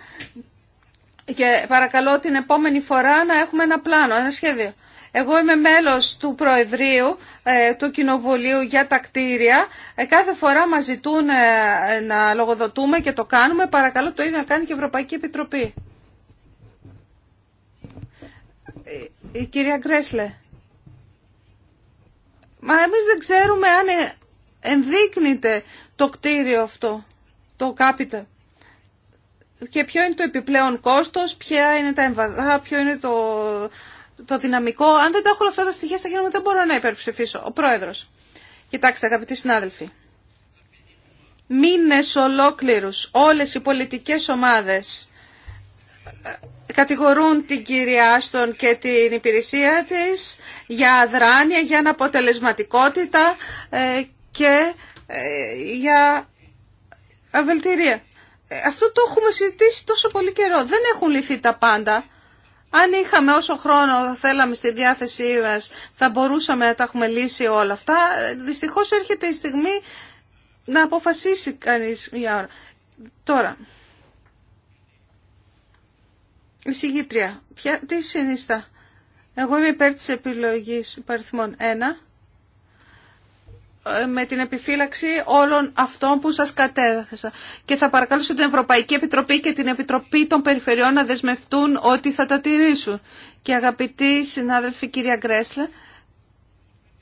Και παρακαλώ την επόμενη φορά να έχουμε ένα πλάνο, ένα σχέδιο. Εγώ είμαι μέλος του Προεδρείου ε, του Κοινοβουλίου για τα κτίρια. Ε, κάθε φορά μας ζητούν ε, να λογοδοτούμε και το κάνουμε. Παρακαλώ το ίδιο να κάνει και η Ευρωπαϊκή Επιτροπή. Η κυρία Γκρέσλε. Μα εμείς δεν ξέρουμε αν ε, ενδείκνυται το κτίριο αυτό, το κάπιτα. Και ποιο είναι το επιπλέον κόστος, ποια είναι τα εμβαδά, ποιο είναι το, το δυναμικό. Αν δεν τα έχω όλα αυτά τα στοιχεία στα χέρια μου δεν μπορώ να υπερψηφίσω. Ο πρόεδρος. Κοιτάξτε αγαπητοί συνάδελφοι. Μήνες ολόκληρους όλες οι πολιτικές ομάδες κατηγορούν την κυρία Άστον και την υπηρεσία της για αδράνεια, για αναποτελεσματικότητα ε, και ε, για αβελτηρία. Ε, αυτό το έχουμε συζητήσει τόσο πολύ καιρό. Δεν έχουν λυθεί τα πάντα. Αν είχαμε όσο χρόνο θέλαμε στη διάθεσή μας θα μπορούσαμε να τα έχουμε λύσει όλα αυτά. Δυστυχώς έρχεται η στιγμή να αποφασίσει κανείς μια ώρα. Τώρα... Εισηγήτρια, ποια, τι συνιστά. Εγώ είμαι υπέρ της επιλογής υπαριθμών 1 ε, με την επιφύλαξη όλων αυτών που σας κατέθεσα. Και θα παρακαλώ την Ευρωπαϊκή Επιτροπή και την Επιτροπή των Περιφερειών να δεσμευτούν ότι θα τα τηρήσουν. Και αγαπητοί συνάδελφοι κυρία Γκρέσλε,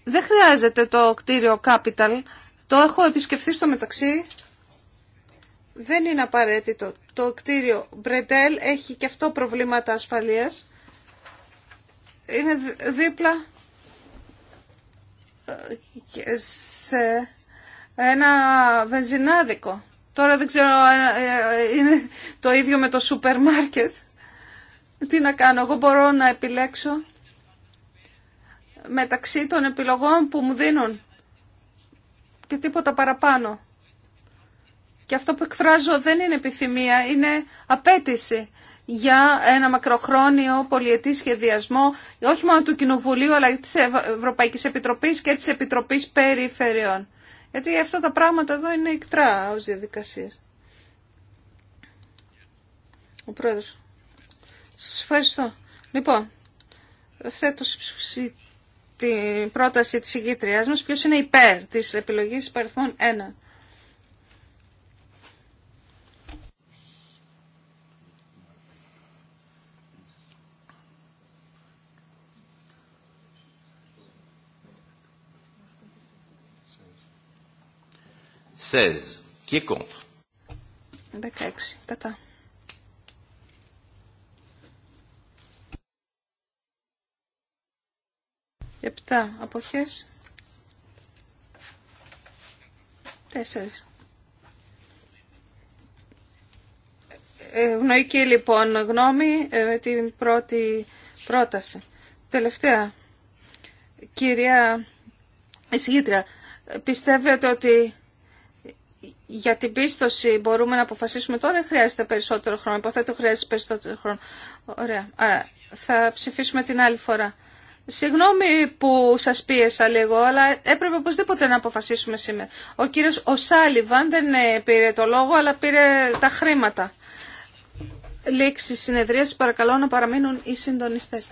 δεν χρειάζεται το κτίριο Capital. Το έχω επισκεφθεί στο μεταξύ δεν είναι απαραίτητο. Το κτίριο Μπρεντέλ έχει και αυτό προβλήματα ασφαλείας. Είναι δίπλα ε, σε ένα βενζινάδικο. Τώρα δεν ξέρω ε, ε, είναι το ίδιο με το σούπερ μάρκετ. Τι να κάνω, εγώ μπορώ να επιλέξω μεταξύ των επιλογών που μου δίνουν και τίποτα παραπάνω. Και αυτό που εκφράζω δεν είναι επιθυμία, είναι απέτηση για ένα μακροχρόνιο πολιετή σχεδιασμό όχι μόνο του Κοινοβουλίου αλλά και της Ευρωπαϊκής Επιτροπής και της Επιτροπής Περιφερειών. Γιατί αυτά τα πράγματα εδώ είναι εκτρά ως διαδικασίες. Ο Πρόεδρος. Σας ευχαριστώ. Λοιπόν, θέτω την πρόταση της ηγήτριάς μας ποιος είναι υπέρ της επιλογής υπαριθμών 1. 16. Qui est contre 16. Κατά. Επτά αποχές. Τέσσερις. Ε, ευνοϊκή λοιπόν γνώμη ε, με την πρώτη πρόταση. Τελευταία. Κυρία εισηγήτρια, πιστεύετε ότι για την πίστοση μπορούμε να αποφασίσουμε τώρα ή χρειάζεται περισσότερο χρόνο. Υποθέτω χρειάζεται περισσότερο χρόνο. Ωραία. Α, θα ψηφίσουμε την άλλη φορά. Συγγνώμη που σας πίεσα λίγο, αλλά έπρεπε οπωσδήποτε να αποφασίσουμε σήμερα. Ο κύριος Οσάλιβαν δεν ε, πήρε το λόγο, αλλά πήρε τα χρήματα. Λήξη συνεδρίαση, παρακαλώ να παραμείνουν οι συντονιστές.